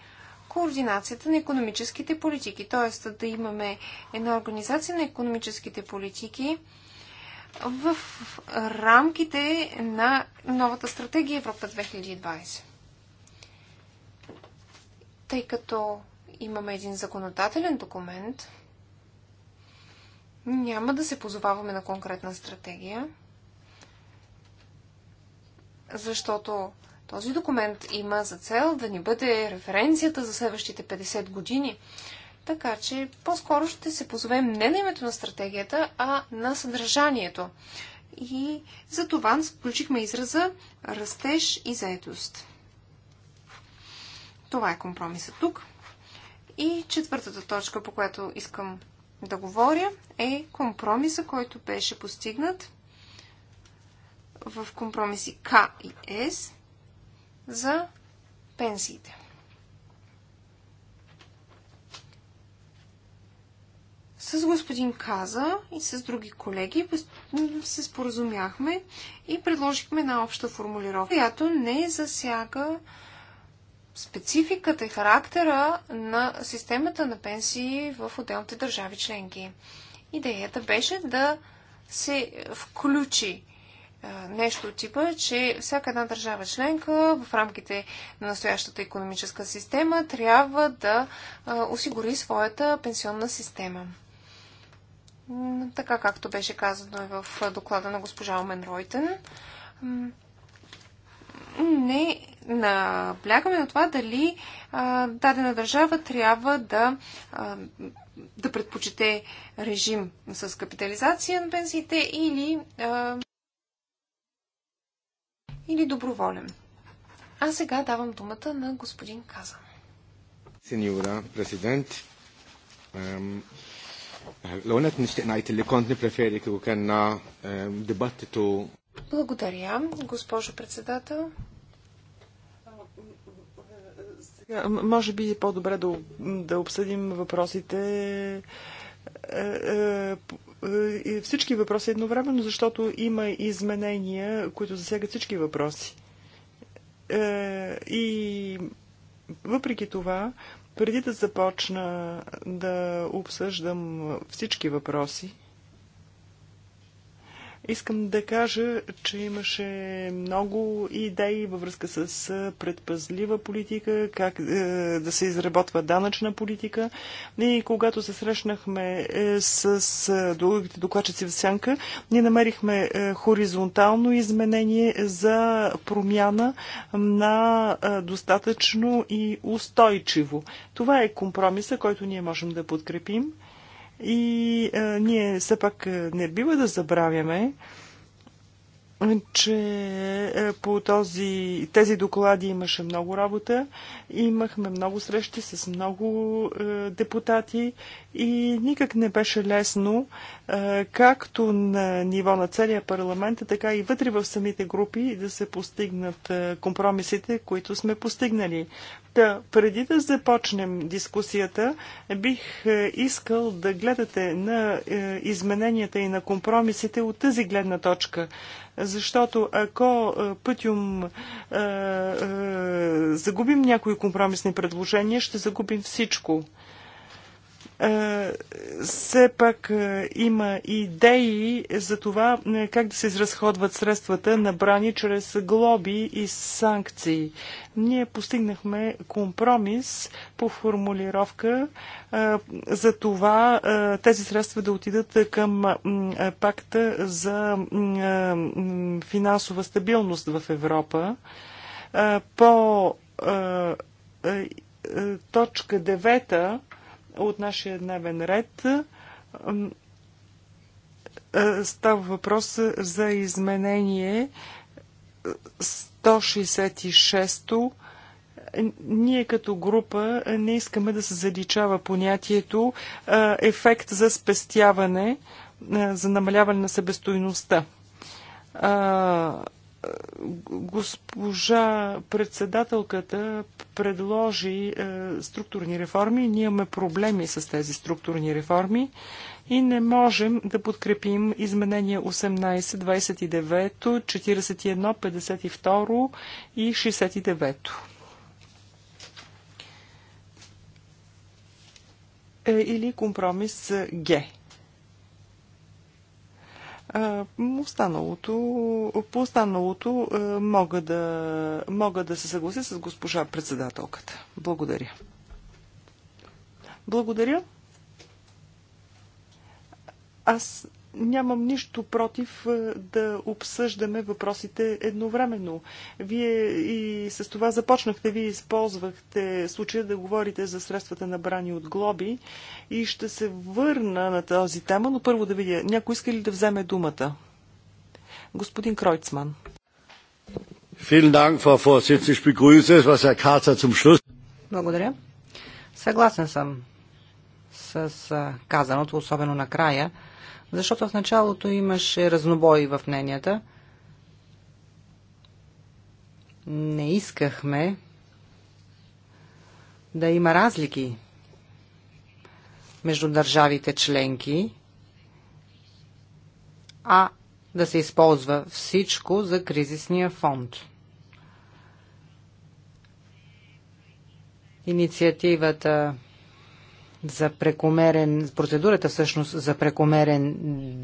координацията на економическите политики, т.е. да имаме една организация на економическите политики в рамките на новата стратегия Европа 2020. Тъй като имаме един законодателен документ, няма да се позоваваме на конкретна стратегия, защото този документ има за цел да ни бъде референцията за следващите 50 години. Така че по-скоро ще се позовем не на името на стратегията, а на съдържанието. И за това включихме израза растеж и заетост. Това е компромисът тук. И четвъртата точка, по която искам да говоря, е компромиса, който беше постигнат в компромиси К и С – за пенсиите. С господин Каза и с други колеги се споразумяхме и предложихме една обща формулировка, която не засяга спецификата и характера на системата на пенсии в отделните държави членки. Идеята беше да се включи нещо типа, че всяка една държава членка в рамките на настоящата економическа система трябва да осигури своята пенсионна система. Така както беше казано и в доклада на госпожа Омен Ройтен. Не наблягаме на това дали дадена държава трябва да, да предпочете режим с капитализация на пенсиите или или доброволен. А сега давам думата на господин Казан. Сеньора президент, ще Нищенайте ли контни префери кога на дебатито? Благодаря, госпожо председател. Сега, може би е по-добре да, да обсъдим въпросите е, е, е, е, всички въпроси едновременно, защото има изменения, които засягат всички въпроси. Е, и въпреки това, преди да започна да обсъждам всички въпроси, Искам да кажа, че имаше много идеи във връзка с предпазлива политика, как е, да се изработва данъчна политика. И когато се срещнахме е, с другите докладчици в Сянка, ние намерихме е, хоризонтално изменение за промяна на е, достатъчно и устойчиво. Това е компромиса, който ние можем да подкрепим. И а, ние все пак не бива да забравяме, че е, по този, тези доклади имаше много работа, имахме много срещи с много е, депутати и никак не беше лесно, е, както на ниво на целия парламент, така и вътре в самите групи да се постигнат е, компромисите, които сме постигнали. Та, преди да започнем дискусията, бих е, искал да гледате на е, измененията и на компромисите от тази гледна точка защото ако е, пътюм е, е, загубим някои компромисни предложения, ще загубим всичко. Е, все пак е, има идеи за това е, как да се изразходват средствата набрани чрез глоби и санкции. Ние постигнахме компромис по формулировка за това тези средства да отидат към пакта за финансова стабилност в Европа. По точка 9 от нашия дневен ред. Става въпрос за изменение 166-то. Ние като група не искаме да се заличава понятието ефект за спестяване, за намаляване на себестойността госпожа председателката предложи е, структурни реформи. Ние имаме проблеми с тези структурни реформи и не можем да подкрепим изменения 18, 29, 41, 52 и 69. Е, или компромис е, Г. Останалото, по останалото мога да, мога да се съглася с госпожа председателката. Благодаря. Благодаря. Аз нямам нищо против е, да обсъждаме въпросите едновременно. Вие и с това започнахте, вие използвахте случая да говорите за средствата набрани от глоби и ще се върна на тази тема, но първо да видя, някой иска ли да вземе думата? Господин Кройцман. Благодаря. Съгласен съм с казаното, особено накрая защото в началото имаше разнобои в мненията. Не искахме да има разлики между държавите членки, а да се използва всичко за кризисния фонд. Инициативата за прекомерен, процедурата всъщност за прекомерен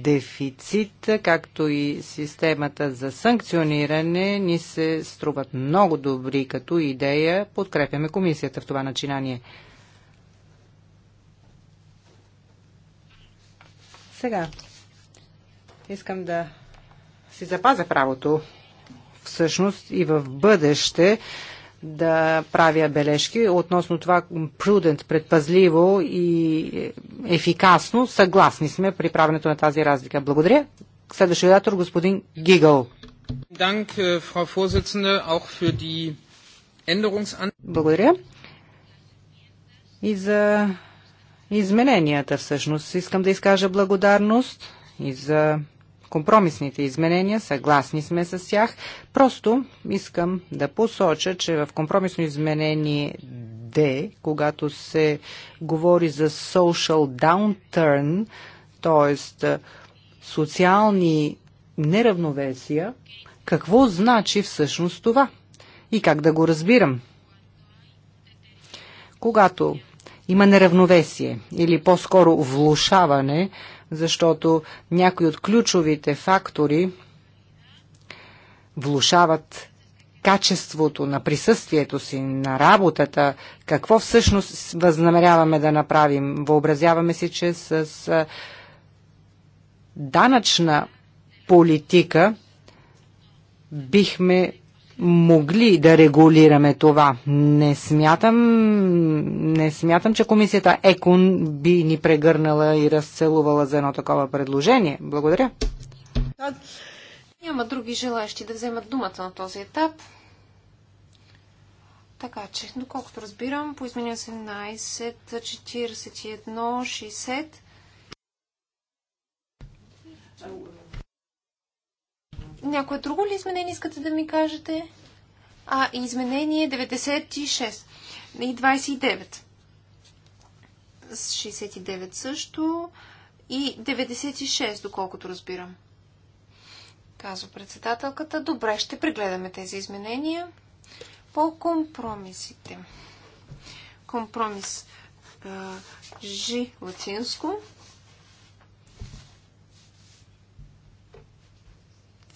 дефицит, както и системата за санкциониране ни се струват много добри като идея. Подкрепяме комисията в това начинание. Сега искам да си запазя правото всъщност и в бъдеще да правя бележки относно това prudent, предпазливо и ефикасно. Съгласни сме при правенето на тази разлика. Благодаря. Следващия редактор, господин Гигъл. Е, Благодаря. И за измененията всъщност искам да изкажа благодарност и за компромисните изменения, съгласни сме с тях. Просто искам да посоча, че в компромисно изменение Д, когато се говори за social downturn, т.е. социални неравновесия, какво значи всъщност това и как да го разбирам? Когато има неравновесие или по-скоро влушаване защото някои от ключовите фактори влушават качеството на присъствието си, на работата, какво всъщност възнамеряваме да направим. Въобразяваме си, че с данъчна политика бихме могли да регулираме това. Не смятам, не смятам, че комисията ЕКОН би ни прегърнала и разцелувала за едно такова предложение. Благодаря. Няма други желащи да вземат думата на този етап. Така че, доколкото разбирам, по изменя 17, 41, 60. Някое друго ли изменение искате да ми кажете? А, изменение 96 и 29. 69 също и 96, доколкото разбирам. Казва председателката. Добре, ще прегледаме тези изменения по компромисите. Компромис Ж латинско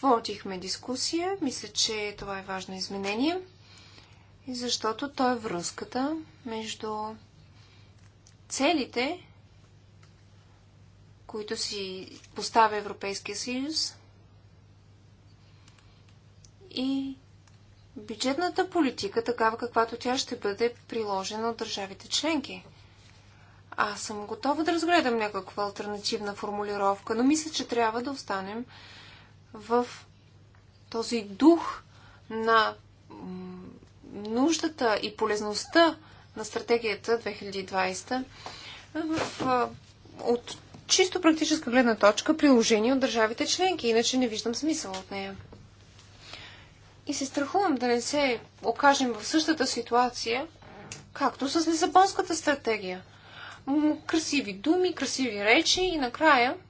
Водихме дискусия. Мисля, че това е важно изменение, защото то е връзката между целите, които си поставя Европейския съюз и бюджетната политика, такава каквато тя ще бъде приложена от държавите членки. Аз съм готова да разгледам някаква альтернативна формулировка, но мисля, че трябва да останем в този дух на нуждата и полезността на стратегията 2020 в, от чисто практическа гледна точка приложение от държавите членки, иначе не виждам смисъл от нея. И се страхувам да не се окажем в същата ситуация, както с Лисабонската стратегия. Красиви думи, красиви речи и накрая –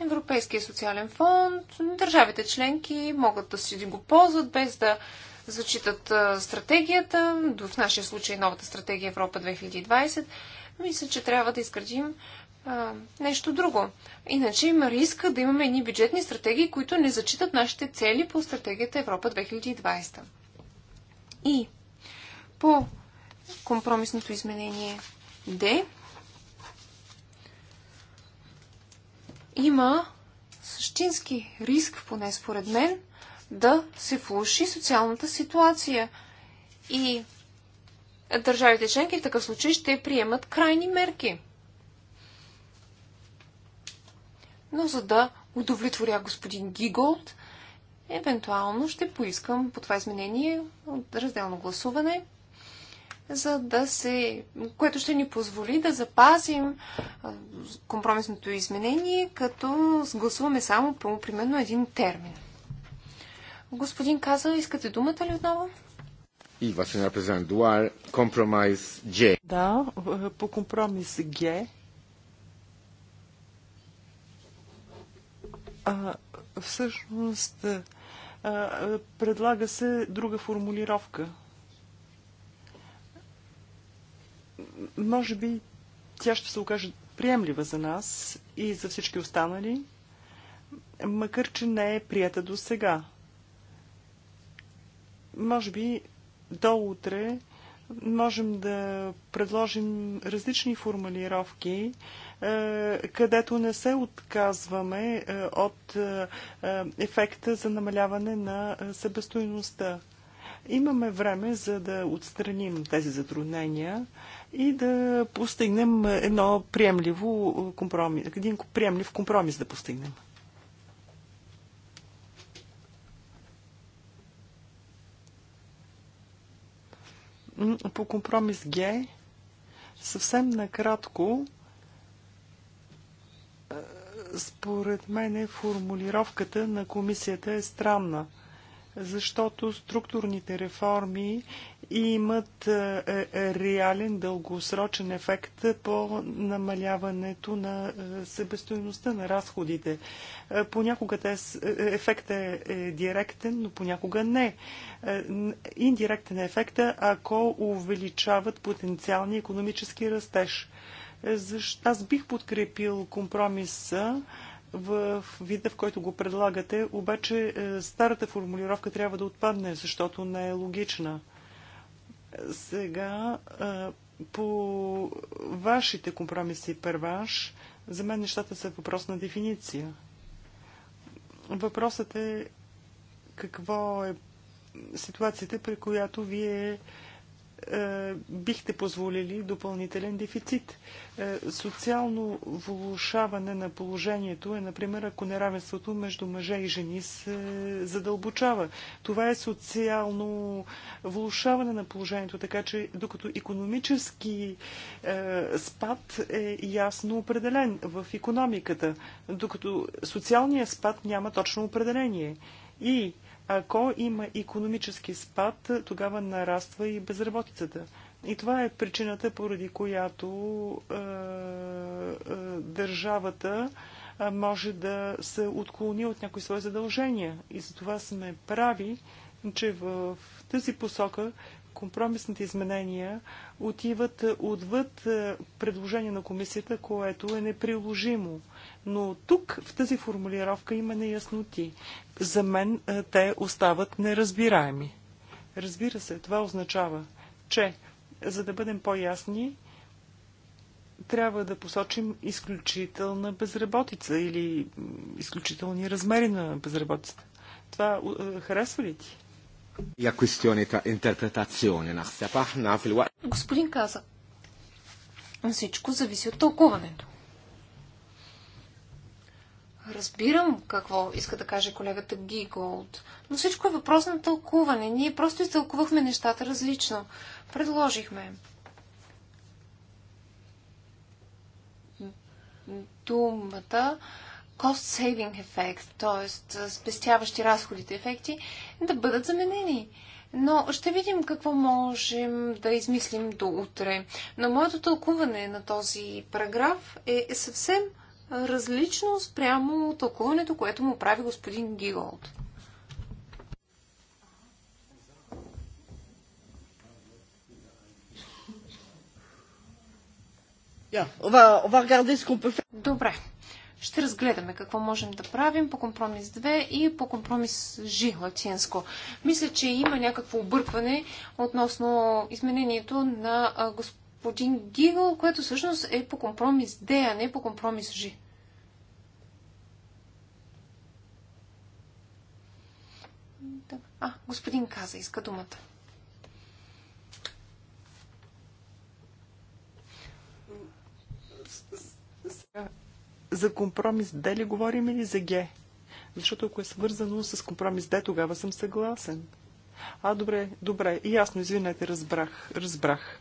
Европейския социален фонд, държавите членки могат да си го ползват без да зачитат стратегията, в нашия случай новата стратегия Европа 2020. Мисля, че трябва да изградим а, нещо друго. Иначе има риска да имаме едни бюджетни стратегии, които не зачитат нашите цели по стратегията Европа 2020. И по компромисното изменение Д, има същински риск, поне според мен, да се влуши социалната ситуация. И държавите членки в такъв случай ще приемат крайни мерки. Но за да удовлетворя господин Гиголд, евентуално ще поискам по това изменение разделно гласуване за да се, което ще ни позволи да запазим компромисното изменение, като сгласуваме само по примерно един термин. Господин Каза, искате думата ли отново? Ива, сеньор президент Дуар, компромис Г. Да, по компромис Г. А, всъщност, а, предлага се друга формулировка може би тя ще се окаже приемлива за нас и за всички останали, макар че не е прията до сега. Може би до утре можем да предложим различни формулировки, е, където не се отказваме е, от е, ефекта за намаляване на себестойността. Имаме време за да отстраним тези затруднения и да постигнем едно приемливо компромис, един приемлив компромис да постигнем. По компромис Г, съвсем накратко, според мен е формулировката на комисията е странна – защото структурните реформи имат е, е, реален дългосрочен ефект по намаляването на е, себестоеността на разходите. Понякога ефектът е директен, но понякога не. Индиректен е ефектът, ако увеличават потенциалния економически растеж. Аз бих подкрепил компромиса, в вида, в който го предлагате, обаче е, старата формулировка трябва да отпадне, защото не е логична. Сега, е, по вашите компромиси перваш, за мен нещата са въпрос на дефиниция. Въпросът е какво е ситуацията, при която вие е, бихте позволили допълнителен дефицит. Е, социално влушаване на положението е, например, ако неравенството между мъже и жени се задълбочава. Това е социално влушаване на положението, така че докато економически е, спад е ясно определен в економиката, докато социалният спад няма точно определение. И ако има економически спад, тогава нараства и безработицата. И това е причината, поради която е, е, държавата е, може да се отклони от някои свои задължения. И за това сме прави, че в тази посока компромисните изменения отиват отвъд е, предложение на комисията, което е неприложимо. Но тук в тази формулировка има неясноти. За мен е, те остават неразбираеми. Разбира се, това означава, че за да бъдем по-ясни, трябва да посочим изключителна безработица или изключителни размери на безработицата. Това е, харесва ли ти? Я квестионита интерпретационе на Господин каза, всичко зависи от тълкуването. Разбирам какво иска да каже колегата Гиголд, но всичко е въпрос на тълкуване. Ние просто изтълкувахме нещата различно. Предложихме думата cost saving ефект, т.е. спестяващи разходите ефекти, да бъдат заменени. Но ще видим какво можем да измислим до утре. Но моето тълкуване на този параграф е съвсем различно спрямо тълкуването, което му прави господин Гиголд. Добре. Ще разгледаме какво можем да правим по компромис 2 и по компромис Ж латинско. Мисля, че има някакво объркване относно изменението на господин господин Гигъл, което всъщност е по компромис Д, а не по компромис Ж. А, господин Каза иска думата. За компромис Д ли говорим или за Г? Защото ако е свързано с компромис Д, тогава съм съгласен. А, добре, добре, ясно, извинете, разбрах, разбрах.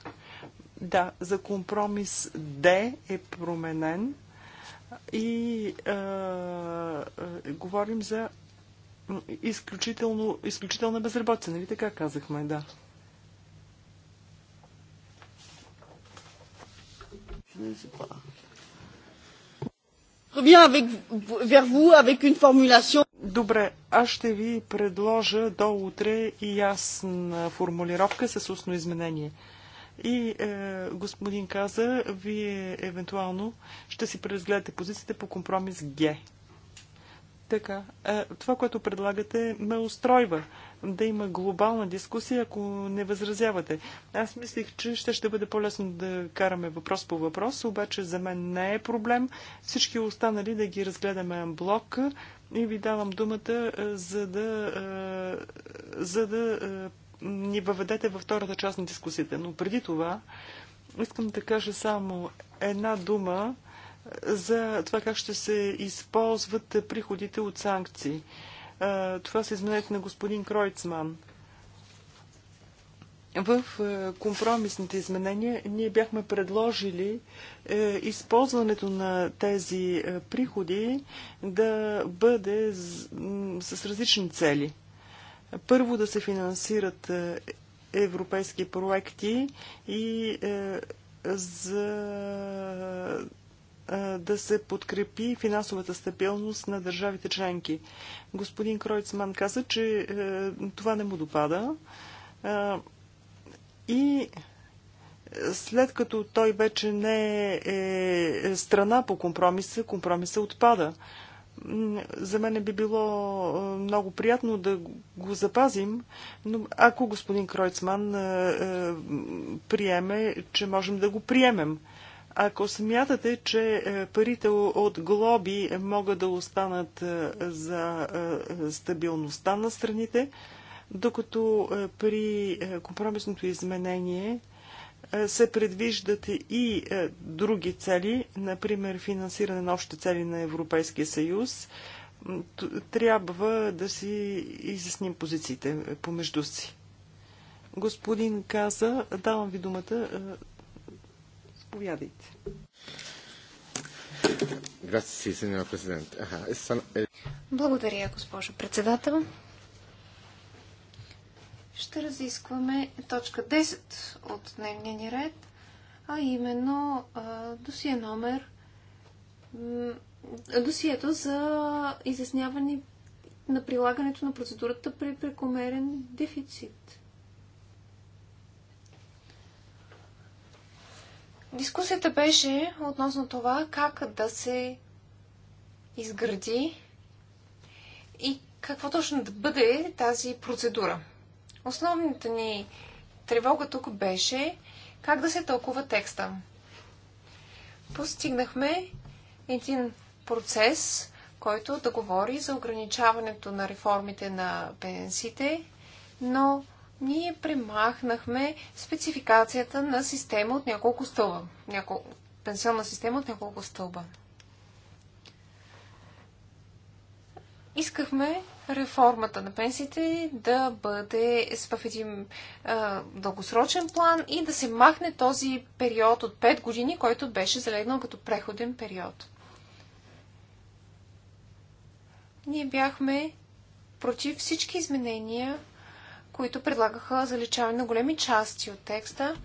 Да, за компромис Д е променен и а, а, говорим за изключително, изключителна безработица, нали така казахме, да. Добре, аз ще ви предложа до утре и ясна формулировка с устно изменение. И е, господин каза, вие евентуално ще си преразгледате позициите по компромис Г. Така, е, това, което предлагате, ме устройва да има глобална дискусия, ако не възразявате. Аз мислих, че ще, ще бъде по-лесно да караме въпрос по въпрос, обаче за мен не е проблем. Всички останали да ги разгледаме блок и ви давам думата, е, за да, е, за да е, ни въведете във втората част на дискусията. Но преди това искам да кажа само една дума е, за това как ще се използват приходите от санкции. Е, това се изменете на господин Кройцман. В е, компромисните изменения ние бяхме предложили е, използването на тези приходи да бъде с, с различни цели. Първо да се финансират е, европейски проекти и е, за е, да се подкрепи финансовата стабилност на държавите членки. Господин Кройцман каза, че това не му допада. И след като той вече не е страна по компромиса, компромиса отпада за мен би било много приятно да го запазим, но ако господин Кройцман приеме, че можем да го приемем. Ако смятате, че парите от глоби могат да останат за стабилността на страните, докато при компромисното изменение се предвиждат и е, други цели, например финансиране на общите цели на Европейския съюз. Трябва да си изясним позициите е, помежду си. Господин Каза, давам ви думата. Сповядайте. Е, Благодаря, госпожо председател ще разискваме точка 10 от дневния ни ред, а именно досие номер досието за изясняване на прилагането на процедурата при прекомерен дефицит. Дискусията беше относно това как да се изгради и какво точно да бъде тази процедура. Основната ни тревога тук беше как да се тълкува текста. Постигнахме един процес, който да говори за ограничаването на реформите на пенсиите, но ние премахнахме спецификацията на система от няколко стълба. Няколко, пенсионна система от няколко стълба. Искахме реформата на пенсиите да бъде в един а, дългосрочен план и да се махне този период от 5 години, който беше залегнал като преходен период. Ние бяхме против всички изменения, които предлагаха заличаване на големи части от текста,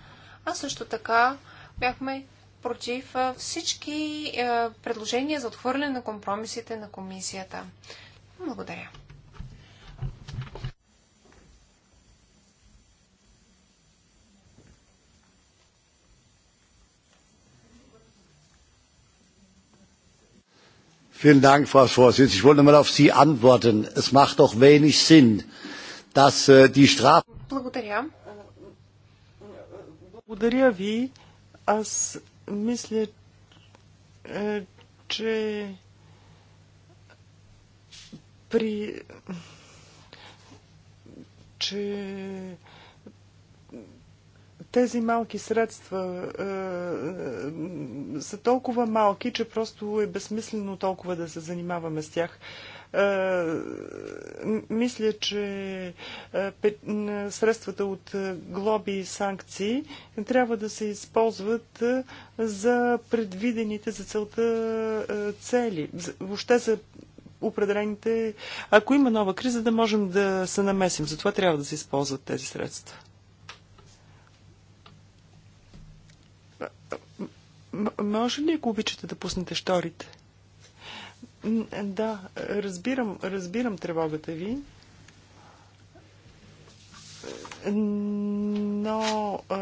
а също така бяхме против всички предложения за отхвърляне на компромисите на комисията. Благодаря. Vielen Dank, Frau Vorsitzende. Ich wollte mal auf Sie antworten. Es macht doch wenig Sinn, dass die Strafe. Благодаря ви. Аз мисля, че при че тези малки средства е, са толкова малки, че просто е безсмислено толкова да се занимаваме с тях. Е, мисля, че е, средствата от глоби и санкции трябва да се използват за предвидените за целта цели. Въобще за определените. Ако има нова криза, да можем да се намесим. Затова трябва да се използват тези средства. може ли, ако обичате, да пуснете шторите? Да, разбирам, разбирам тревогата ви. Но е,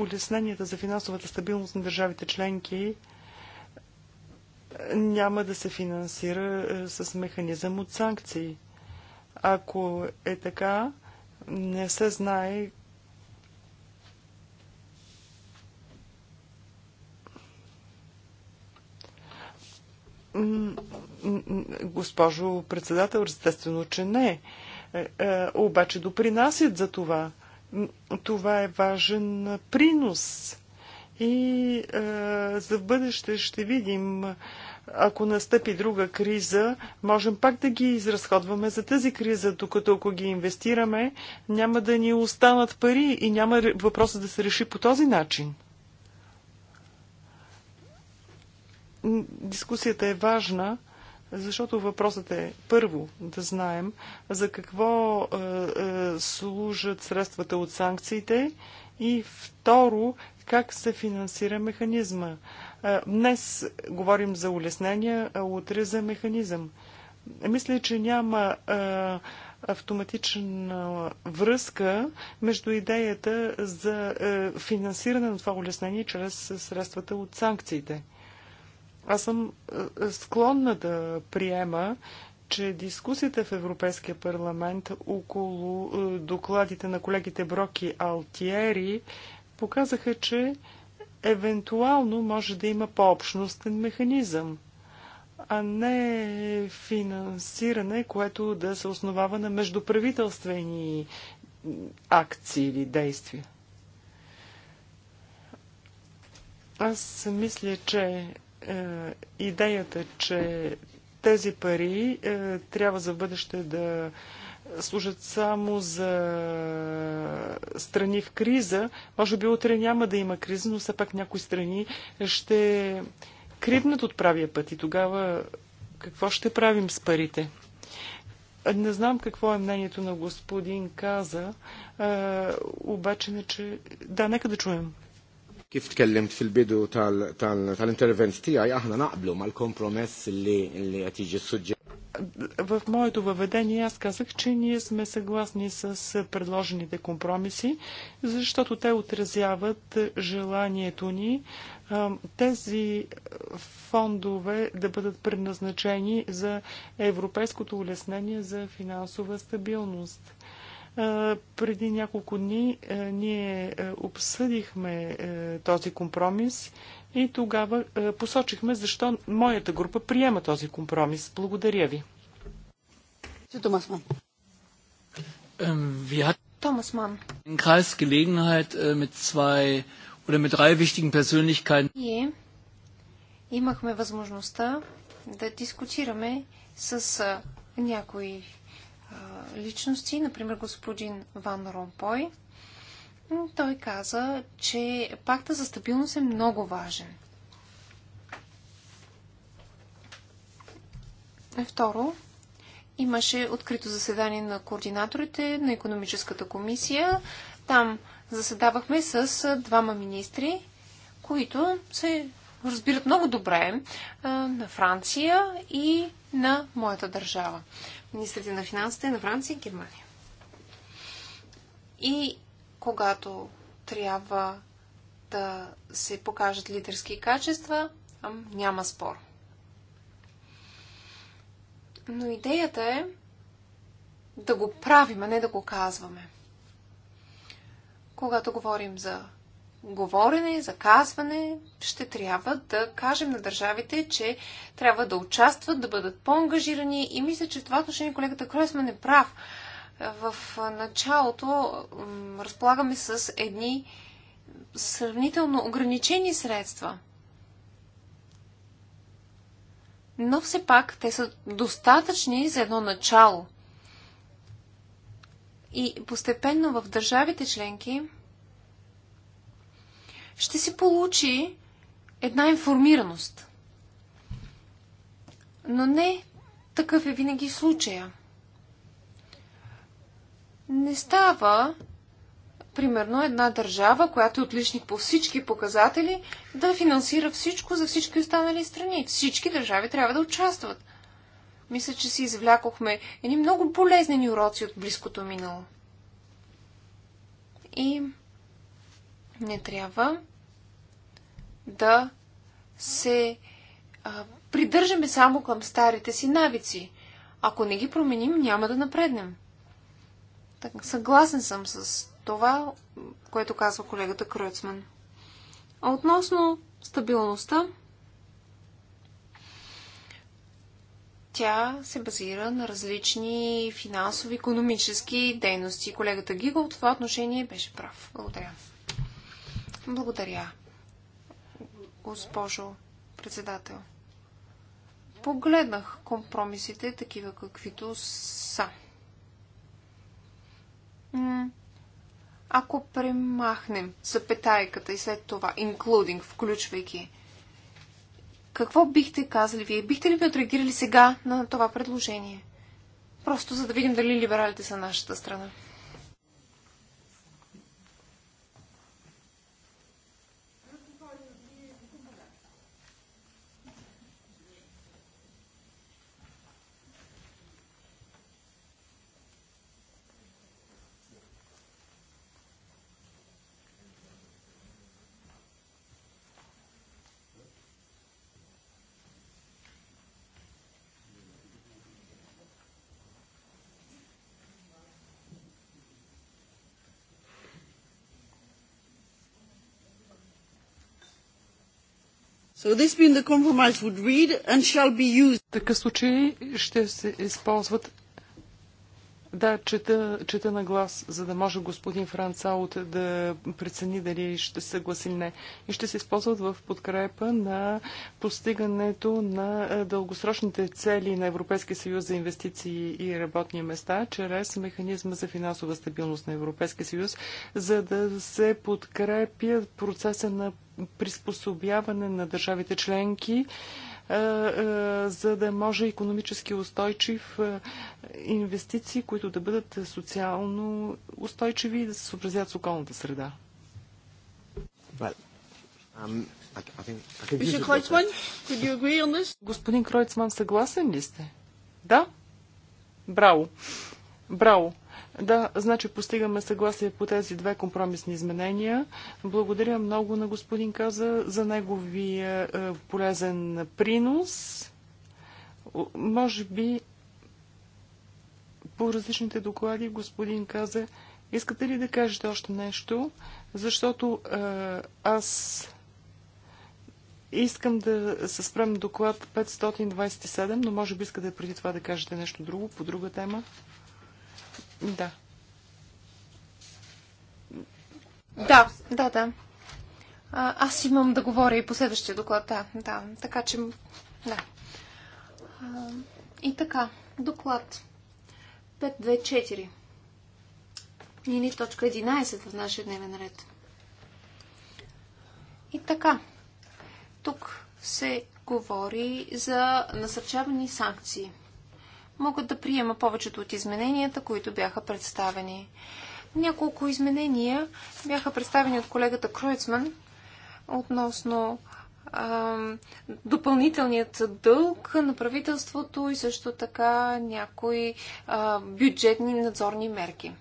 улесненията за финансовата стабилност на държавите членки няма да се финансира е, с механизъм от санкции. Ако е така, не се знае Госпожо председател, естествено, че не. Е, е, обаче допринасят за това. Това е важен принос. И е, за бъдеще ще видим, ако настъпи друга криза, можем пак да ги изразходваме за тази криза, докато ако ги инвестираме, няма да ни останат пари и няма въпросът да се реши по този начин. дискусията е важна, защото въпросът е първо да знаем за какво е, е, служат средствата от санкциите и второ как се финансира механизма. Е, днес говорим за улеснения, а утре за механизъм. Мисля, че няма е, автоматична връзка между идеята за е, финансиране на това улеснение чрез средствата от санкциите. Аз съм е, е, склонна да приема, че дискусията в Европейския парламент около е, докладите на колегите Броки Алтиери показаха, че евентуално може да има по-общностен механизъм, а не финансиране, което да се основава на междуправителствени акции или действия. Аз мисля, че е, идеята, че тези пари е, трябва за бъдеще да служат само за страни в криза. Може би утре няма да има криза, но все пак някои страни ще кривнат от правия път и тогава какво ще правим с парите? Не знам какво е мнението на господин Каза, е, обаче не, че... Да, нека да чуем. Kif tkellimt fil-bidu tal-intervent tiegħi aħna naqblu mal-kompromess li li qed jiġi В моето въведение аз казах, че ние сме съгласни с предложените компромиси, защото те отразяват желанието ни тези фондове да бъдат предназначени за европейското улеснение за финансова стабилност. Преди няколко дни ние обсъдихме този компромис и тогава посочихме защо моята група приема този компромис. Благодаря ви. Томас Ман. Томас Ман. Kreis Gelegenheit äh, mit zwei oder mit drei wichtigen Persönlichkeiten. Ние имахме възможността да дискутираме с някои личности, например господин Ван Ромпой. Той каза, че пакта за стабилност е много важен. Е, второ, имаше открито заседание на координаторите на економическата комисия. Там заседавахме с двама министри, които се разбират много добре на Франция и на моята държава министрите на финансите на Франция и Германия. И когато трябва да се покажат лидерски качества, няма спор. Но идеята е да го правим, а не да го казваме. Когато говорим за говорене, за казване, ще трябва да кажем на държавите, че трябва да участват, да бъдат по-ангажирани и мисля, че в това отношение колегата Кройсман е прав. В началото разполагаме с едни сравнително ограничени средства. Но все пак те са достатъчни за едно начало. И постепенно в държавите членки ще се получи една информираност. Но не такъв е винаги случая. Не става, примерно, една държава, която е отличник по всички показатели, да финансира всичко за всички останали страни. Всички държави трябва да участват. Мисля, че си извлякохме едни много полезни уроци от близкото минало. И не трябва да се а, придържаме само към старите си навици. Ако не ги променим, няма да напреднем. Так, съгласен съм с това, което казва колегата Кръцман. А относно стабилността, тя се базира на различни финансови, економически дейности. Колегата Гигъл в това отношение беше прав. Благодаря. Благодаря, госпожо председател. Погледнах компромисите такива каквито са. Ако премахнем запетайката и след това including, включвайки, какво бихте казали вие? Бихте ли ми отреагирали сега на това предложение? Просто за да видим дали либералите са нашата страна. So this being the compromise would read and shall be used. Така случаи ще се използват да, чета, чета на глас, за да може господин Франц Аут да прецени дали ще се съгласи не. И ще се използват в подкрепа на постигането на е, дългосрочните цели на Европейския съюз за инвестиции и работни места, чрез механизма за финансова стабилност на Европейския съюз, за да се подкрепя процеса на приспособяване на държавите членки е, е, за да може економически устойчив е, инвестиции, които да бъдат социално устойчиви и да се съобразят с околната среда. Um, Господин Кройцман, съгласен ли сте? Да? Браво! Браво! Да, значи постигаме съгласие по тези две компромисни изменения. Благодаря много на господин Каза за неговия е, полезен принос. Може би по различните доклади господин Каза, искате ли да кажете още нещо? Защото е, аз Искам да се спрем доклад 527, но може би искате преди това да кажете нещо друго по друга тема. Да. Да, да, да. А, аз имам да говоря и по следващия доклад, да, да. Така че, да. А, и така, доклад 524 или точка 11 в нашия дневен ред. И така, тук се говори за насърчавани санкции могат да приема повечето от измененията, които бяха представени. Няколко изменения бяха представени от колегата Кройцман относно допълнителният дълг на правителството и също така някои а, бюджетни надзорни мерки.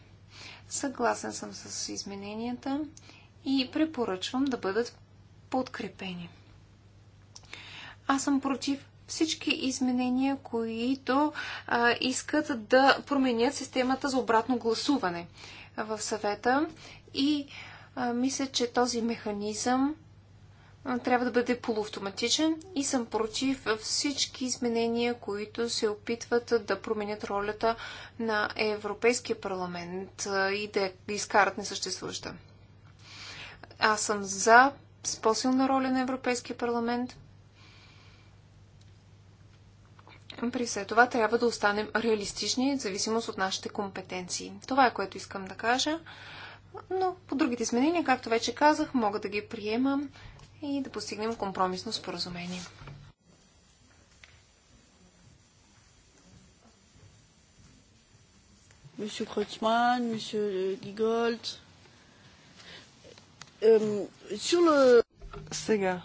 Съгласен съм с измененията и препоръчвам да бъдат подкрепени. Аз съм против всички изменения, които а, искат да променят системата за обратно гласуване в съвета. И а, мисля, че този механизъм а, трябва да бъде полуавтоматичен и съм против всички изменения, които се опитват да променят ролята на Европейския парламент а, и да изкарат несъществуваща. Аз съм за по-силна роля на Европейския парламент – при след това трябва да останем реалистични, в зависимост от нашите компетенции. Това е което искам да кажа. Но по другите изменения, както вече казах, мога да ги приемам и да постигнем компромисно споразумение. Monsieur Kreutzmann, Monsieur Gigold. Euh, sur le... Сега,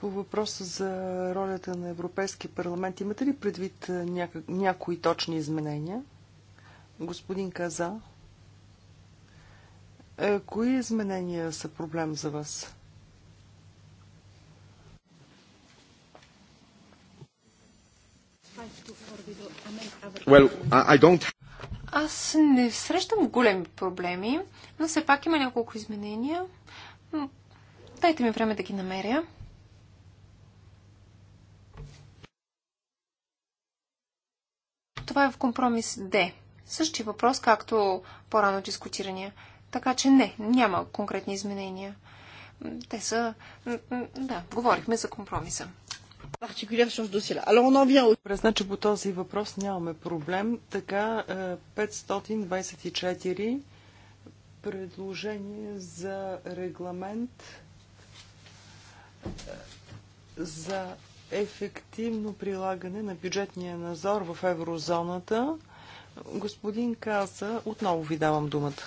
по въпроса за ролята на Европейския парламент, имате ли предвид няко... някои точни изменения? Господин Каза, кои изменения са проблем за вас? Well, I don't... Аз не срещам големи проблеми, но все пак има няколко изменения. Дайте ми време да ги намеря. Това е в компромис Д. Същия въпрос, както по-рано дискутирания. Така че не, няма конкретни изменения. Те са... Да, говорихме за компромиса. Значи по този въпрос нямаме проблем. Така 524 е, предложение за регламент е, за ефективно прилагане на бюджетния назор в еврозоната. Господин Каса, отново ви давам думата.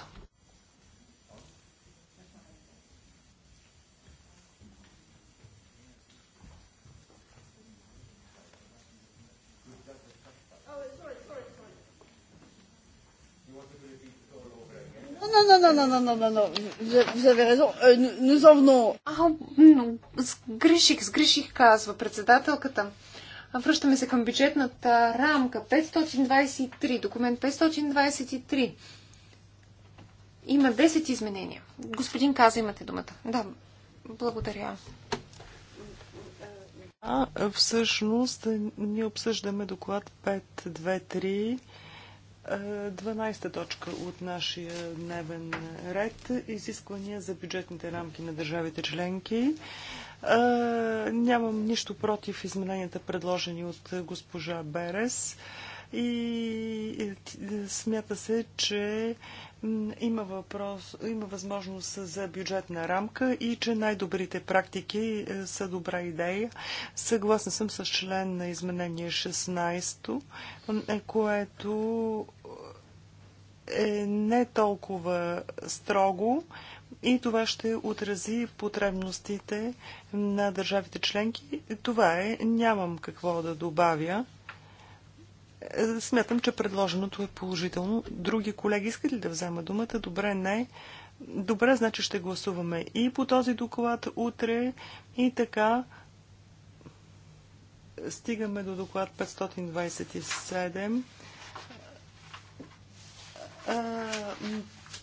non, non, non, non, non, non, non, vous avez raison, euh, nous en venons. А, сгреших, сгреших, казва председателката. Връщаме се към бюджетната рамка. 523, документ 523. Има 10 изменения. Господин Каза, имате думата. Да, благодаря. А, всъщност, ние обсъждаме доклад 523 12-та точка от нашия дневен ред – изисквания за бюджетните рамки на държавите членки. Нямам нищо против измененията, предложени от госпожа Берес. И смята се, че има, въпрос, има възможност за бюджетна рамка и че най-добрите практики е, са добра идея. Съгласна съм с член на изменение 16, е, което е не толкова строго и това ще отрази потребностите на държавите членки. Това е. Нямам какво да добавя. Е, смятам, че предложеното е положително. Други колеги искат ли да взема думата? Добре, не. Добре, значи ще гласуваме и по този доклад утре и така стигаме до доклад 527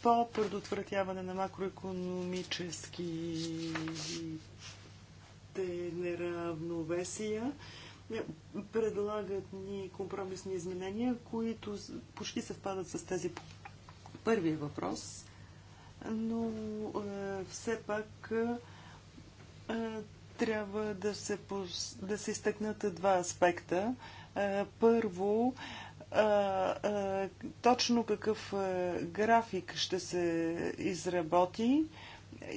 по предотвратяване на макроекономически неравновесия. Предлагат ни компромисни изменения, които почти съвпадат с тези първия въпрос, но е, все пак е, трябва да се, да се изтъкнат два аспекта. Е, първо, е, точно какъв график ще се изработи,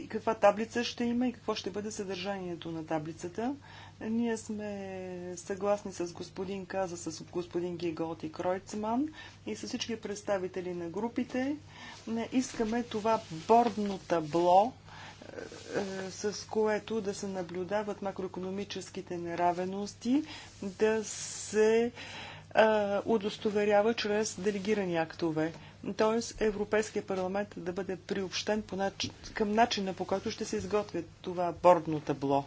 каква таблица ще има и какво ще бъде съдържанието на таблицата. Ние сме съгласни с господин Каза, с господин Гиголт и Кройцман и с всички представители на групите. Искаме това бордно табло, с което да се наблюдават макроекономическите неравености, да се удостоверява чрез делегирани актове. Тоест Европейския парламент да бъде приобщен по нач... към начина по който ще се изготвя това бордно табло.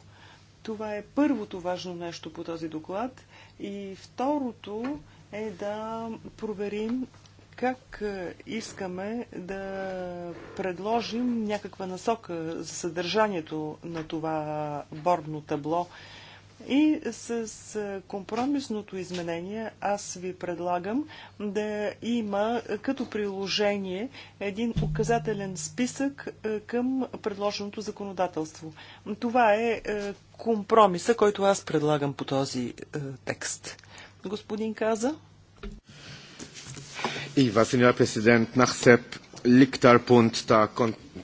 Това е първото важно нещо по този доклад. И второто е да проверим как искаме да предложим някаква насока за съдържанието на това бордно табло и с компромисното изменение аз ви предлагам да има като приложение един указателен списък към предложеното законодателство. Това е компромиса, който аз предлагам по този текст. Господин Каза. Ива, сеньор президент, нахсеп ликтар пункт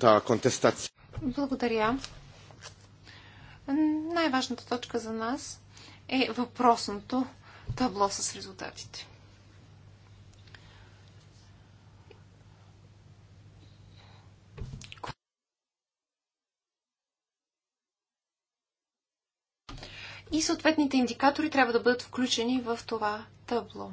та контестация. Благодаря най-важната точка за нас е въпросното табло с резултатите. И съответните индикатори трябва да бъдат включени в това табло.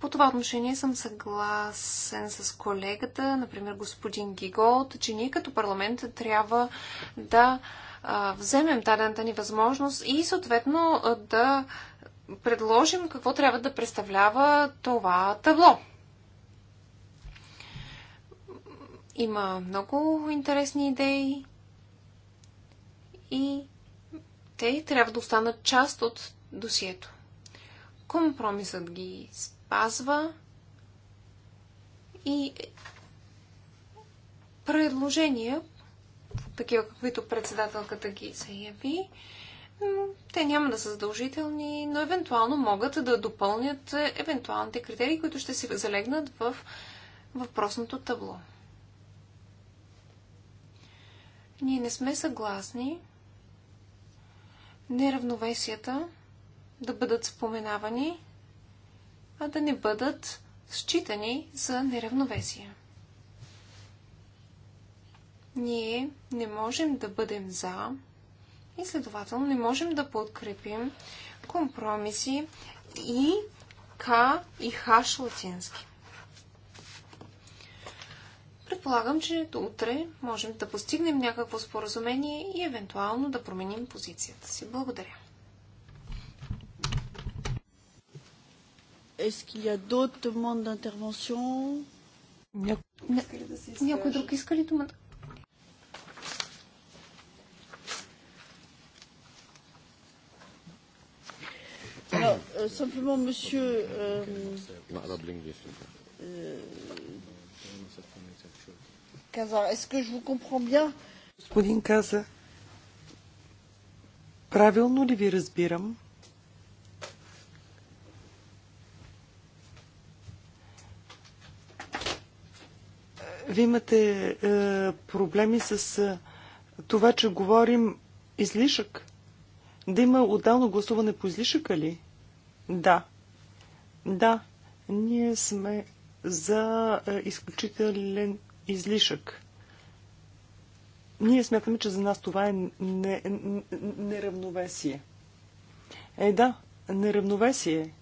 По това отношение съм съгласен с колегата, например господин Гиголт, че ние като парламент трябва да вземем дадената ни възможност и съответно да предложим какво трябва да представлява това табло. Има много интересни идеи и те трябва да останат част от досието. Компромисът ги спазва и предложения, такива каквито председателката ги заяви. Те няма да са задължителни, но евентуално могат да допълнят е, евентуалните критерии, които ще се залегнат в въпросното табло. Ние не сме съгласни неравновесията да бъдат споменавани, а да не бъдат считани за неравновесия ние не можем да бъдем за и следователно не можем да подкрепим компромиси и К и Х латински. Предполагам, че до утре можем да постигнем някакво споразумение и евентуално да променим позицията си. Благодаря. Някой друг иска ли думата? Alors, euh, simplement, monsieur. Euh, euh, Казар, est-ce que je vous comprends bien Господин Каза, правилно ли ви разбирам? Вие имате е, проблеми с е, това, че говорим излишък. Да има отдално гласуване по излишъка ли? Да. Да. Ние сме за е, изключителен излишък. Ние смятаме, че за нас това е неравновесие. Е, да, неравновесие.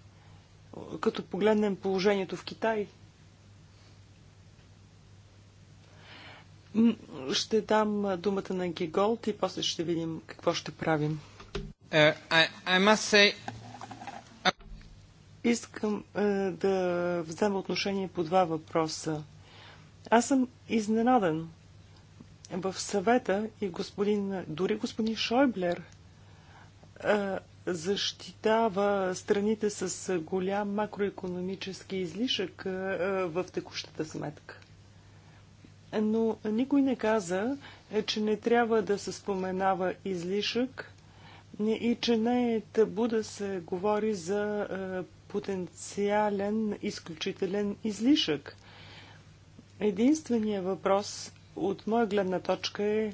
Като погледнем положението в Китай, Ще дам думата на Гиголт и после ще видим какво ще правим. Uh, I, I Искам е, да взема отношение по два въпроса. Аз съм изненадан. В съвета и господин, дори господин Шойблер е, защитава страните с голям макроекономически излишък е, е в текущата сметка. Но никой не каза, е, че не трябва да се споменава излишък и че не е табу да се говори за е, потенциален изключителен излишък. Единственият въпрос от моя гледна точка е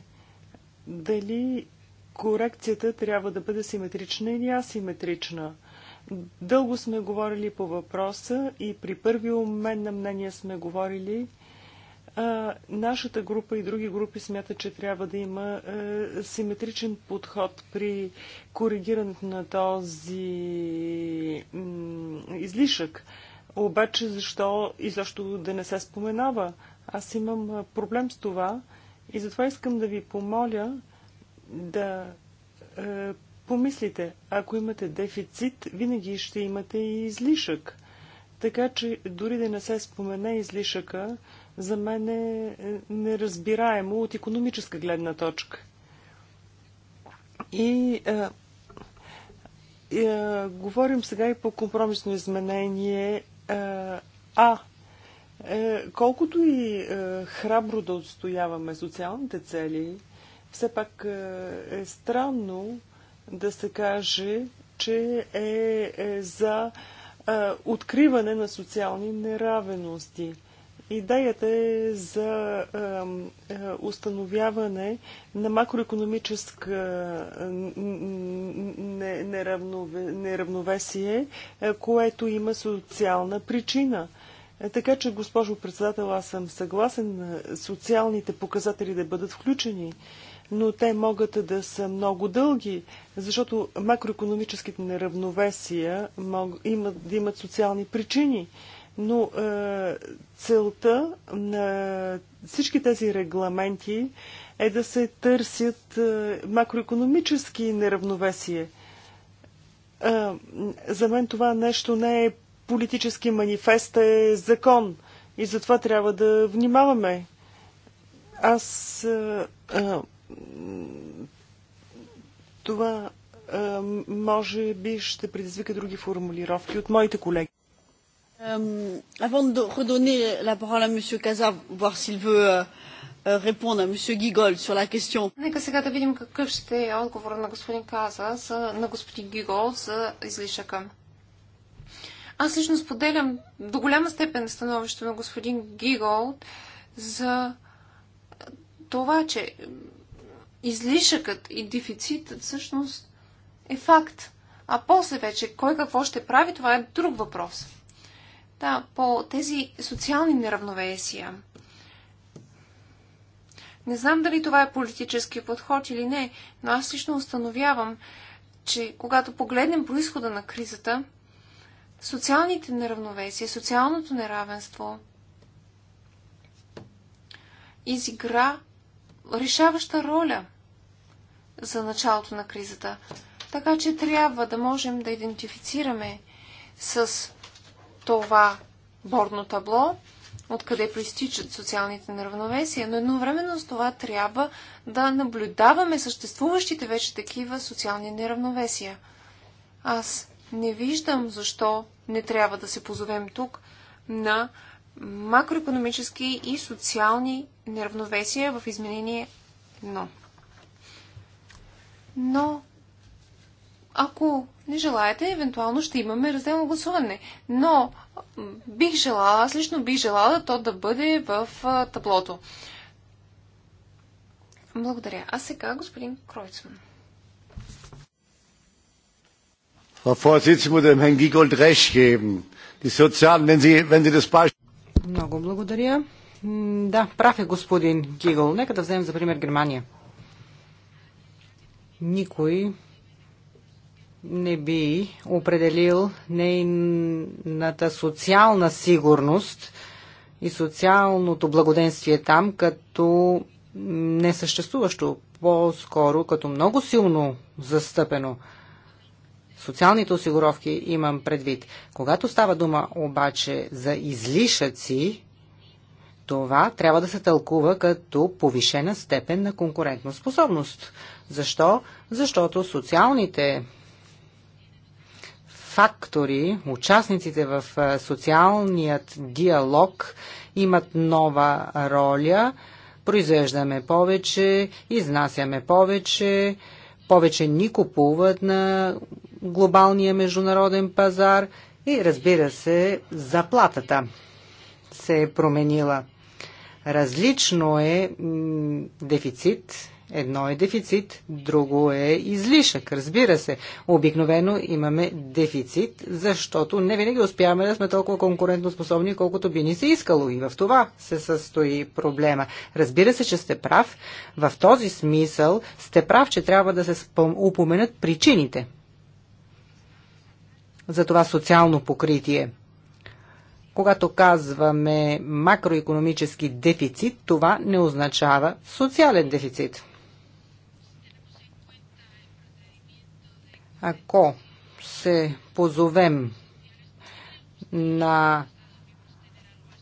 дали корекцията трябва да бъде симетрична или асиметрична. Дълго сме говорили по въпроса и при първи обмен на мнение сме говорили, а, нашата група и други групи смятат, че трябва да има а, е, симетричен подход при коригирането на този излишък. Обаче защо и защо да не се споменава? Аз имам е, проблем с това и затова искам да ви помоля да е, помислите, ако имате дефицит, винаги ще имате и излишък. Така че дори да не се спомене излишъка, е, за мен е, е неразбираемо от економическа гледна точка. И е, е, говорим сега и по компромисно изменение е, А. Е, колкото и е, храбро да отстояваме социалните цели, все пак е, е странно да се каже, че е, е за е, откриване на социални неравености. Идеята е за е, установяване на макроекономическа неравновесие, което има социална причина. Така че, госпожо председател, аз съм съгласен социалните показатели да бъдат включени, но те могат да са много дълги, защото макроекономическите неравновесия имат да имат социални причини. Но е, целта на всички тези регламенти е да се търсят е, макроекономически неравновесие. Е, за мен това нещо не е политически манифест, е закон. И затова трябва да внимаваме. Аз. Е, е, това е, може би ще предизвика други формулировки от моите колеги. Euh, avant de redonner la parole à monsieur Каза, voir s'il veut euh, euh, répondre à monsieur Гигол sur la question. Нека сега да видим какъв ще е отговор на господин Каза, за, на господин Гигол за излишъка. Аз лично споделям до голяма степен становището на господин Гигол за това, че излишъкът и дефицитът всъщност е факт. А после вече кой какво ще прави, това е друг въпрос да, по тези социални неравновесия. Не знам дали това е политически подход или не, но аз лично установявам, че когато погледнем происхода на кризата, социалните неравновесия, социалното неравенство изигра решаваща роля за началото на кризата. Така че трябва да можем да идентифицираме с това борно табло, откъде проистичат социалните неравновесия, но едновременно с това трябва да наблюдаваме съществуващите вече такива социални неравновесия. Аз не виждам защо не трябва да се позовем тук на макроекономически и социални неравновесия в изменение 1. Но ако не желаете, евентуално ще имаме разделно гласуване. Но бих желала, аз лично бих желала то да бъде в таблото. Благодаря. А сега господин Кройцман. Много благодаря. Да, прав е господин Гигъл. Нека да вземем за пример Германия. Никой не би определил нейната социална сигурност и социалното благоденствие там като несъществуващо, по-скоро като много силно застъпено. Социалните осигуровки имам предвид. Когато става дума обаче за излишъци, това трябва да се тълкува като повишена степен на конкурентоспособност. Защо? Защото социалните фактори, участниците в социалният диалог имат нова роля. Произвеждаме повече, изнасяме повече, повече ни купуват на глобалния международен пазар и разбира се, заплатата се е променила. Различно е дефицит Едно е дефицит, друго е излишък, разбира се. Обикновено имаме дефицит, защото не винаги успяваме да сме толкова конкурентоспособни, колкото би ни се искало. И в това се състои проблема. Разбира се, че сте прав. В този смисъл сте прав, че трябва да се упоменат причините за това социално покритие. Когато казваме макроекономически дефицит, това не означава социален дефицит. Ако се позовем на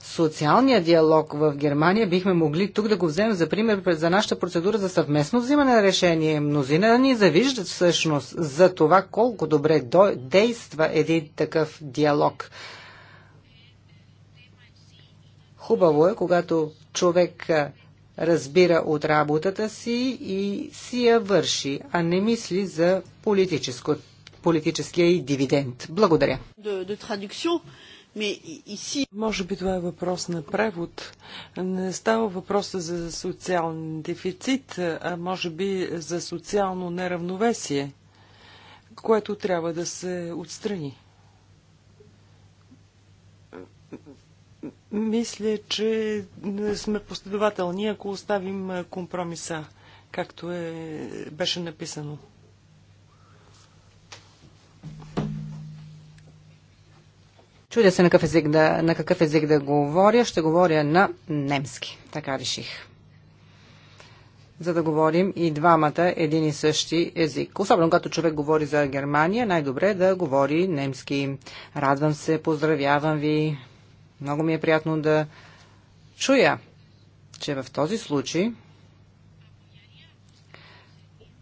социалния диалог в Германия, бихме могли тук да го вземем за пример за нашата процедура за съвместно взимане на решение. Мнозина ни завиждат всъщност за това колко добре действа един такъв диалог. Хубаво е, когато човек разбира от работата си и си я върши, а не мисли за политическо, политическия и дивиденд. Благодаря. Може би това е въпрос на превод. Не става въпрос за социален дефицит, а може би за социално неравновесие, което трябва да се отстрани. Мисля, че сме последователни, ако оставим компромиса, както е, беше написано. Чудя се на какъв, език да, на какъв език да говоря. Ще говоря на немски. Така реших. За да говорим и двамата един и същи език. Особено когато човек говори за Германия, най-добре е да говори немски. Радвам се, поздравявам ви, много ми е приятно да чуя, че в този случай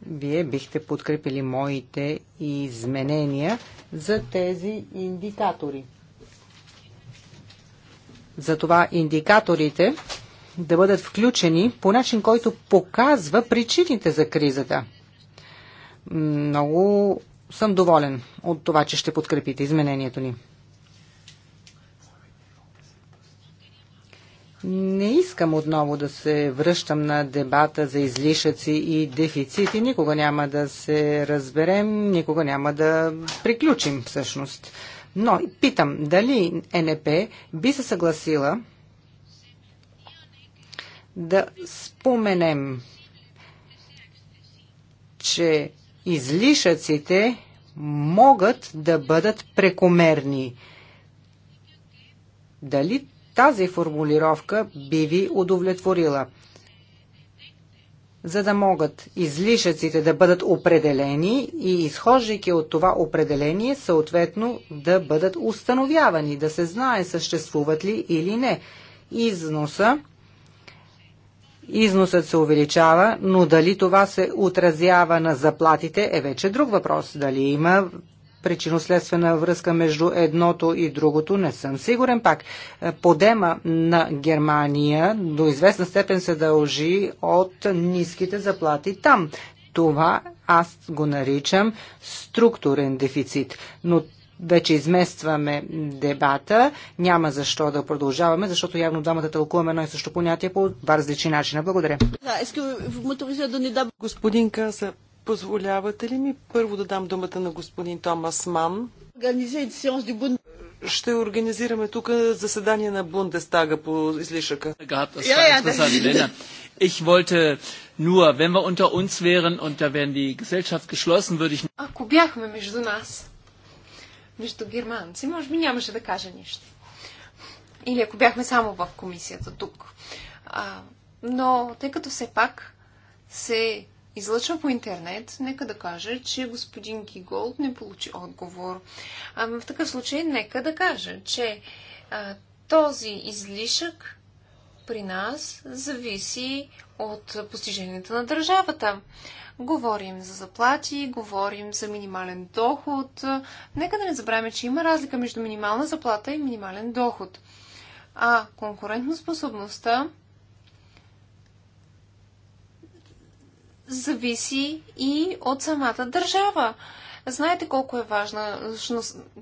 вие бихте подкрепили моите изменения за тези индикатори. Затова индикаторите да бъдат включени по начин, който показва причините за кризата. Много съм доволен от това, че ще подкрепите изменението ни. Не искам отново да се връщам на дебата за излишъци и дефицити. Никога няма да се разберем, никога няма да приключим всъщност. Но питам, дали НП би се съгласила да споменем, че излишъците могат да бъдат прекомерни. Дали тази формулировка би ви удовлетворила. За да могат излишъците да бъдат определени и изхождайки от това определение, съответно да бъдат установявани, да се знае съществуват ли или не. Износа Износът се увеличава, но дали това се отразява на заплатите е вече друг въпрос. Дали има причинно-следствена връзка между едното и другото, не съм сигурен пак. Подема на Германия до известна степен се дължи от ниските заплати там. Това аз го наричам структурен дефицит. Но вече изместваме дебата. Няма защо да продължаваме, защото явно двамата тълкуваме едно и също понятие по два различни начина. Благодаря. Господин Каса, Позволявате ли ми първо да дам думата на господин Томас Ман? Ще организираме тук заседание на Бундестага по излишъка. Ich wollte nur, wenn wir unter uns wären und da wären die Gesellschaft geschlossen, würde ich... Ако бяхме между нас, между германци, може би нямаше да кажа нищо. Или ако бяхме само в комисията тук. А, но тъй като все пак се излъчва по интернет, нека да каже, че господин Гиголд не получи отговор. А, в такъв случай, нека да каже, че а, този излишък при нас зависи от постиженията на държавата. Говорим за заплати, говорим за минимален доход. Нека да не забравяме, че има разлика между минимална заплата и минимален доход. А конкурентоспособността способността зависи и от самата държава. Знаете колко е важна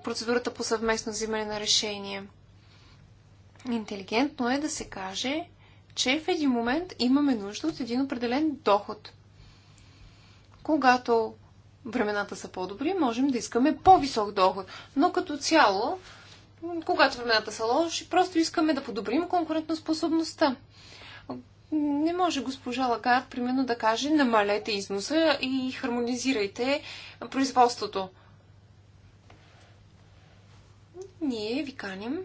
процедурата по съвместно взимане на решение. Интелигентно е да се каже, че в един момент имаме нужда от един определен доход. Когато времената са по-добри, можем да искаме по-висок доход. Но като цяло, когато времената са лоши, просто искаме да подобрим конкурентоспособността не може госпожа Лагард, примерно, да каже намалете износа и хармонизирайте производството. Ние ви каним.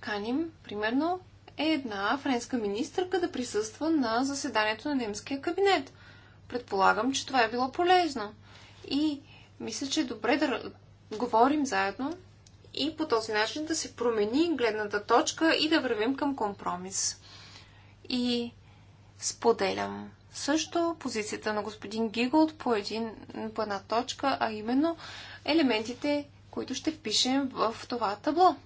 Каним, примерно, е една френска министърка да присъства на заседанието на немския кабинет. Предполагам, че това е било полезно. И мисля, че е добре да говорим заедно и по този начин да се промени гледната точка и да вървим към компромис. И споделям също позицията на господин Гиголд по, един, по една точка, а именно елементите, които ще впишем в това табло.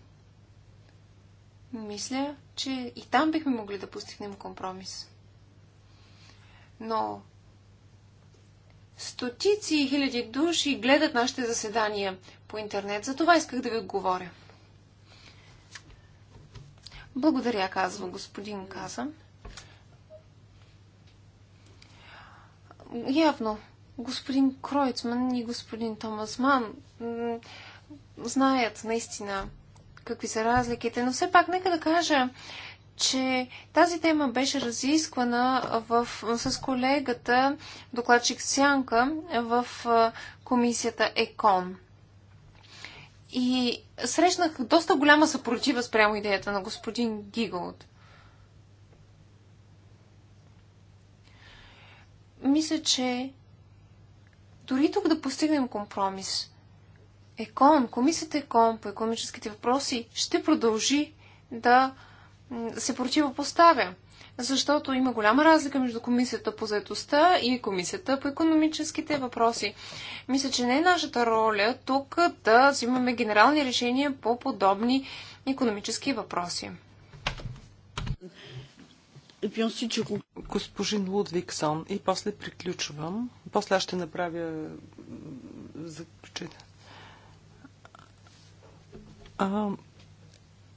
Мисля, че и там бихме могли да постигнем компромис. Но Стотици и хиляди души гледат нашите заседания по интернет. За това исках да ви отговоря. Благодаря, казва господин Каза. Явно, господин Кройцман и господин Томас Ман знаят наистина какви са разликите, но все пак нека да кажа, че тази тема беше разисквана в, с колегата докладчик Сянка в комисията ЕКОН. И срещнах доста голяма съпротива спрямо идеята на господин Гиголд. Мисля, че дори тук да постигнем компромис, ЕКОН, комисията ЕКОН по економическите въпроси ще продължи да се противопоставя. Защото има голяма разлика между комисията по заедостта и комисията по економическите въпроси. Мисля, че не е нашата роля тук да взимаме генерални решения по подобни економически въпроси. Госпожин Лудвиксон, и после приключвам. После аз ще направя заключение.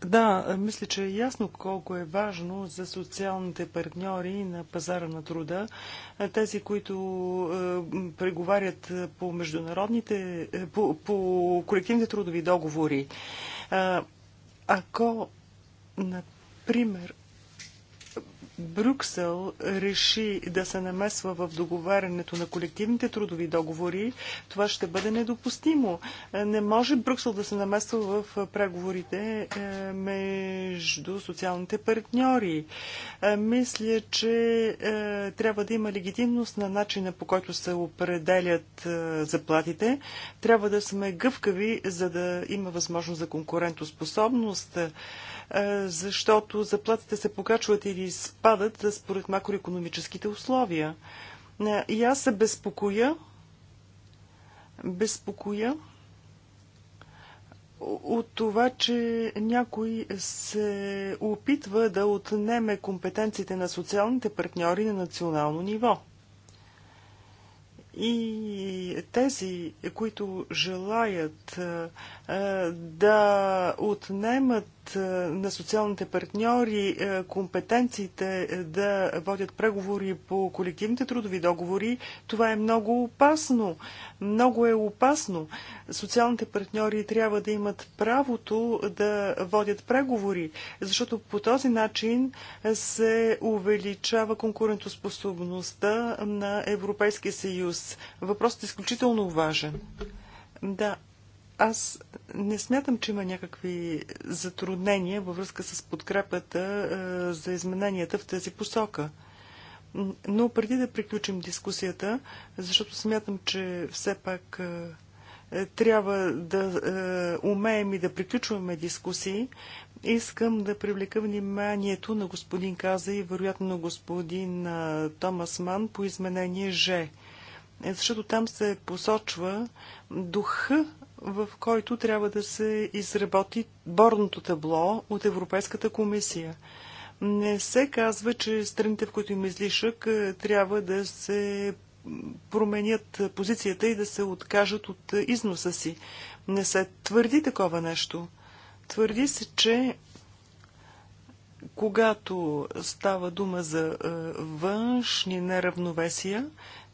Да, мисля, че е ясно колко е важно за социалните партньори на пазара на труда, тези, които е, преговарят по международните, е, по, по колективните трудови договори. Е, ако, например, Брюксел реши да се намесва в договарянето на колективните трудови договори, това ще бъде недопустимо. Е, не може Брюксел да се намесва в е, преговорите е, между социалните партньори. Мисля, че трябва да има легитимност на начина по който се определят заплатите. Трябва да сме гъвкави, за да има възможност за конкурентоспособност защото заплатите се покачват или спадат според макроекономическите условия. И аз се безпокоя, безпокоя от това, че някой се опитва да отнеме компетенциите на социалните партньори на национално ниво. И тези, които желаят да отнемат е, на социалните партньори е, компетенциите е, да водят преговори по колективните трудови договори, това е много опасно. Много е опасно. Социалните партньори трябва да имат правото да водят преговори, защото по този начин се увеличава конкурентоспособността на Европейския съюз. Въпросът е изключително важен. Да, аз не смятам, че има някакви затруднения във връзка с подкрепата е, за измененията в тази посока. Но преди да приключим дискусията, защото смятам, че все пак е, е, трябва да умеем и да приключваме дискусии, искам да привлека вниманието на господин Каза и вероятно на господин Томас Ман по изменение Ж защото там се посочва духа в който трябва да се изработи борното табло от Европейската комисия. Не се казва, че страните, в които има излишък, е, трябва да се променят позицията и да се откажат от износа си. Не се твърди такова нещо. Твърди се, че когато става дума за е, външни неравновесия,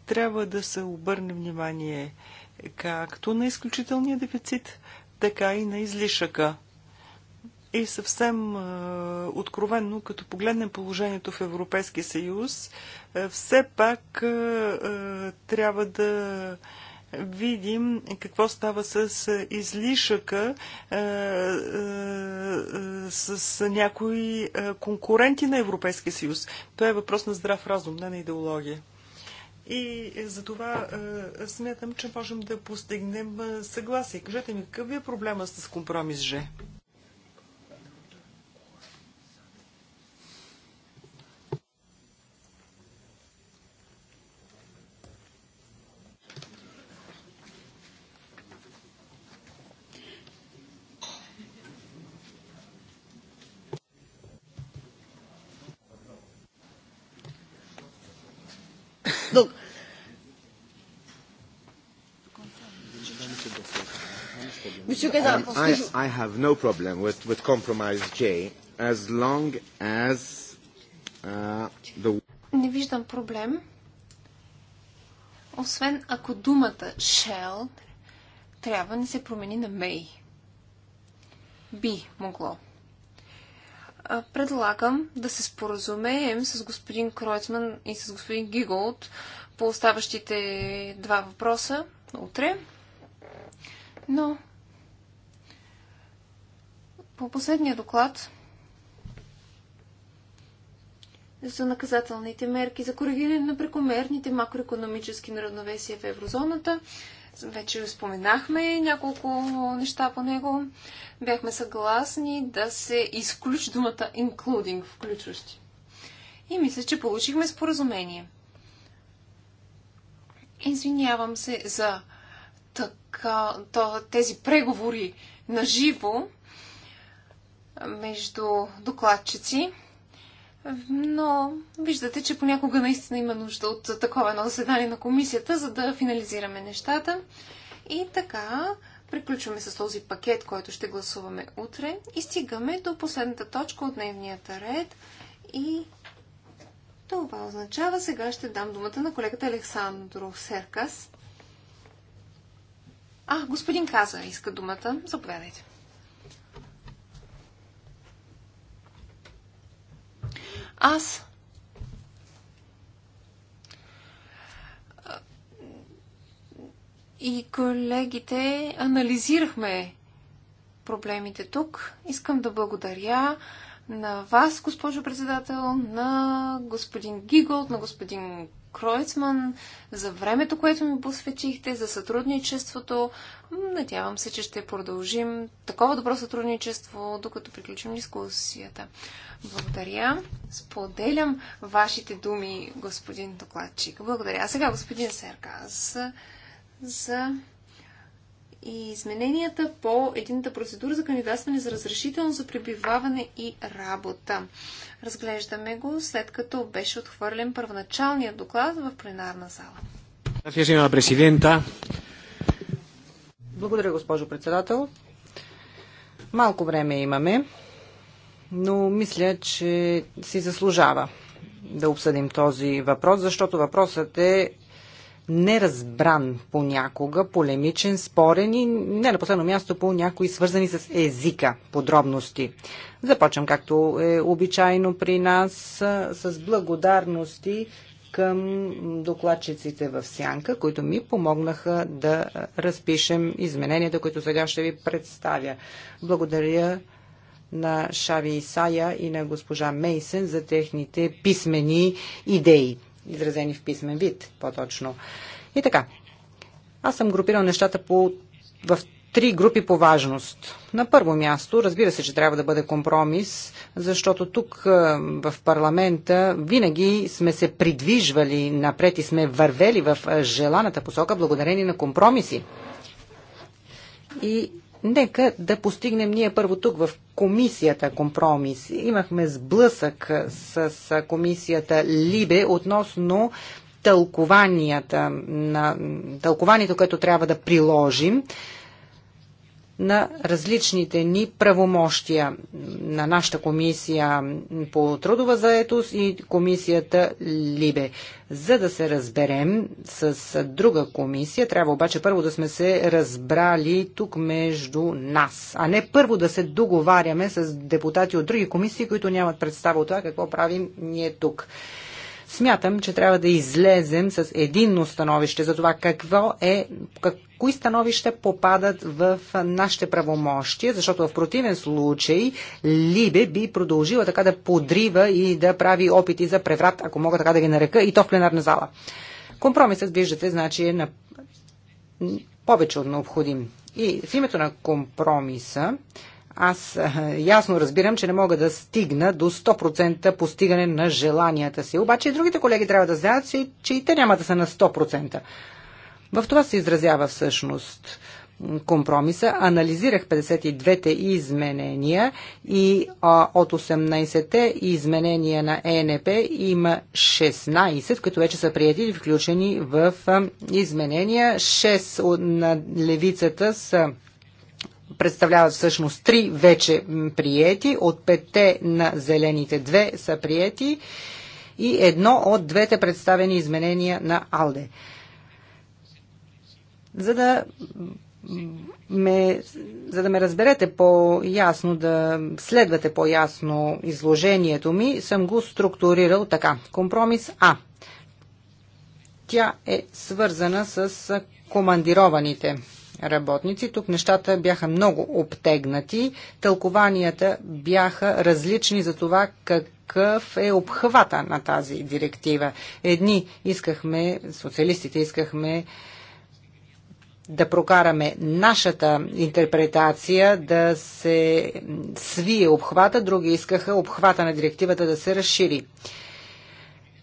трябва да се обърне внимание както на изключителния дефицит, така и на излишъка. И съвсем е, откровенно, като погледнем положението в Европейския съюз, е, все пак е, е трябва да видим какво става с излишъка е, е, с някои е, конкуренти на Европейския съюз. Това е въпрос на здрав разум, не на идеология. И за това е, смятам, че можем да постигнем е, съгласие. Кажете ми, какъв е проблема с компромис Ж? Look. Monsieur I, I have no problem with, with compromise J as long as uh, the... Не виждам проблем. Освен ако думата shall трябва да се промени на may. Би могло. Предлагам да се споразумеем с господин Кройцман и с господин Гиголт по оставащите два въпроса утре. Но по последния доклад за наказателните мерки за коригиране на прекомерните макроекономически неравновесия в еврозоната, вече споменахме няколко неща по него. Бяхме съгласни да се изключи думата including, включващи. И мисля, че получихме споразумение. Извинявам се за така, тези преговори на живо, между докладчици, но виждате, че понякога наистина има нужда от такова едно заседание на комисията, за да финализираме нещата. И така, приключваме с този пакет, който ще гласуваме утре и стигаме до последната точка от дневният ред и това означава, сега ще дам думата на колегата Александро Серкас. А, господин Каза иска думата. Заповядайте. Аз и колегите анализирахме проблемите тук. Искам да благодаря на вас, госпожо председател, на господин Гигол, на господин Кройцман, за времето, което ми посветихте, за сътрудничеството. Надявам се, че ще продължим такова добро сътрудничество, докато приключим дискусията. Благодаря. Споделям вашите думи, господин докладчик. Благодаря. А сега, господин Серказ, за и измененията по едината процедура за кандидатстване за разрешително за пребиваване и работа. Разглеждаме го след като беше отхвърлен първоначалният доклад в пленарна зала. Благодаря, госпожо председател. Малко време имаме, но мисля, че си заслужава да обсъдим този въпрос, защото въпросът е неразбран понякога, полемичен, спорен и не на последно място по някои свързани с езика подробности. Започвам, както е обичайно при нас, с благодарности към докладчиците в Сянка, които ми помогнаха да разпишем измененията, които сега ще ви представя. Благодаря на Шави Исая и на госпожа Мейсен за техните писмени идеи изразени в писмен вид, по-точно. И така, аз съм групирал нещата по, в три групи по важност. На първо място, разбира се, че трябва да бъде компромис, защото тук е, в парламента винаги сме се придвижвали напред и сме вървели в е, желаната посока благодарение на компромиси. И нека да постигнем ние първо тук в комисията компромис. Имахме сблъсък с комисията Либе относно тълкованията на тълкованието, което трябва да приложим на различните ни правомощия на нашата комисия по трудова заетост и комисията Либе. За да се разберем с друга комисия, трябва обаче първо да сме се разбрали тук между нас, а не първо да се договаряме с депутати от други комисии, които нямат представа от това какво правим ние тук. Смятам, че трябва да излезем с единно становище за това какво е, как, кои становища попадат в нашите правомощия, защото в противен случай Либе би продължила така да подрива и да прави опити за преврат, ако мога така да ги нарека, и то в пленарна зала. Компромисът, виждате, значи е на повече от необходим. И в името на компромиса аз е, ясно разбирам, че не мога да стигна до 100% постигане на желанията си. Обаче и другите колеги трябва да знаят, че и те няма да са на 100%. В това се изразява всъщност компромиса. Анализирах 52-те изменения и а, от 18-те изменения на ЕНП има 16, които вече са прияти и включени в а, изменения. 6 на левицата са представляват всъщност три вече приети, от петте на зелените две са приети и едно от двете представени изменения на АЛДЕ. За да ме, за да ме разберете по-ясно, да следвате по-ясно изложението ми, съм го структурирал така. Компромис А. Тя е свързана с командированите работници. Тук нещата бяха много обтегнати, тълкованията бяха различни за това какъв е обхвата на тази директива. Едни искахме, социалистите искахме да прокараме нашата интерпретация да се свие обхвата, други искаха обхвата на директивата да се разшири.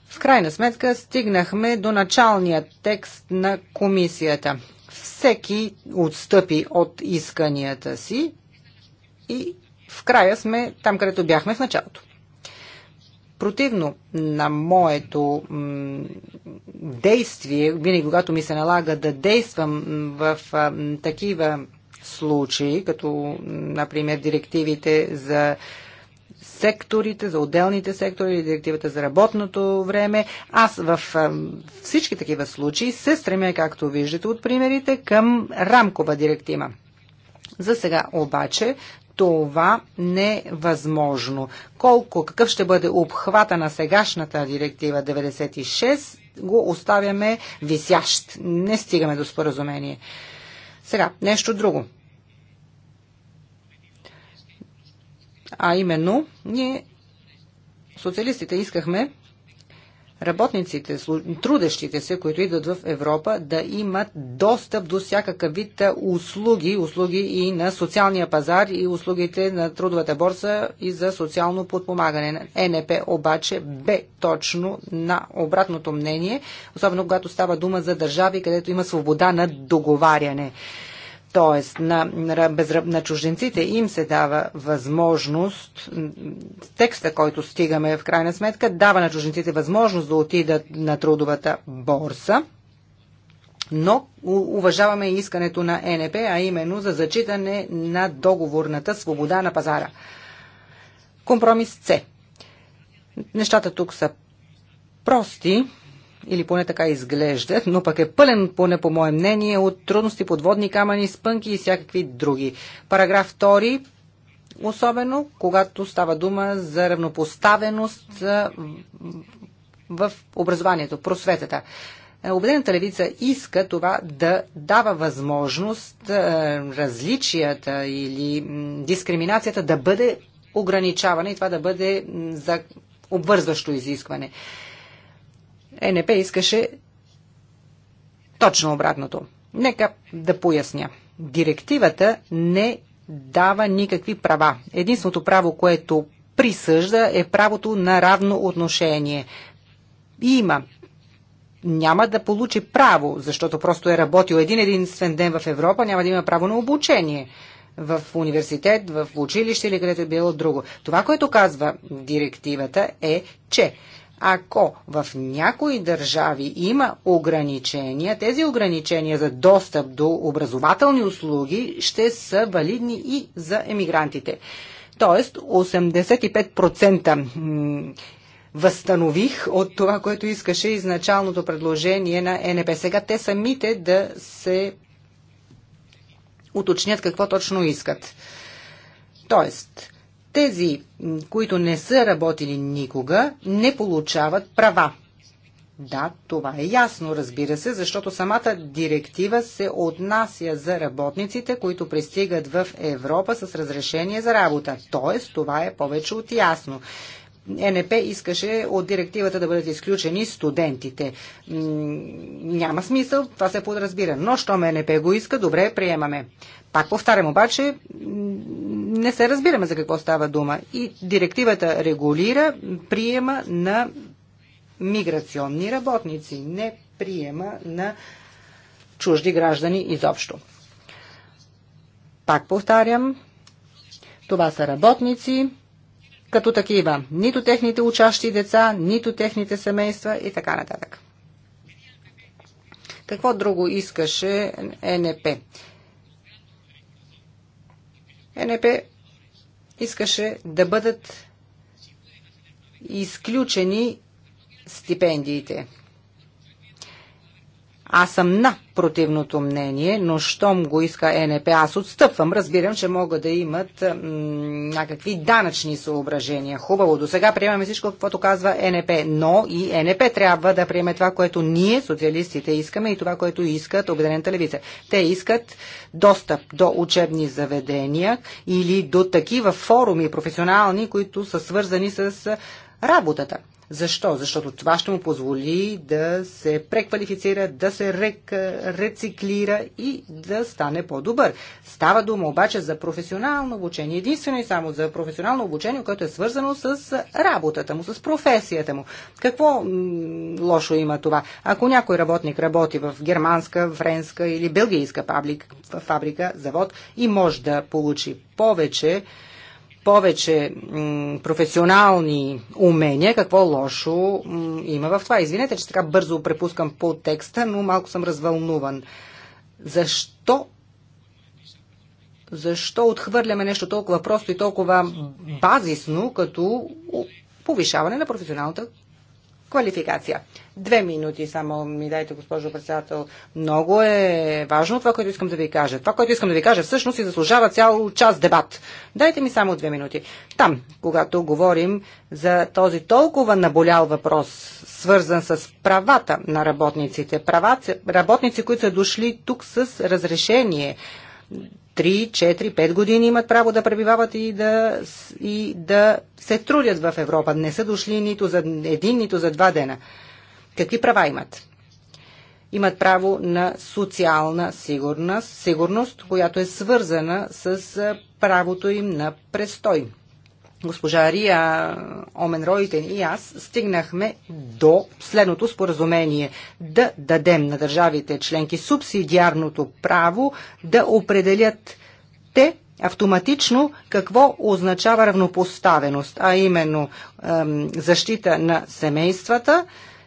В крайна сметка стигнахме до началния текст на комисията всеки отстъпи от исканията си и в края сме там, където бяхме в началото. Противно на моето действие, винаги когато ми се налага да действам в такива случаи, като, например, директивите за секторите, за отделните сектори, директивата за работното време. Аз в всички такива случаи се стремя, както виждате от примерите, към рамкова директива. За сега обаче това не е възможно. Колко, какъв ще бъде обхвата на сегашната директива 96, го оставяме висящ. Не стигаме до споразумение. Сега, нещо друго. А именно, ние, социалистите, искахме работниците, трудещите се, които идват в Европа, да имат достъп до всякакъв вид услуги, услуги и на социалния пазар и услугите на трудовата борса и за социално подпомагане. ЕНП обаче бе точно на обратното мнение, особено когато става дума за държави, където има свобода на договаряне т.е. На, на, на чужденците им се дава възможност, текста, който стигаме в крайна сметка, дава на чужденците възможност да отидат на трудовата борса, но уважаваме искането на НП, а именно за зачитане на договорната свобода на пазара. Компромис С. Нещата тук са прости, или поне така изглеждат, но пък е пълен, поне по мое мнение, от трудности, подводни камъни, спънки и всякакви други. Параграф 2, особено когато става дума за равнопоставеност в образованието, просветата. Е, Обедената левица иска това да дава възможност е, различията или дискриминацията да бъде ограничавана и това да бъде за обвързващо изискване. ЕНП искаше точно обратното. Нека да поясня. Директивата не дава никакви права. Единственото право, което присъжда е правото на равно отношение. Има няма да получи право, защото просто е работил един единствен ден в Европа, няма да има право на обучение в университет, в училище или където е било друго. Това, което казва директивата е, че ако в някои държави има ограничения, тези ограничения за достъп до образователни услуги ще са валидни и за емигрантите. Тоест 85% възстанових от това, което искаше изначалното предложение на е НП. Сега те самите да се уточнят какво точно искат. Тоест, тези, които не са работили никога, не получават права. Да, това е ясно, разбира се, защото самата директива се отнася за работниците, които пристигат в Европа с разрешение за работа. Тоест, това е повече от ясно. НП искаше от директивата да бъдат изключени студентите. Няма смисъл, това се подразбира. Но, щом НП го иска, добре, приемаме. Пак повтарям обаче, не се разбираме за какво става дума. И директивата регулира приема на миграционни работници, не приема на чужди граждани изобщо. Пак повтарям, това са работници, като такива. Нито техните учащи деца, нито техните семейства и така нататък. Какво друго искаше НП? НП искаше да бъдат изключени стипендиите. Аз съм на противното мнение, но щом го иска НП, аз отстъпвам. Разбирам, че могат да имат някакви данъчни съображения. Хубаво, до сега приемаме всичко, каквото казва НП, но и НП трябва да приеме това, което ние, социалистите, искаме и това, което искат Обединената левица. Те искат достъп до учебни заведения или до такива форуми професионални, които са свързани с работата. Защо? Защото това ще му позволи да се преквалифицира, да се рек, рециклира и да стане по-добър. Става дума обаче за професионално обучение, единствено и само за професионално обучение, което е свързано с работата му, с професията му. Какво лошо има това? Ако някой работник работи в германска, френска или белгийска фабрика, фабрика завод и може да получи повече, повече професионални умения, какво лошо има в това. Извинете, че така бързо препускам по текста, но малко съм развълнуван. Защо защо отхвърляме нещо толкова просто и толкова базисно, като повишаване на професионалната квалификация. Две минути само ми дайте, госпожо председател. Много е важно това, което искам да ви кажа. Това, което искам да ви кажа, всъщност и заслужава цял час дебат. Дайте ми само две минути. Там, когато говорим за този толкова наболял въпрос, свързан с правата на работниците, правата, работници, които са дошли тук с разрешение, 3, 4, 5 години имат право да пребивават и да, и да се трудят в Европа. Не са дошли нито за един, нито за два дена. Какви права имат? Имат право на социална сигурност, сигурност която е свързана с правото им на престой госпожа Рия Омен Ройтен и аз стигнахме до следното споразумение да дадем на държавите членки субсидиарното право да определят те автоматично какво означава равнопоставеност, а именно ем, защита на семействата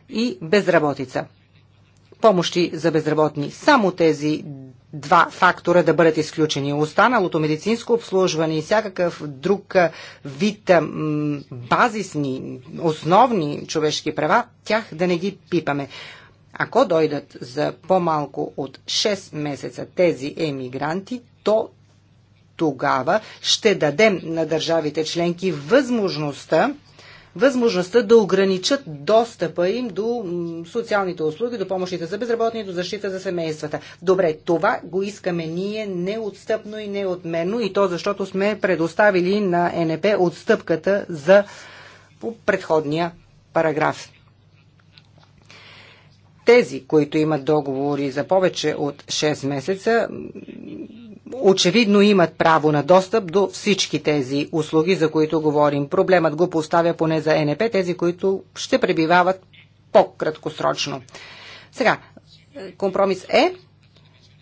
и безработица. Помощи за безработни. Само тези два фактора да бъдат изключени. Останалото медицинско обслужване и всякакъв друг вид базисни, основни човешки права, тях да не ги пипаме. Ако дойдат за по-малко от 6 месеца тези емигранти, то тогава ще дадем на държавите членки възможността възможността да ограничат достъпа им до социалните услуги, до помощите за безработни, до защита за семействата. Добре, това го искаме ние неотстъпно и неотменно и то защото сме предоставили на НП отстъпката за по предходния параграф. Тези, които имат договори за повече от 6 месеца, очевидно имат право на достъп до всички тези услуги, за които говорим. Проблемът го поставя поне за НП, тези, които ще пребивават по-краткосрочно. Сега, компромис Е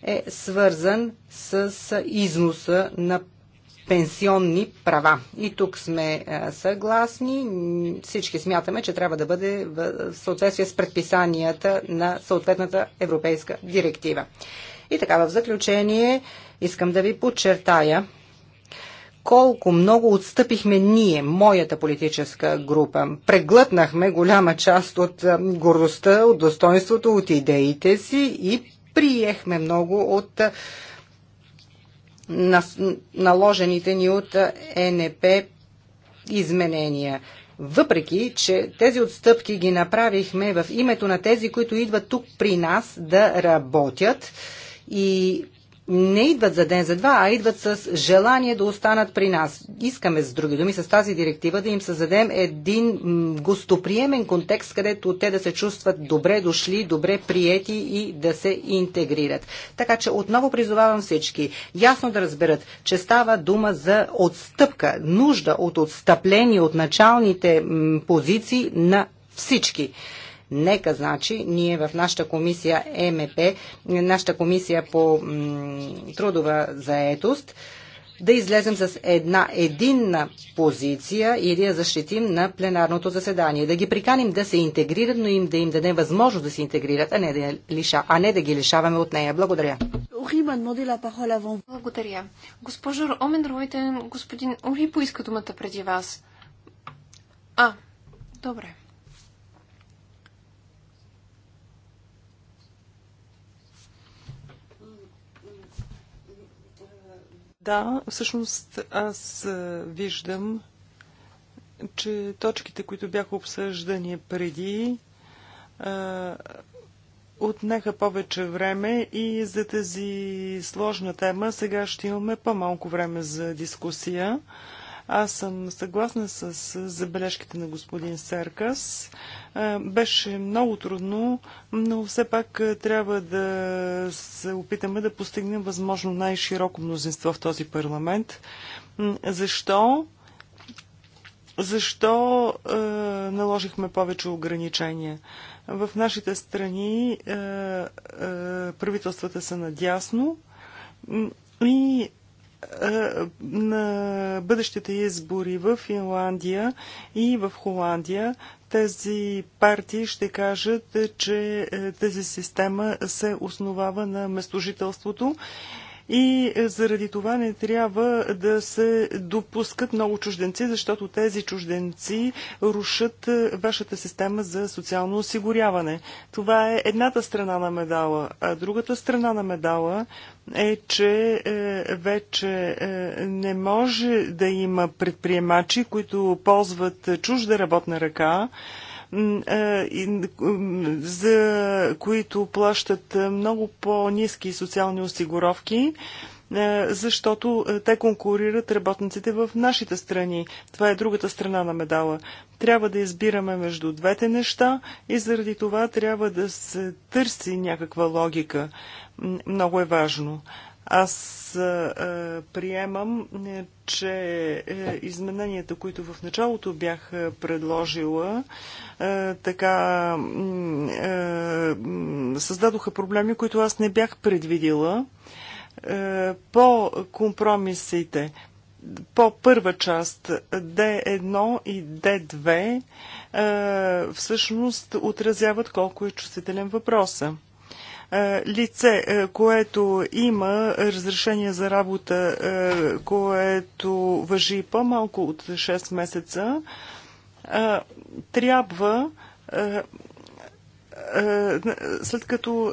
е свързан с износа на пенсионни права. И тук сме съгласни. Всички смятаме, че трябва да бъде в съответствие с предписанията на съответната европейска директива. И така, в заключение, Искам да ви подчертая, колко много отстъпихме ние, моята политическа група. Преглътнахме голяма част от гордостта, от достоинството, от идеите си и приехме много от наложените ни от НП изменения. Въпреки, че тези отстъпки ги направихме в името на тези, които идват тук при нас да работят и не идват за ден, за два, а идват с желание да останат при нас. Искаме, с други думи, с тази директива да им създадем един гостоприемен контекст, където те да се чувстват добре дошли, добре приети и да се интегрират. Така че отново призовавам всички ясно да разберат, че става дума за отстъпка, нужда от отстъпление от началните позиции на всички. Нека, значи, ние в нашата комисия е МП, нашата комисия по трудова заетост, да излезем с една единна позиция и да я защитим на пленарното заседание. Да ги приканим да се интегрират, но им да им дадем възможност да се интегрират, а не да, лиша, а не да ги лишаваме от нея. Благодаря. Благодаря. Госпожо Омен Ройтен, господин Ори поиска думата преди вас. А, добре. Да, всъщност аз виждам, че точките, които бяха обсъждани преди, отнеха повече време и за тази сложна тема сега ще имаме по-малко време за дискусия. Аз съм съгласна с забележките на господин Серкас. Беше много трудно, но все пак трябва да се опитаме да постигнем възможно най-широко мнозинство в този парламент. Защо? Защо е, наложихме повече ограничения? В нашите страни е, е, правителствата са надясно и на бъдещите избори в Финландия и в Холандия тези партии ще кажат, че е, тази система се основава на местожителството и е, заради това не трябва да се допускат много чужденци, защото тези чужденци рушат е, вашата система за социално осигуряване. Това е едната страна на медала, а другата страна на медала е, че е, вече не може да има предприемачи, които ползват чужда работна ръка, за които плащат много по-низки социални осигуровки, защото те конкурират работниците в нашите страни. Това е другата страна на медала. Трябва да избираме между двете неща и заради това трябва да се търси някаква логика. Много е важно. Аз приемам, е, че е, измененията, които в началото бях е, предложила, така създадоха проблеми, които аз не бях предвидила по компромисите. По първа част D1 и D2 всъщност отразяват колко е чувствителен въпроса. Е, лице, е, което има разрешение за работа, е, което въжи по-малко от 6 месеца, трябва след като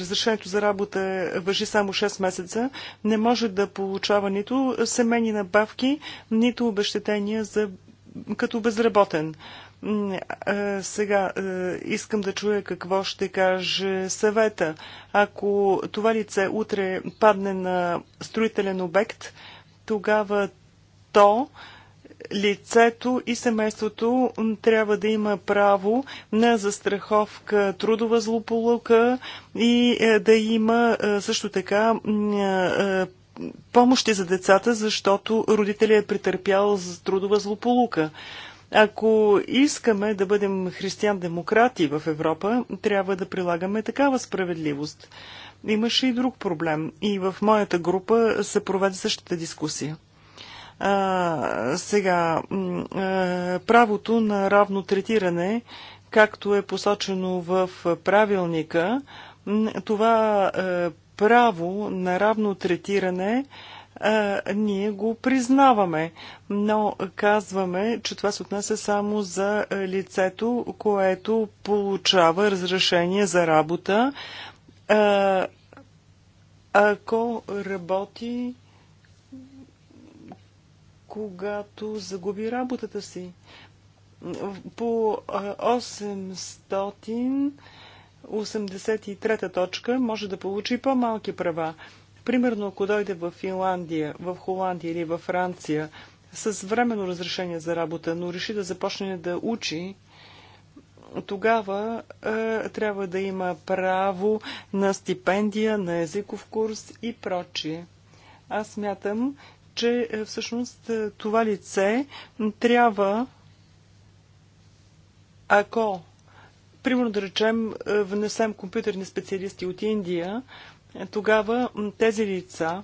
разрешението за работа въжи само 6 месеца, не може да получава нито семейни набавки, нито обещетения за като безработен. Сега искам да чуя какво ще каже съвета. Ако това лице утре падне на строителен обект, тогава то лицето и семейството трябва да има право на застраховка трудова злополука и е, да има е, също така е, помощи за децата, защото родителят е претърпял трудова злополука. Ако искаме да бъдем християн-демократи в Европа, трябва да прилагаме такава справедливост. Имаше и друг проблем. И в моята група се проведе същата дискусия. А, сега, а, правото на равно третиране, както е посочено в правилника, това а, право на равно третиране а, а, ние го признаваме, но казваме, че това се отнася само за лицето, което получава разрешение за работа, а, ако работи когато загуби работата си. По 883 точка може да получи по-малки права. Примерно, ако дойде в Финландия, в Холандия или във Франция с временно разрешение за работа, но реши да започне да учи, тогава е, трябва да има право на стипендия, на езиков курс и прочие. Аз мятам, че е, всъщност е, това лице трябва, ако, примерно да речем, е, внесем компютърни специалисти от Индия, тогава тези лица,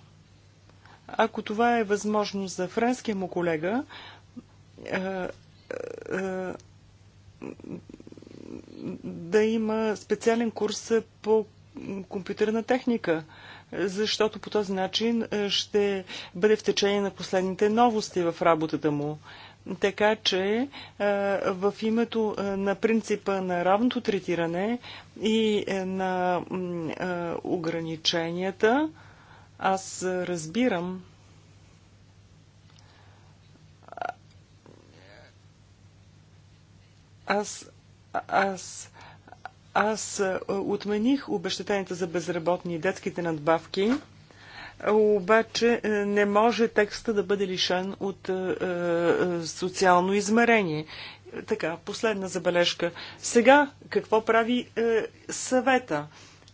ако това е възможно за френския му колега, е, е, да има специален курс по компютърна техника, защото по този начин е, ще бъде в течение на последните новости в работата му. Така че е, в името е, на принципа на равното третиране и е, на ограниченията, аз разбирам аз, аз, аз отмених обещетенията за безработни и детските надбавки обаче е, не може текста да бъде лишен от е, е, социално измерение. Така, последна забележка. Сега какво прави съвета?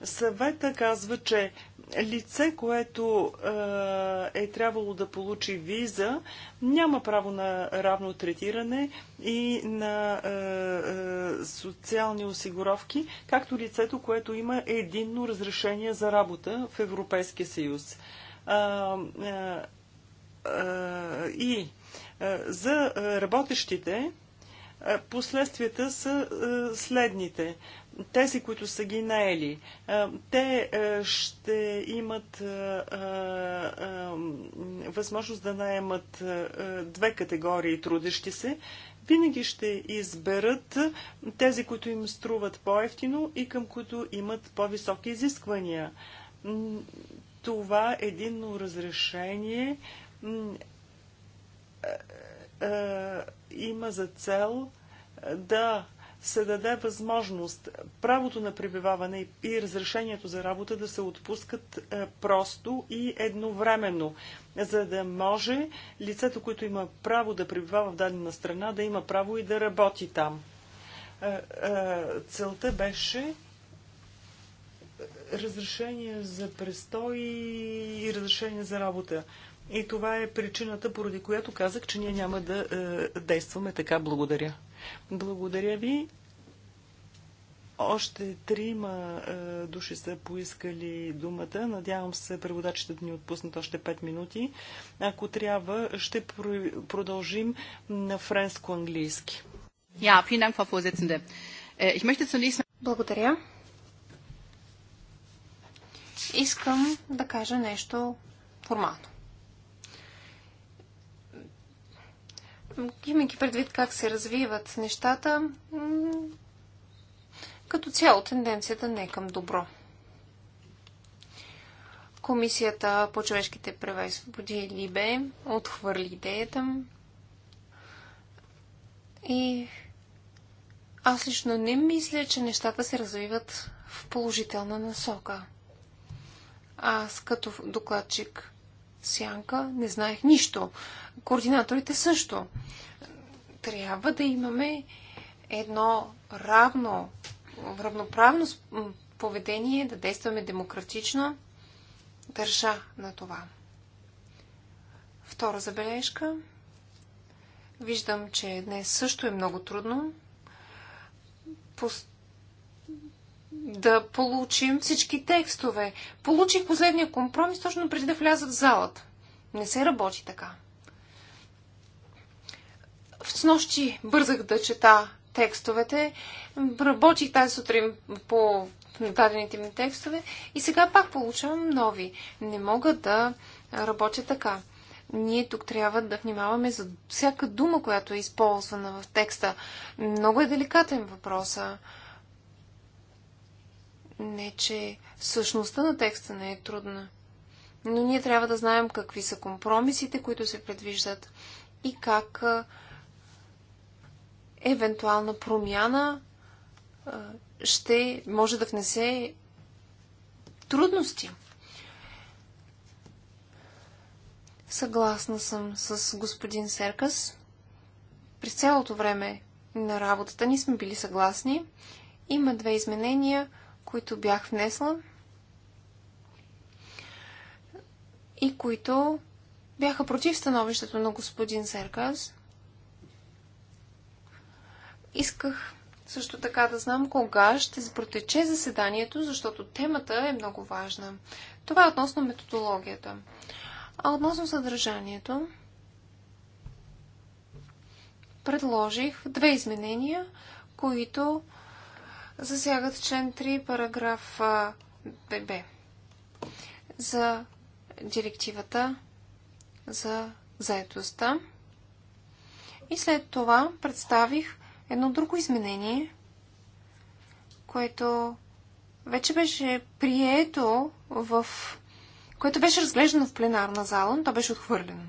Съвета казва, че лице, което е, е трябвало да получи виза, няма право на равно третиране и на е, е, социални осигуровки, както лицето, което има единно разрешение за работа в Европейския съюз. И за работещите последствията са следните тези, които са ги наели, те ще имат възможност да наемат две категории трудещи се. Винаги ще изберат тези, които им струват по-ефтино и към които имат по-високи изисквания. Това е единно разрешение има за цел да се даде възможност правото на пребиваване и разрешението за работа да се отпускат е, просто и едновременно, за да може лицето, което има право да пребивава в дадена страна, да има право и да работи там. Е, е, целта беше разрешение за престой и разрешение за работа. И това е причината, поради която казах, че ние няма да е, действаме така. Благодаря. Благодаря ви. Още трима е, души са поискали думата. Надявам се преводачите да ни отпуснат още 5 минути. Ако трябва, ще продължим на френско-английски. Äh, Благодаря. Искам да кажа нещо формално. Имайки предвид как се развиват нещата, като цяло тенденцията не е към добро. Комисията по човешките права и свободи Либе отхвърли идеята и аз лично не мисля, че нещата се развиват в положителна насока. Аз като докладчик Сянка не знаех нищо. Координаторите също. Трябва да имаме едно равно равноправно поведение, да действаме демократично, държа на това. Втора забележка. Виждам, че днес също е много трудно да получим всички текстове. Получих последния компромис точно преди да вляза в залата. Не се работи така. В снощи бързах да чета текстовете. Работих тази сутрин по дадените ми текстове и сега пак получавам нови. Не мога да работя така. Ние тук трябва да внимаваме за всяка дума, която е използвана в текста. Много е деликатен въпроса. Не, че същността на текста не е трудна. Но ние трябва да знаем какви са компромисите, които се предвиждат и как евентуална промяна ще може да внесе трудности. Съгласна съм с господин Серкас. През цялото време на работата ни сме били съгласни. Има две изменения, които бях внесла и които бяха против становището на господин Серкас. Исках също така да знам кога ще протече заседанието, защото темата е много важна. Това е относно методологията. А относно съдържанието, предложих две изменения, които засягат член 3, параграф ББ за директивата за заедостта. И след това представих едно друго изменение, което вече беше прието в... което беше разглеждано в пленарна зала, но то беше отхвърлено.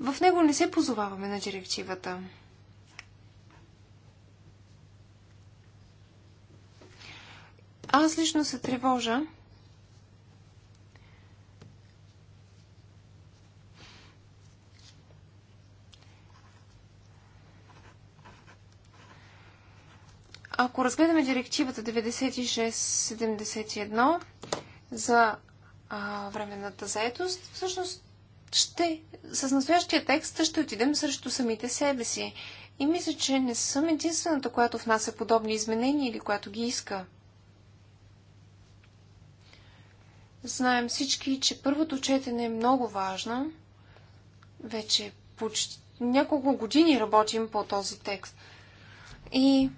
В него не се позоваваме на директивата. Аз лично се тревожа, Ако разгледаме директивата 9671 за а, временната заетост, всъщност ще, с настоящия текст ще отидем срещу самите себе си. И мисля, че не съм единствената, която внася подобни изменения или която ги иска. Знаем всички, че първото четене е много важно. Вече почти няколко години работим по този текст. И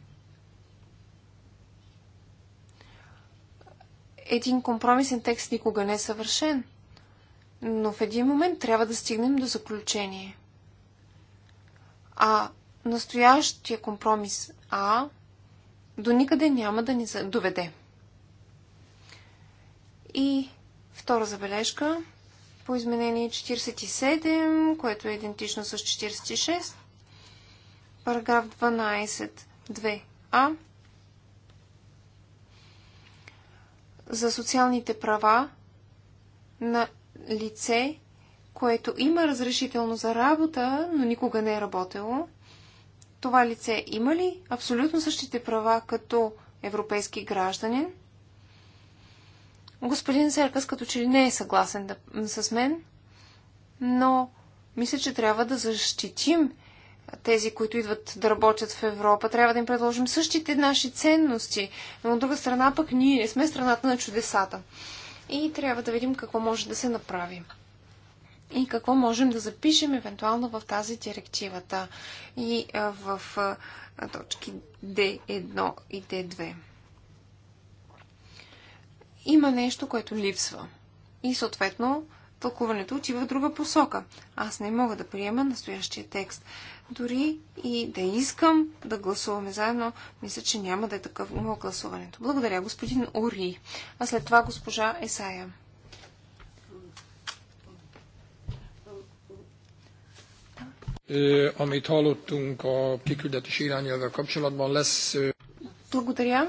един компромисен текст никога не е съвършен, но в един момент трябва да стигнем до заключение. А настоящия компромис А до никъде няма да ни доведе. И втора забележка по изменение 47, което е идентично с 46, параграф 12, 2а. за социалните права на лице, което има разрешително за работа, но никога не е работело. Това лице има ли абсолютно същите права като европейски гражданин? Господин Серкас като че ли не е съгласен да, с мен, но мисля, че трябва да защитим тези, които идват да работят в Европа, трябва да им предложим същите наши ценности, но от друга страна пък ние сме страната на чудесата. И трябва да видим какво може да се направи. И какво можем да запишем евентуално в тази директивата и в точки D1 и D2. Има нещо, което липсва. И съответно тълкуването отива в друга посока. Аз не мога да приема настоящия текст дори и да искам да гласуваме заедно, мисля, че няма да е такъв умъл гласуването. Благодаря, господин Ори. А след това госпожа Есая. Е, ами, е- Благодаря.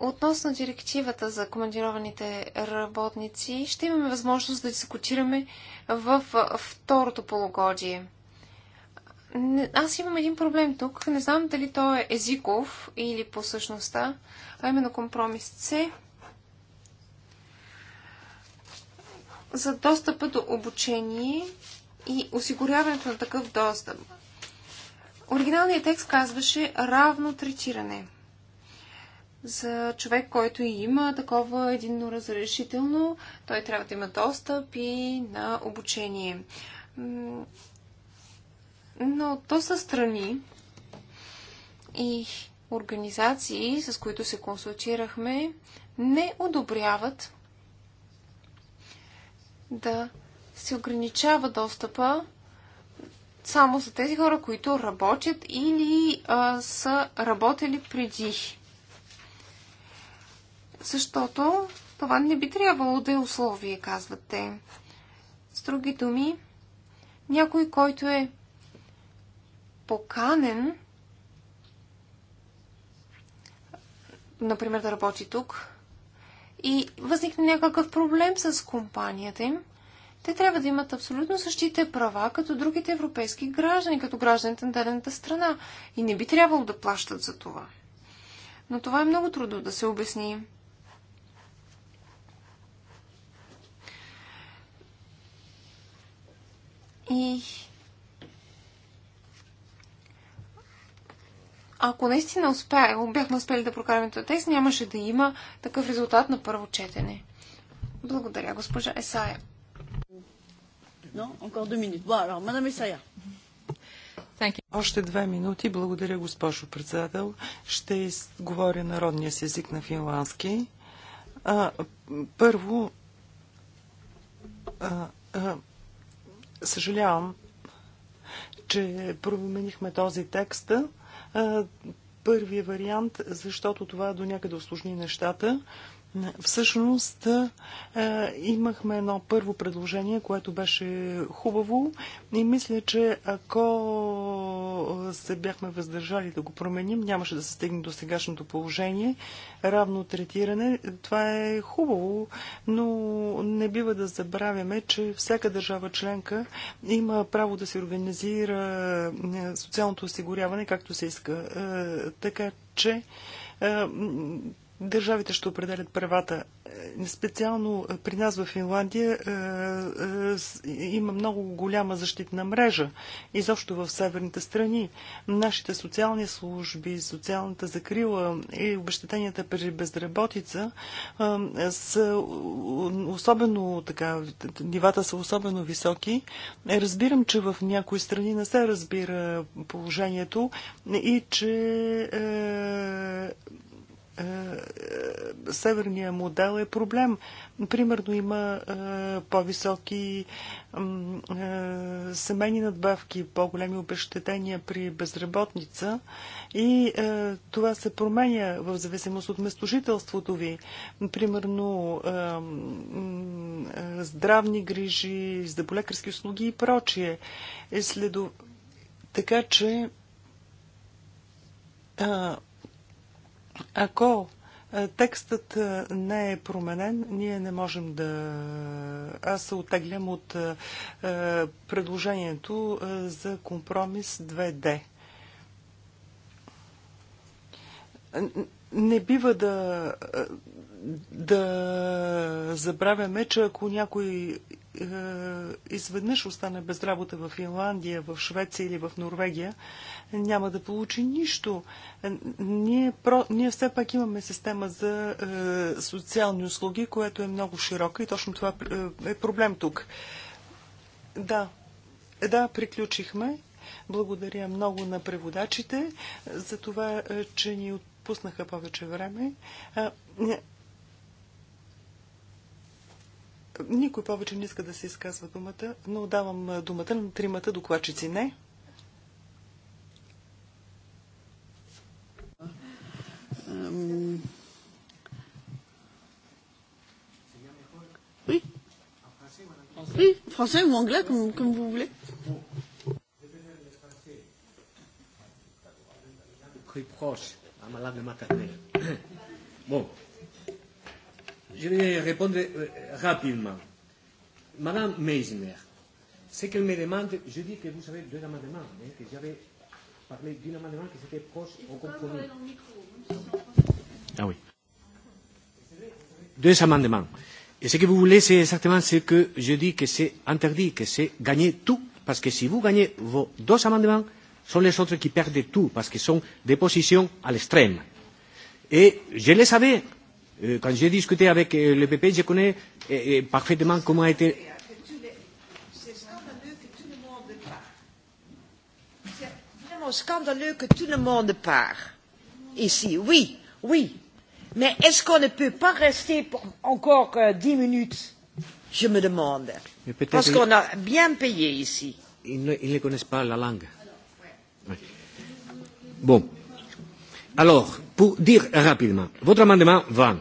Относно директивата за командированите работници, ще имаме възможност да дискутираме в второто полугодие. Аз имам един проблем тук. Не знам дали то е езиков или по същността, а именно компромис С. За достъпа до обучение и осигуряването на такъв достъп. Оригиналният текст казваше равно третиране – за човек, който и има такова единно разрешително, той трябва да има достъп и на обучение. Но то са страни и организации, с които се консултирахме, не одобряват да се ограничава достъпа само за тези хора, които работят или а, са работили преди защото това не би трябвало да е условие, казват те. С други думи, някой, който е поканен, например, да работи тук, и възникне някакъв проблем с компанията им, те трябва да имат абсолютно същите права, като другите европейски граждани, като гражданите на дадената страна. И не би трябвало да плащат за това. Но това е много трудно да се обясни. И ако наистина успя, бяхме успели да прокараме този текст, нямаше да има такъв резултат на първо четене. Благодаря, госпожа Есая. Но, около две минути. Благодаря, мадам Есая. Още две минути. Благодаря, госпожо председател. Ще говоря народния си език на финландски. А, първо, а, а, Съжалявам, че променихме този текст. Първият вариант, защото това до някъде осложни нещата. Всъщност е, е, имахме едно първо предложение, което беше хубаво и мисля, че ако се бяхме въздържали да го променим, нямаше да се стигне до сегашното положение. Равно третиране, това е хубаво, но не бива да забравяме, че всяка държава членка има право да се организира е, социалното осигуряване както се иска. Така че Държавите ще определят правата. Е, специално е, при нас в Финландия е, е, има много голяма защитна мрежа. Изобщо в северните страни. Нашите социални служби, социалната закрила и обещетенията при безработица е, са особено така, нивата са особено високи. Разбирам, че в някои страни не се разбира положението и че е, е, е, северния модел е проблем. Примерно има е, по-високи семейни надбавки, по-големи обещетения при безработница и това се променя в зависимост от местожителството ви. Примерно здравни грижи, заболекарски услуги и прочие. Така че ако е, текстът е, не е променен, ние не можем да... Аз се отеглям от е, предложението за компромис 2D. Не бива да, да забравяме, че ако някой е, изведнъж остане без работа в Финландия, в Швеция или в Норвегия, няма да получи нищо. Е, ние, про, ние все пак имаме система за е, социални услуги, която е много широка и точно това е, е проблем тук. Да, да, приключихме. Благодаря много на преводачите за това, че ни отпуснаха повече време. Никой повече не иска да се изказва думата, но давам думата на тримата докладчици. Не. Um... Oui. Oui, français ou anglais, comme, comme vous voulez. Très proche, à malade maternelle. Bon, Je vais répondre rapidement. Madame Meisner, ce qu'elle me demande, je dis que vous avez deux amendements, hein, que j'avais parlé d'un amendement qui était proche au compromis. Ah oui. Deux amendements. Et ce que vous voulez, c'est exactement ce que je dis que c'est interdit, que c'est gagner tout. Parce que si vous gagnez vos deux amendements, sont les autres qui perdent tout, parce qu'ils sont des positions à l'extrême. Et je le savais quand j'ai discuté avec le PP, je connais parfaitement comment a été. Vraiment scandaleux que tout le monde part ici. Oui, oui. Mais est-ce qu'on ne peut pas rester pour encore dix minutes Je me demande. Parce qu'on a bien payé ici. Ils ne, connaissent pas la langue. Bon Alors, pour dire rapidement, votre amendement va.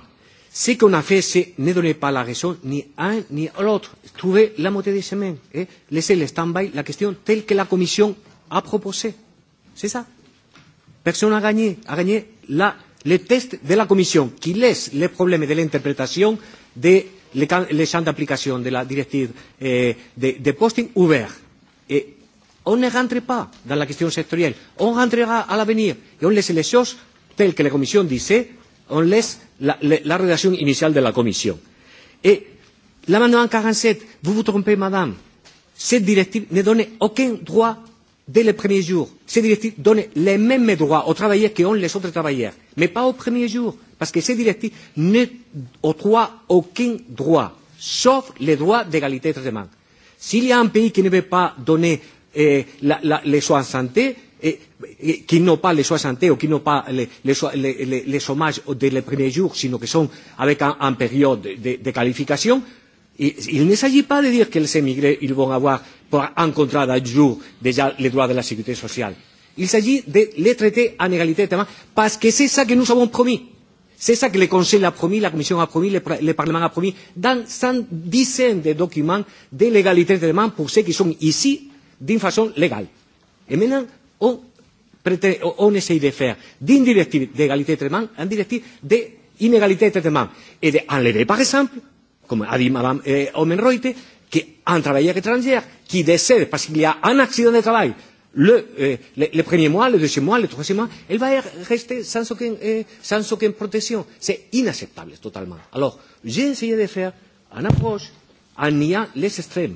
Ce qu'on a fait, c'est ne donner pas la raison ni à un ni à l'autre. Trouver la moitié des semaines. Et laisser le stand-by, la question telle que la Commission a proposée. C'est ça. Personne n'a gagné. A gagné la, le test de la Commission qui laisse les problèmes de l'interprétation des les champs d'application de la directive eh, de, de posting ouverts on ne rentre pas dans la question sectorielle, on rentrera à l'avenir et on laisse les choses telles que la Commission disait, on laisse la, la rédaction initiale de la Commission. Et l'amendement 47, vous vous trompez, madame, cette directive ne donne aucun droit dès le premier jour. Cette directive donne les mêmes droits aux travailleurs qu'ont les autres travailleurs, mais pas au premier jour, parce que cette directive n'octroie aucun droit, sauf les droits d'égalité de traitement. S'il y a un pays qui ne veut pas donner les soins santé, qui n'ont pas les soins santé ou qui n'ont pas les, les, les, chômages dès les premiers jours, sinon qui sont avec une période de, qualification. il ne s'agit pas de dire que les émigrés ils vont avoir pour un contrat d'un jour déjà les droits de la sécurité sociale. Il s'agit de les traiter en égalité de terrain parce que c'est ça que nous avons promis. C'est ça que le Conseil a promis, la Commission a promis, le, Parlement a promis, dans cent dizaines de documents de l'égalité de demande pour ceux qui sont ici din façon légale. Et maintenant, on, fea. Din essaye de faire d'une directive d'égalité de traitement une directive d'inégalité de traitement. Et d'enlever, par exemple, comme a dit Mme que han qu'un travailleur étranger qui décède parce qu'il y a un accident de travail le, eh, le, le premier mois, le deuxième mois, le troisième mois, elle va rester sans aucune, euh, sans aucune protection. C'est inacceptable totalement. Alors, j'ai essayé de faire une approche en niant les extrêmes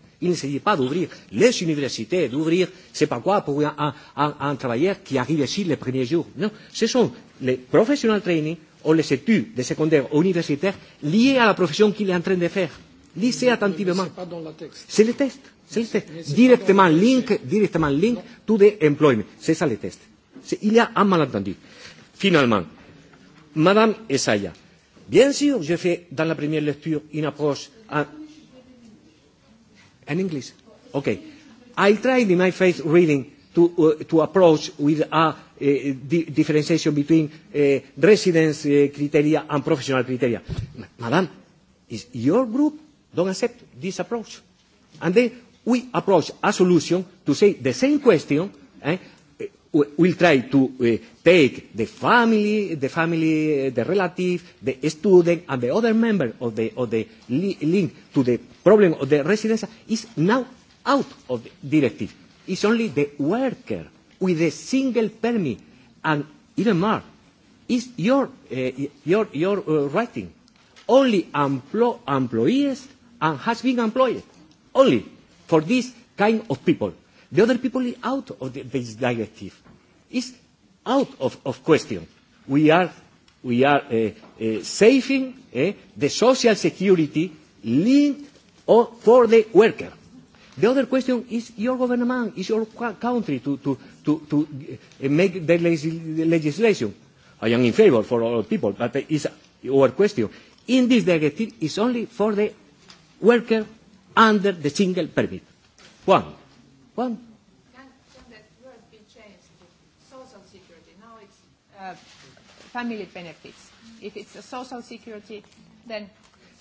Il ne s'agit pas d'ouvrir les universités, d'ouvrir, c'est pas quoi, pour un, un, un, un travailleur qui arrive ici les premiers jours. Non, ce sont les professional training ou les études de secondaire ou universitaires liées à la profession qu'il est en train de faire. Lisez attentivement. C'est le test. C'est le test. Directement link, directement link to the employment. C'est ça le test. Il y a un malentendu. Finalement, Madame Essaya, bien sûr, je fais dans la première lecture une approche and English. Okay. I tried in my first reading to, uh, to approach with a uh, di- differentiation between uh, residence uh, criteria and professional criteria. Madam, is your group don't accept this approach. And then we approach a solution to say the same question. Eh, we'll try to uh, take the family, the family, uh, the relative, the student, and the other member of the, of the li- link to the problem of the residence is now out of the directive. It's only the worker with a single permit and even more. It's your, uh, your, your uh, writing. Only emplo- employees and has been employed. Only for this kind of people. The other people are out of the, this directive. It's out of, of question. We are, we are uh, uh, saving uh, the social security linked or for the worker. The other question is your government, is your country to, to, to, to make the legislation. I am in favor for all people, but it's our question. In this directive, it's only for the worker under the single permit. One. One. Family benefits. If it's a social security, then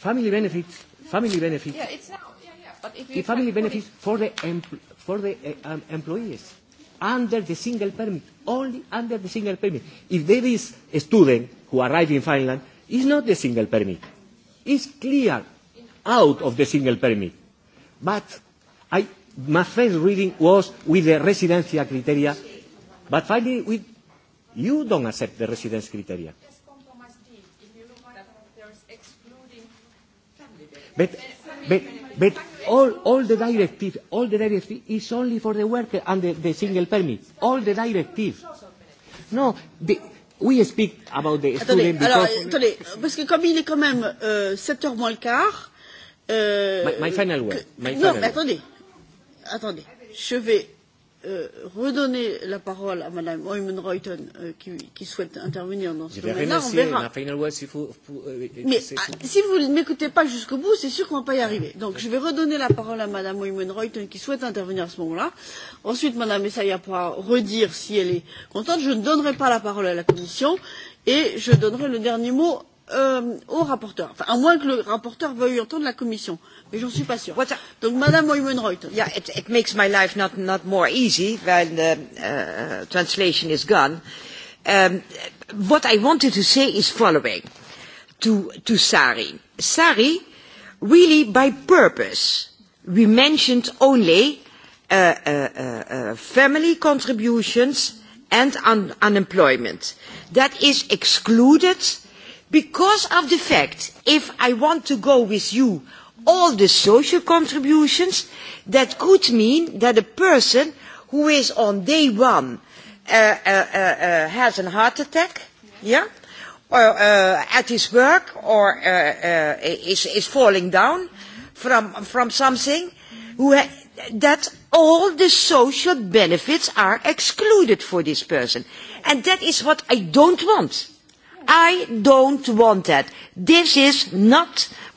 family benefits, family benefits. Yeah, it's now. Yeah, yeah. But if the family benefits for the empl- for the uh, um, employees under the single permit, only under the single permit. If there is a student who arrived in Finland, it's not the single permit. It's clear out of the single permit. But I, my first reading was with the residencia criteria, but finally with, you don't accept the residence criteria. Yeah. But, but, but all, all the directive, all the directive is only for the worker and the, the single permit. All the directive. No, the, we speak about the attendez, student because... Alors, attendez, parce que comme il est quand même euh, 7 heures moins le quart... Euh, my, my final word. My final non, mais attendez. Attendez. Je vais redonner la parole à Madame Oymen Reuten qui, qui souhaite intervenir dans ce domaine-là, on verra. Mais si vous ne m'écoutez pas jusqu'au bout, c'est sûr qu'on ne va pas y arriver. Donc je vais redonner la parole à Madame Oymen Reuten qui souhaite intervenir à ce moment-là. Ensuite, Madame Essaya pourra redire si elle est contente. Je ne donnerai pas la parole à la Commission et je donnerai le dernier mot euh, au rapporteur. Enfin, à moins que le rapporteur veuille entendre la Commission. Euh, Mais j'en suis pas sûre. What, Donc, Madame Oymenreuter. Yeah, it, it makes my life not, not more easy when the uh, translation is gone. Um, what I wanted to say is following to, to Sari. Sari, really by purpose, we mentioned only uh, uh, uh, family contributions and un unemployment. That is excluded because of the fact, if I want to go with you all the social contributions that could mean that a person who is on day one uh, uh, uh, has a heart attack yeah, or, uh, at his work or uh, uh, is, is falling down from, from something, who ha- that all the social benefits are excluded for this person. And that is what I don't want. I don't want that. This is not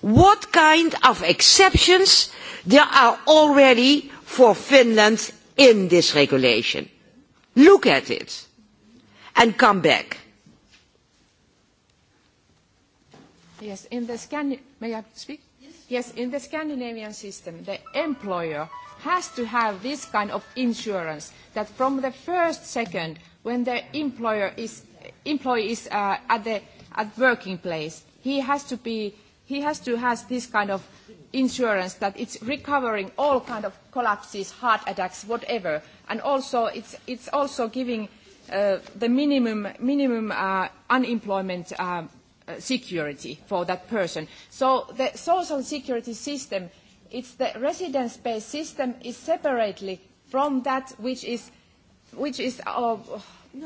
what kind of exceptions there are already for Finland in this regulation. Look at it and come back. Yes, in the may I speak? Yes. yes, in the Scandinavian system, the employer has to have this kind of insurance that from the first second when the employer is, employee is uh, at the at working place, he has to be he has to have this kind of insurance that it's recovering all kind of collapses, heart attacks, whatever. And also it's, it's also giving uh, the minimum, minimum uh, unemployment uh, security for that person. So the social security system, it's the residence-based system is separately from that which is, which is uh,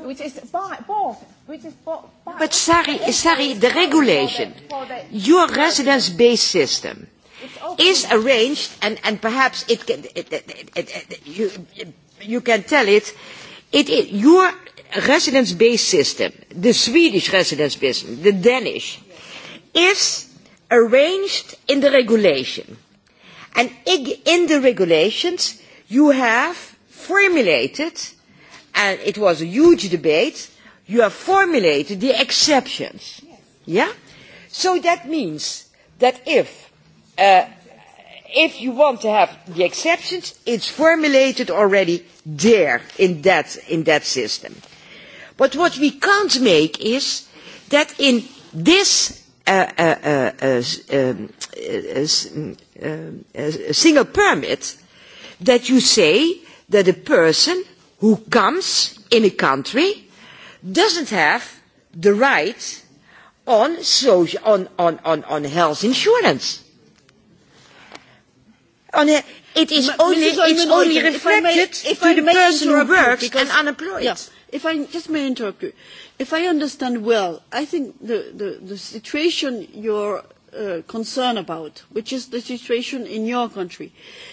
which is bought, which is bought. But sorry, sorry, the regulation, your residence-based system, is arranged, and, and perhaps it can, it, it, it, it, you, you can tell it, it, it your residence-based system, the Swedish residence-based system, the Danish, is arranged in the regulation. And in the regulations, you have formulated and it was a huge debate, you have formulated the exceptions. Yeah? So that means that if, uh, if you want to have the exceptions, it's formulated already there in that, in that system. But what we can't make is that in this single permit, that you say that a person who comes in a country does not have the right on, social, on, on, on, on health insurance. On a, it is only, it's only reflected if may, if to the person who works and unemployed. Yeah, if I just may interrupt you. If I understand well, I think the, the, the situation you're uh, concerned about, which is the situation in your country, uh,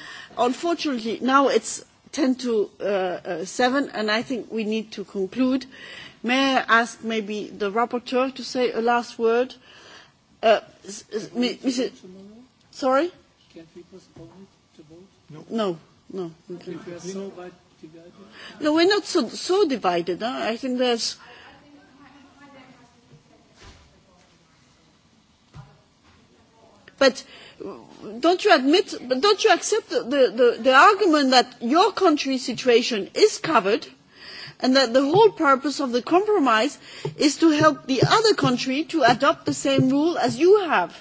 Unfortunately, now it's 10 to uh, uh, 7, and I think we need to conclude. May I ask maybe the rapporteur to say a last word? Uh, Mrs. Sorry? Can we postpone it to vote? No. No. No. Okay. We are so divided. No, we're not so, so divided. Huh? I think there's. But don't you admit, don't you accept the, the, the argument that your country's situation is covered and that the whole purpose of the compromise is to help the other country to adopt the same rule as you have?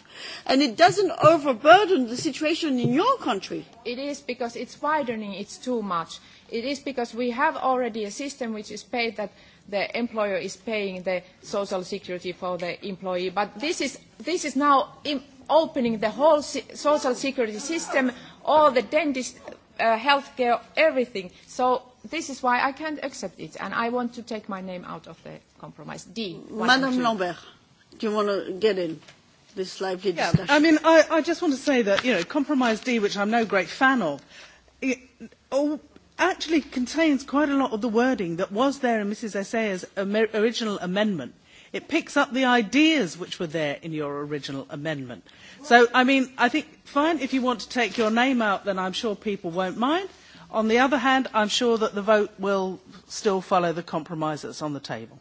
and it doesn't overburden the situation in your country. It is because it's widening, it's too much. It is because we have already a system which is paid that the employer is paying the social security for the employee. But this is, this is now in opening the whole social security system, all the dentist, uh, healthcare, everything. So this is why I can't accept it, and I want to take my name out of the compromise. D. Madame Lambert, do you want to get in? This lively discussion. Yeah, I mean, I, I just want to say that, you know, Compromise D, which I'm no great fan of, it, actually contains quite a lot of the wording that was there in Mrs. Essayer's original amendment. It picks up the ideas which were there in your original amendment. So, I mean, I think, fine, if you want to take your name out, then I'm sure people won't mind. On the other hand, I'm sure that the vote will still follow the compromise that's on the table.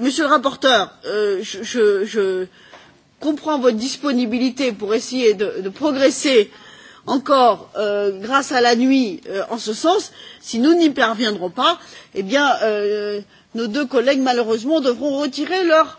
monsieur le rapporteur je comprends votre disponibilité pour essayer de progresser encore grâce à la nuit en ce sens. si nous n'y parviendrons pas nos deux collègues malheureusement devront retirer leur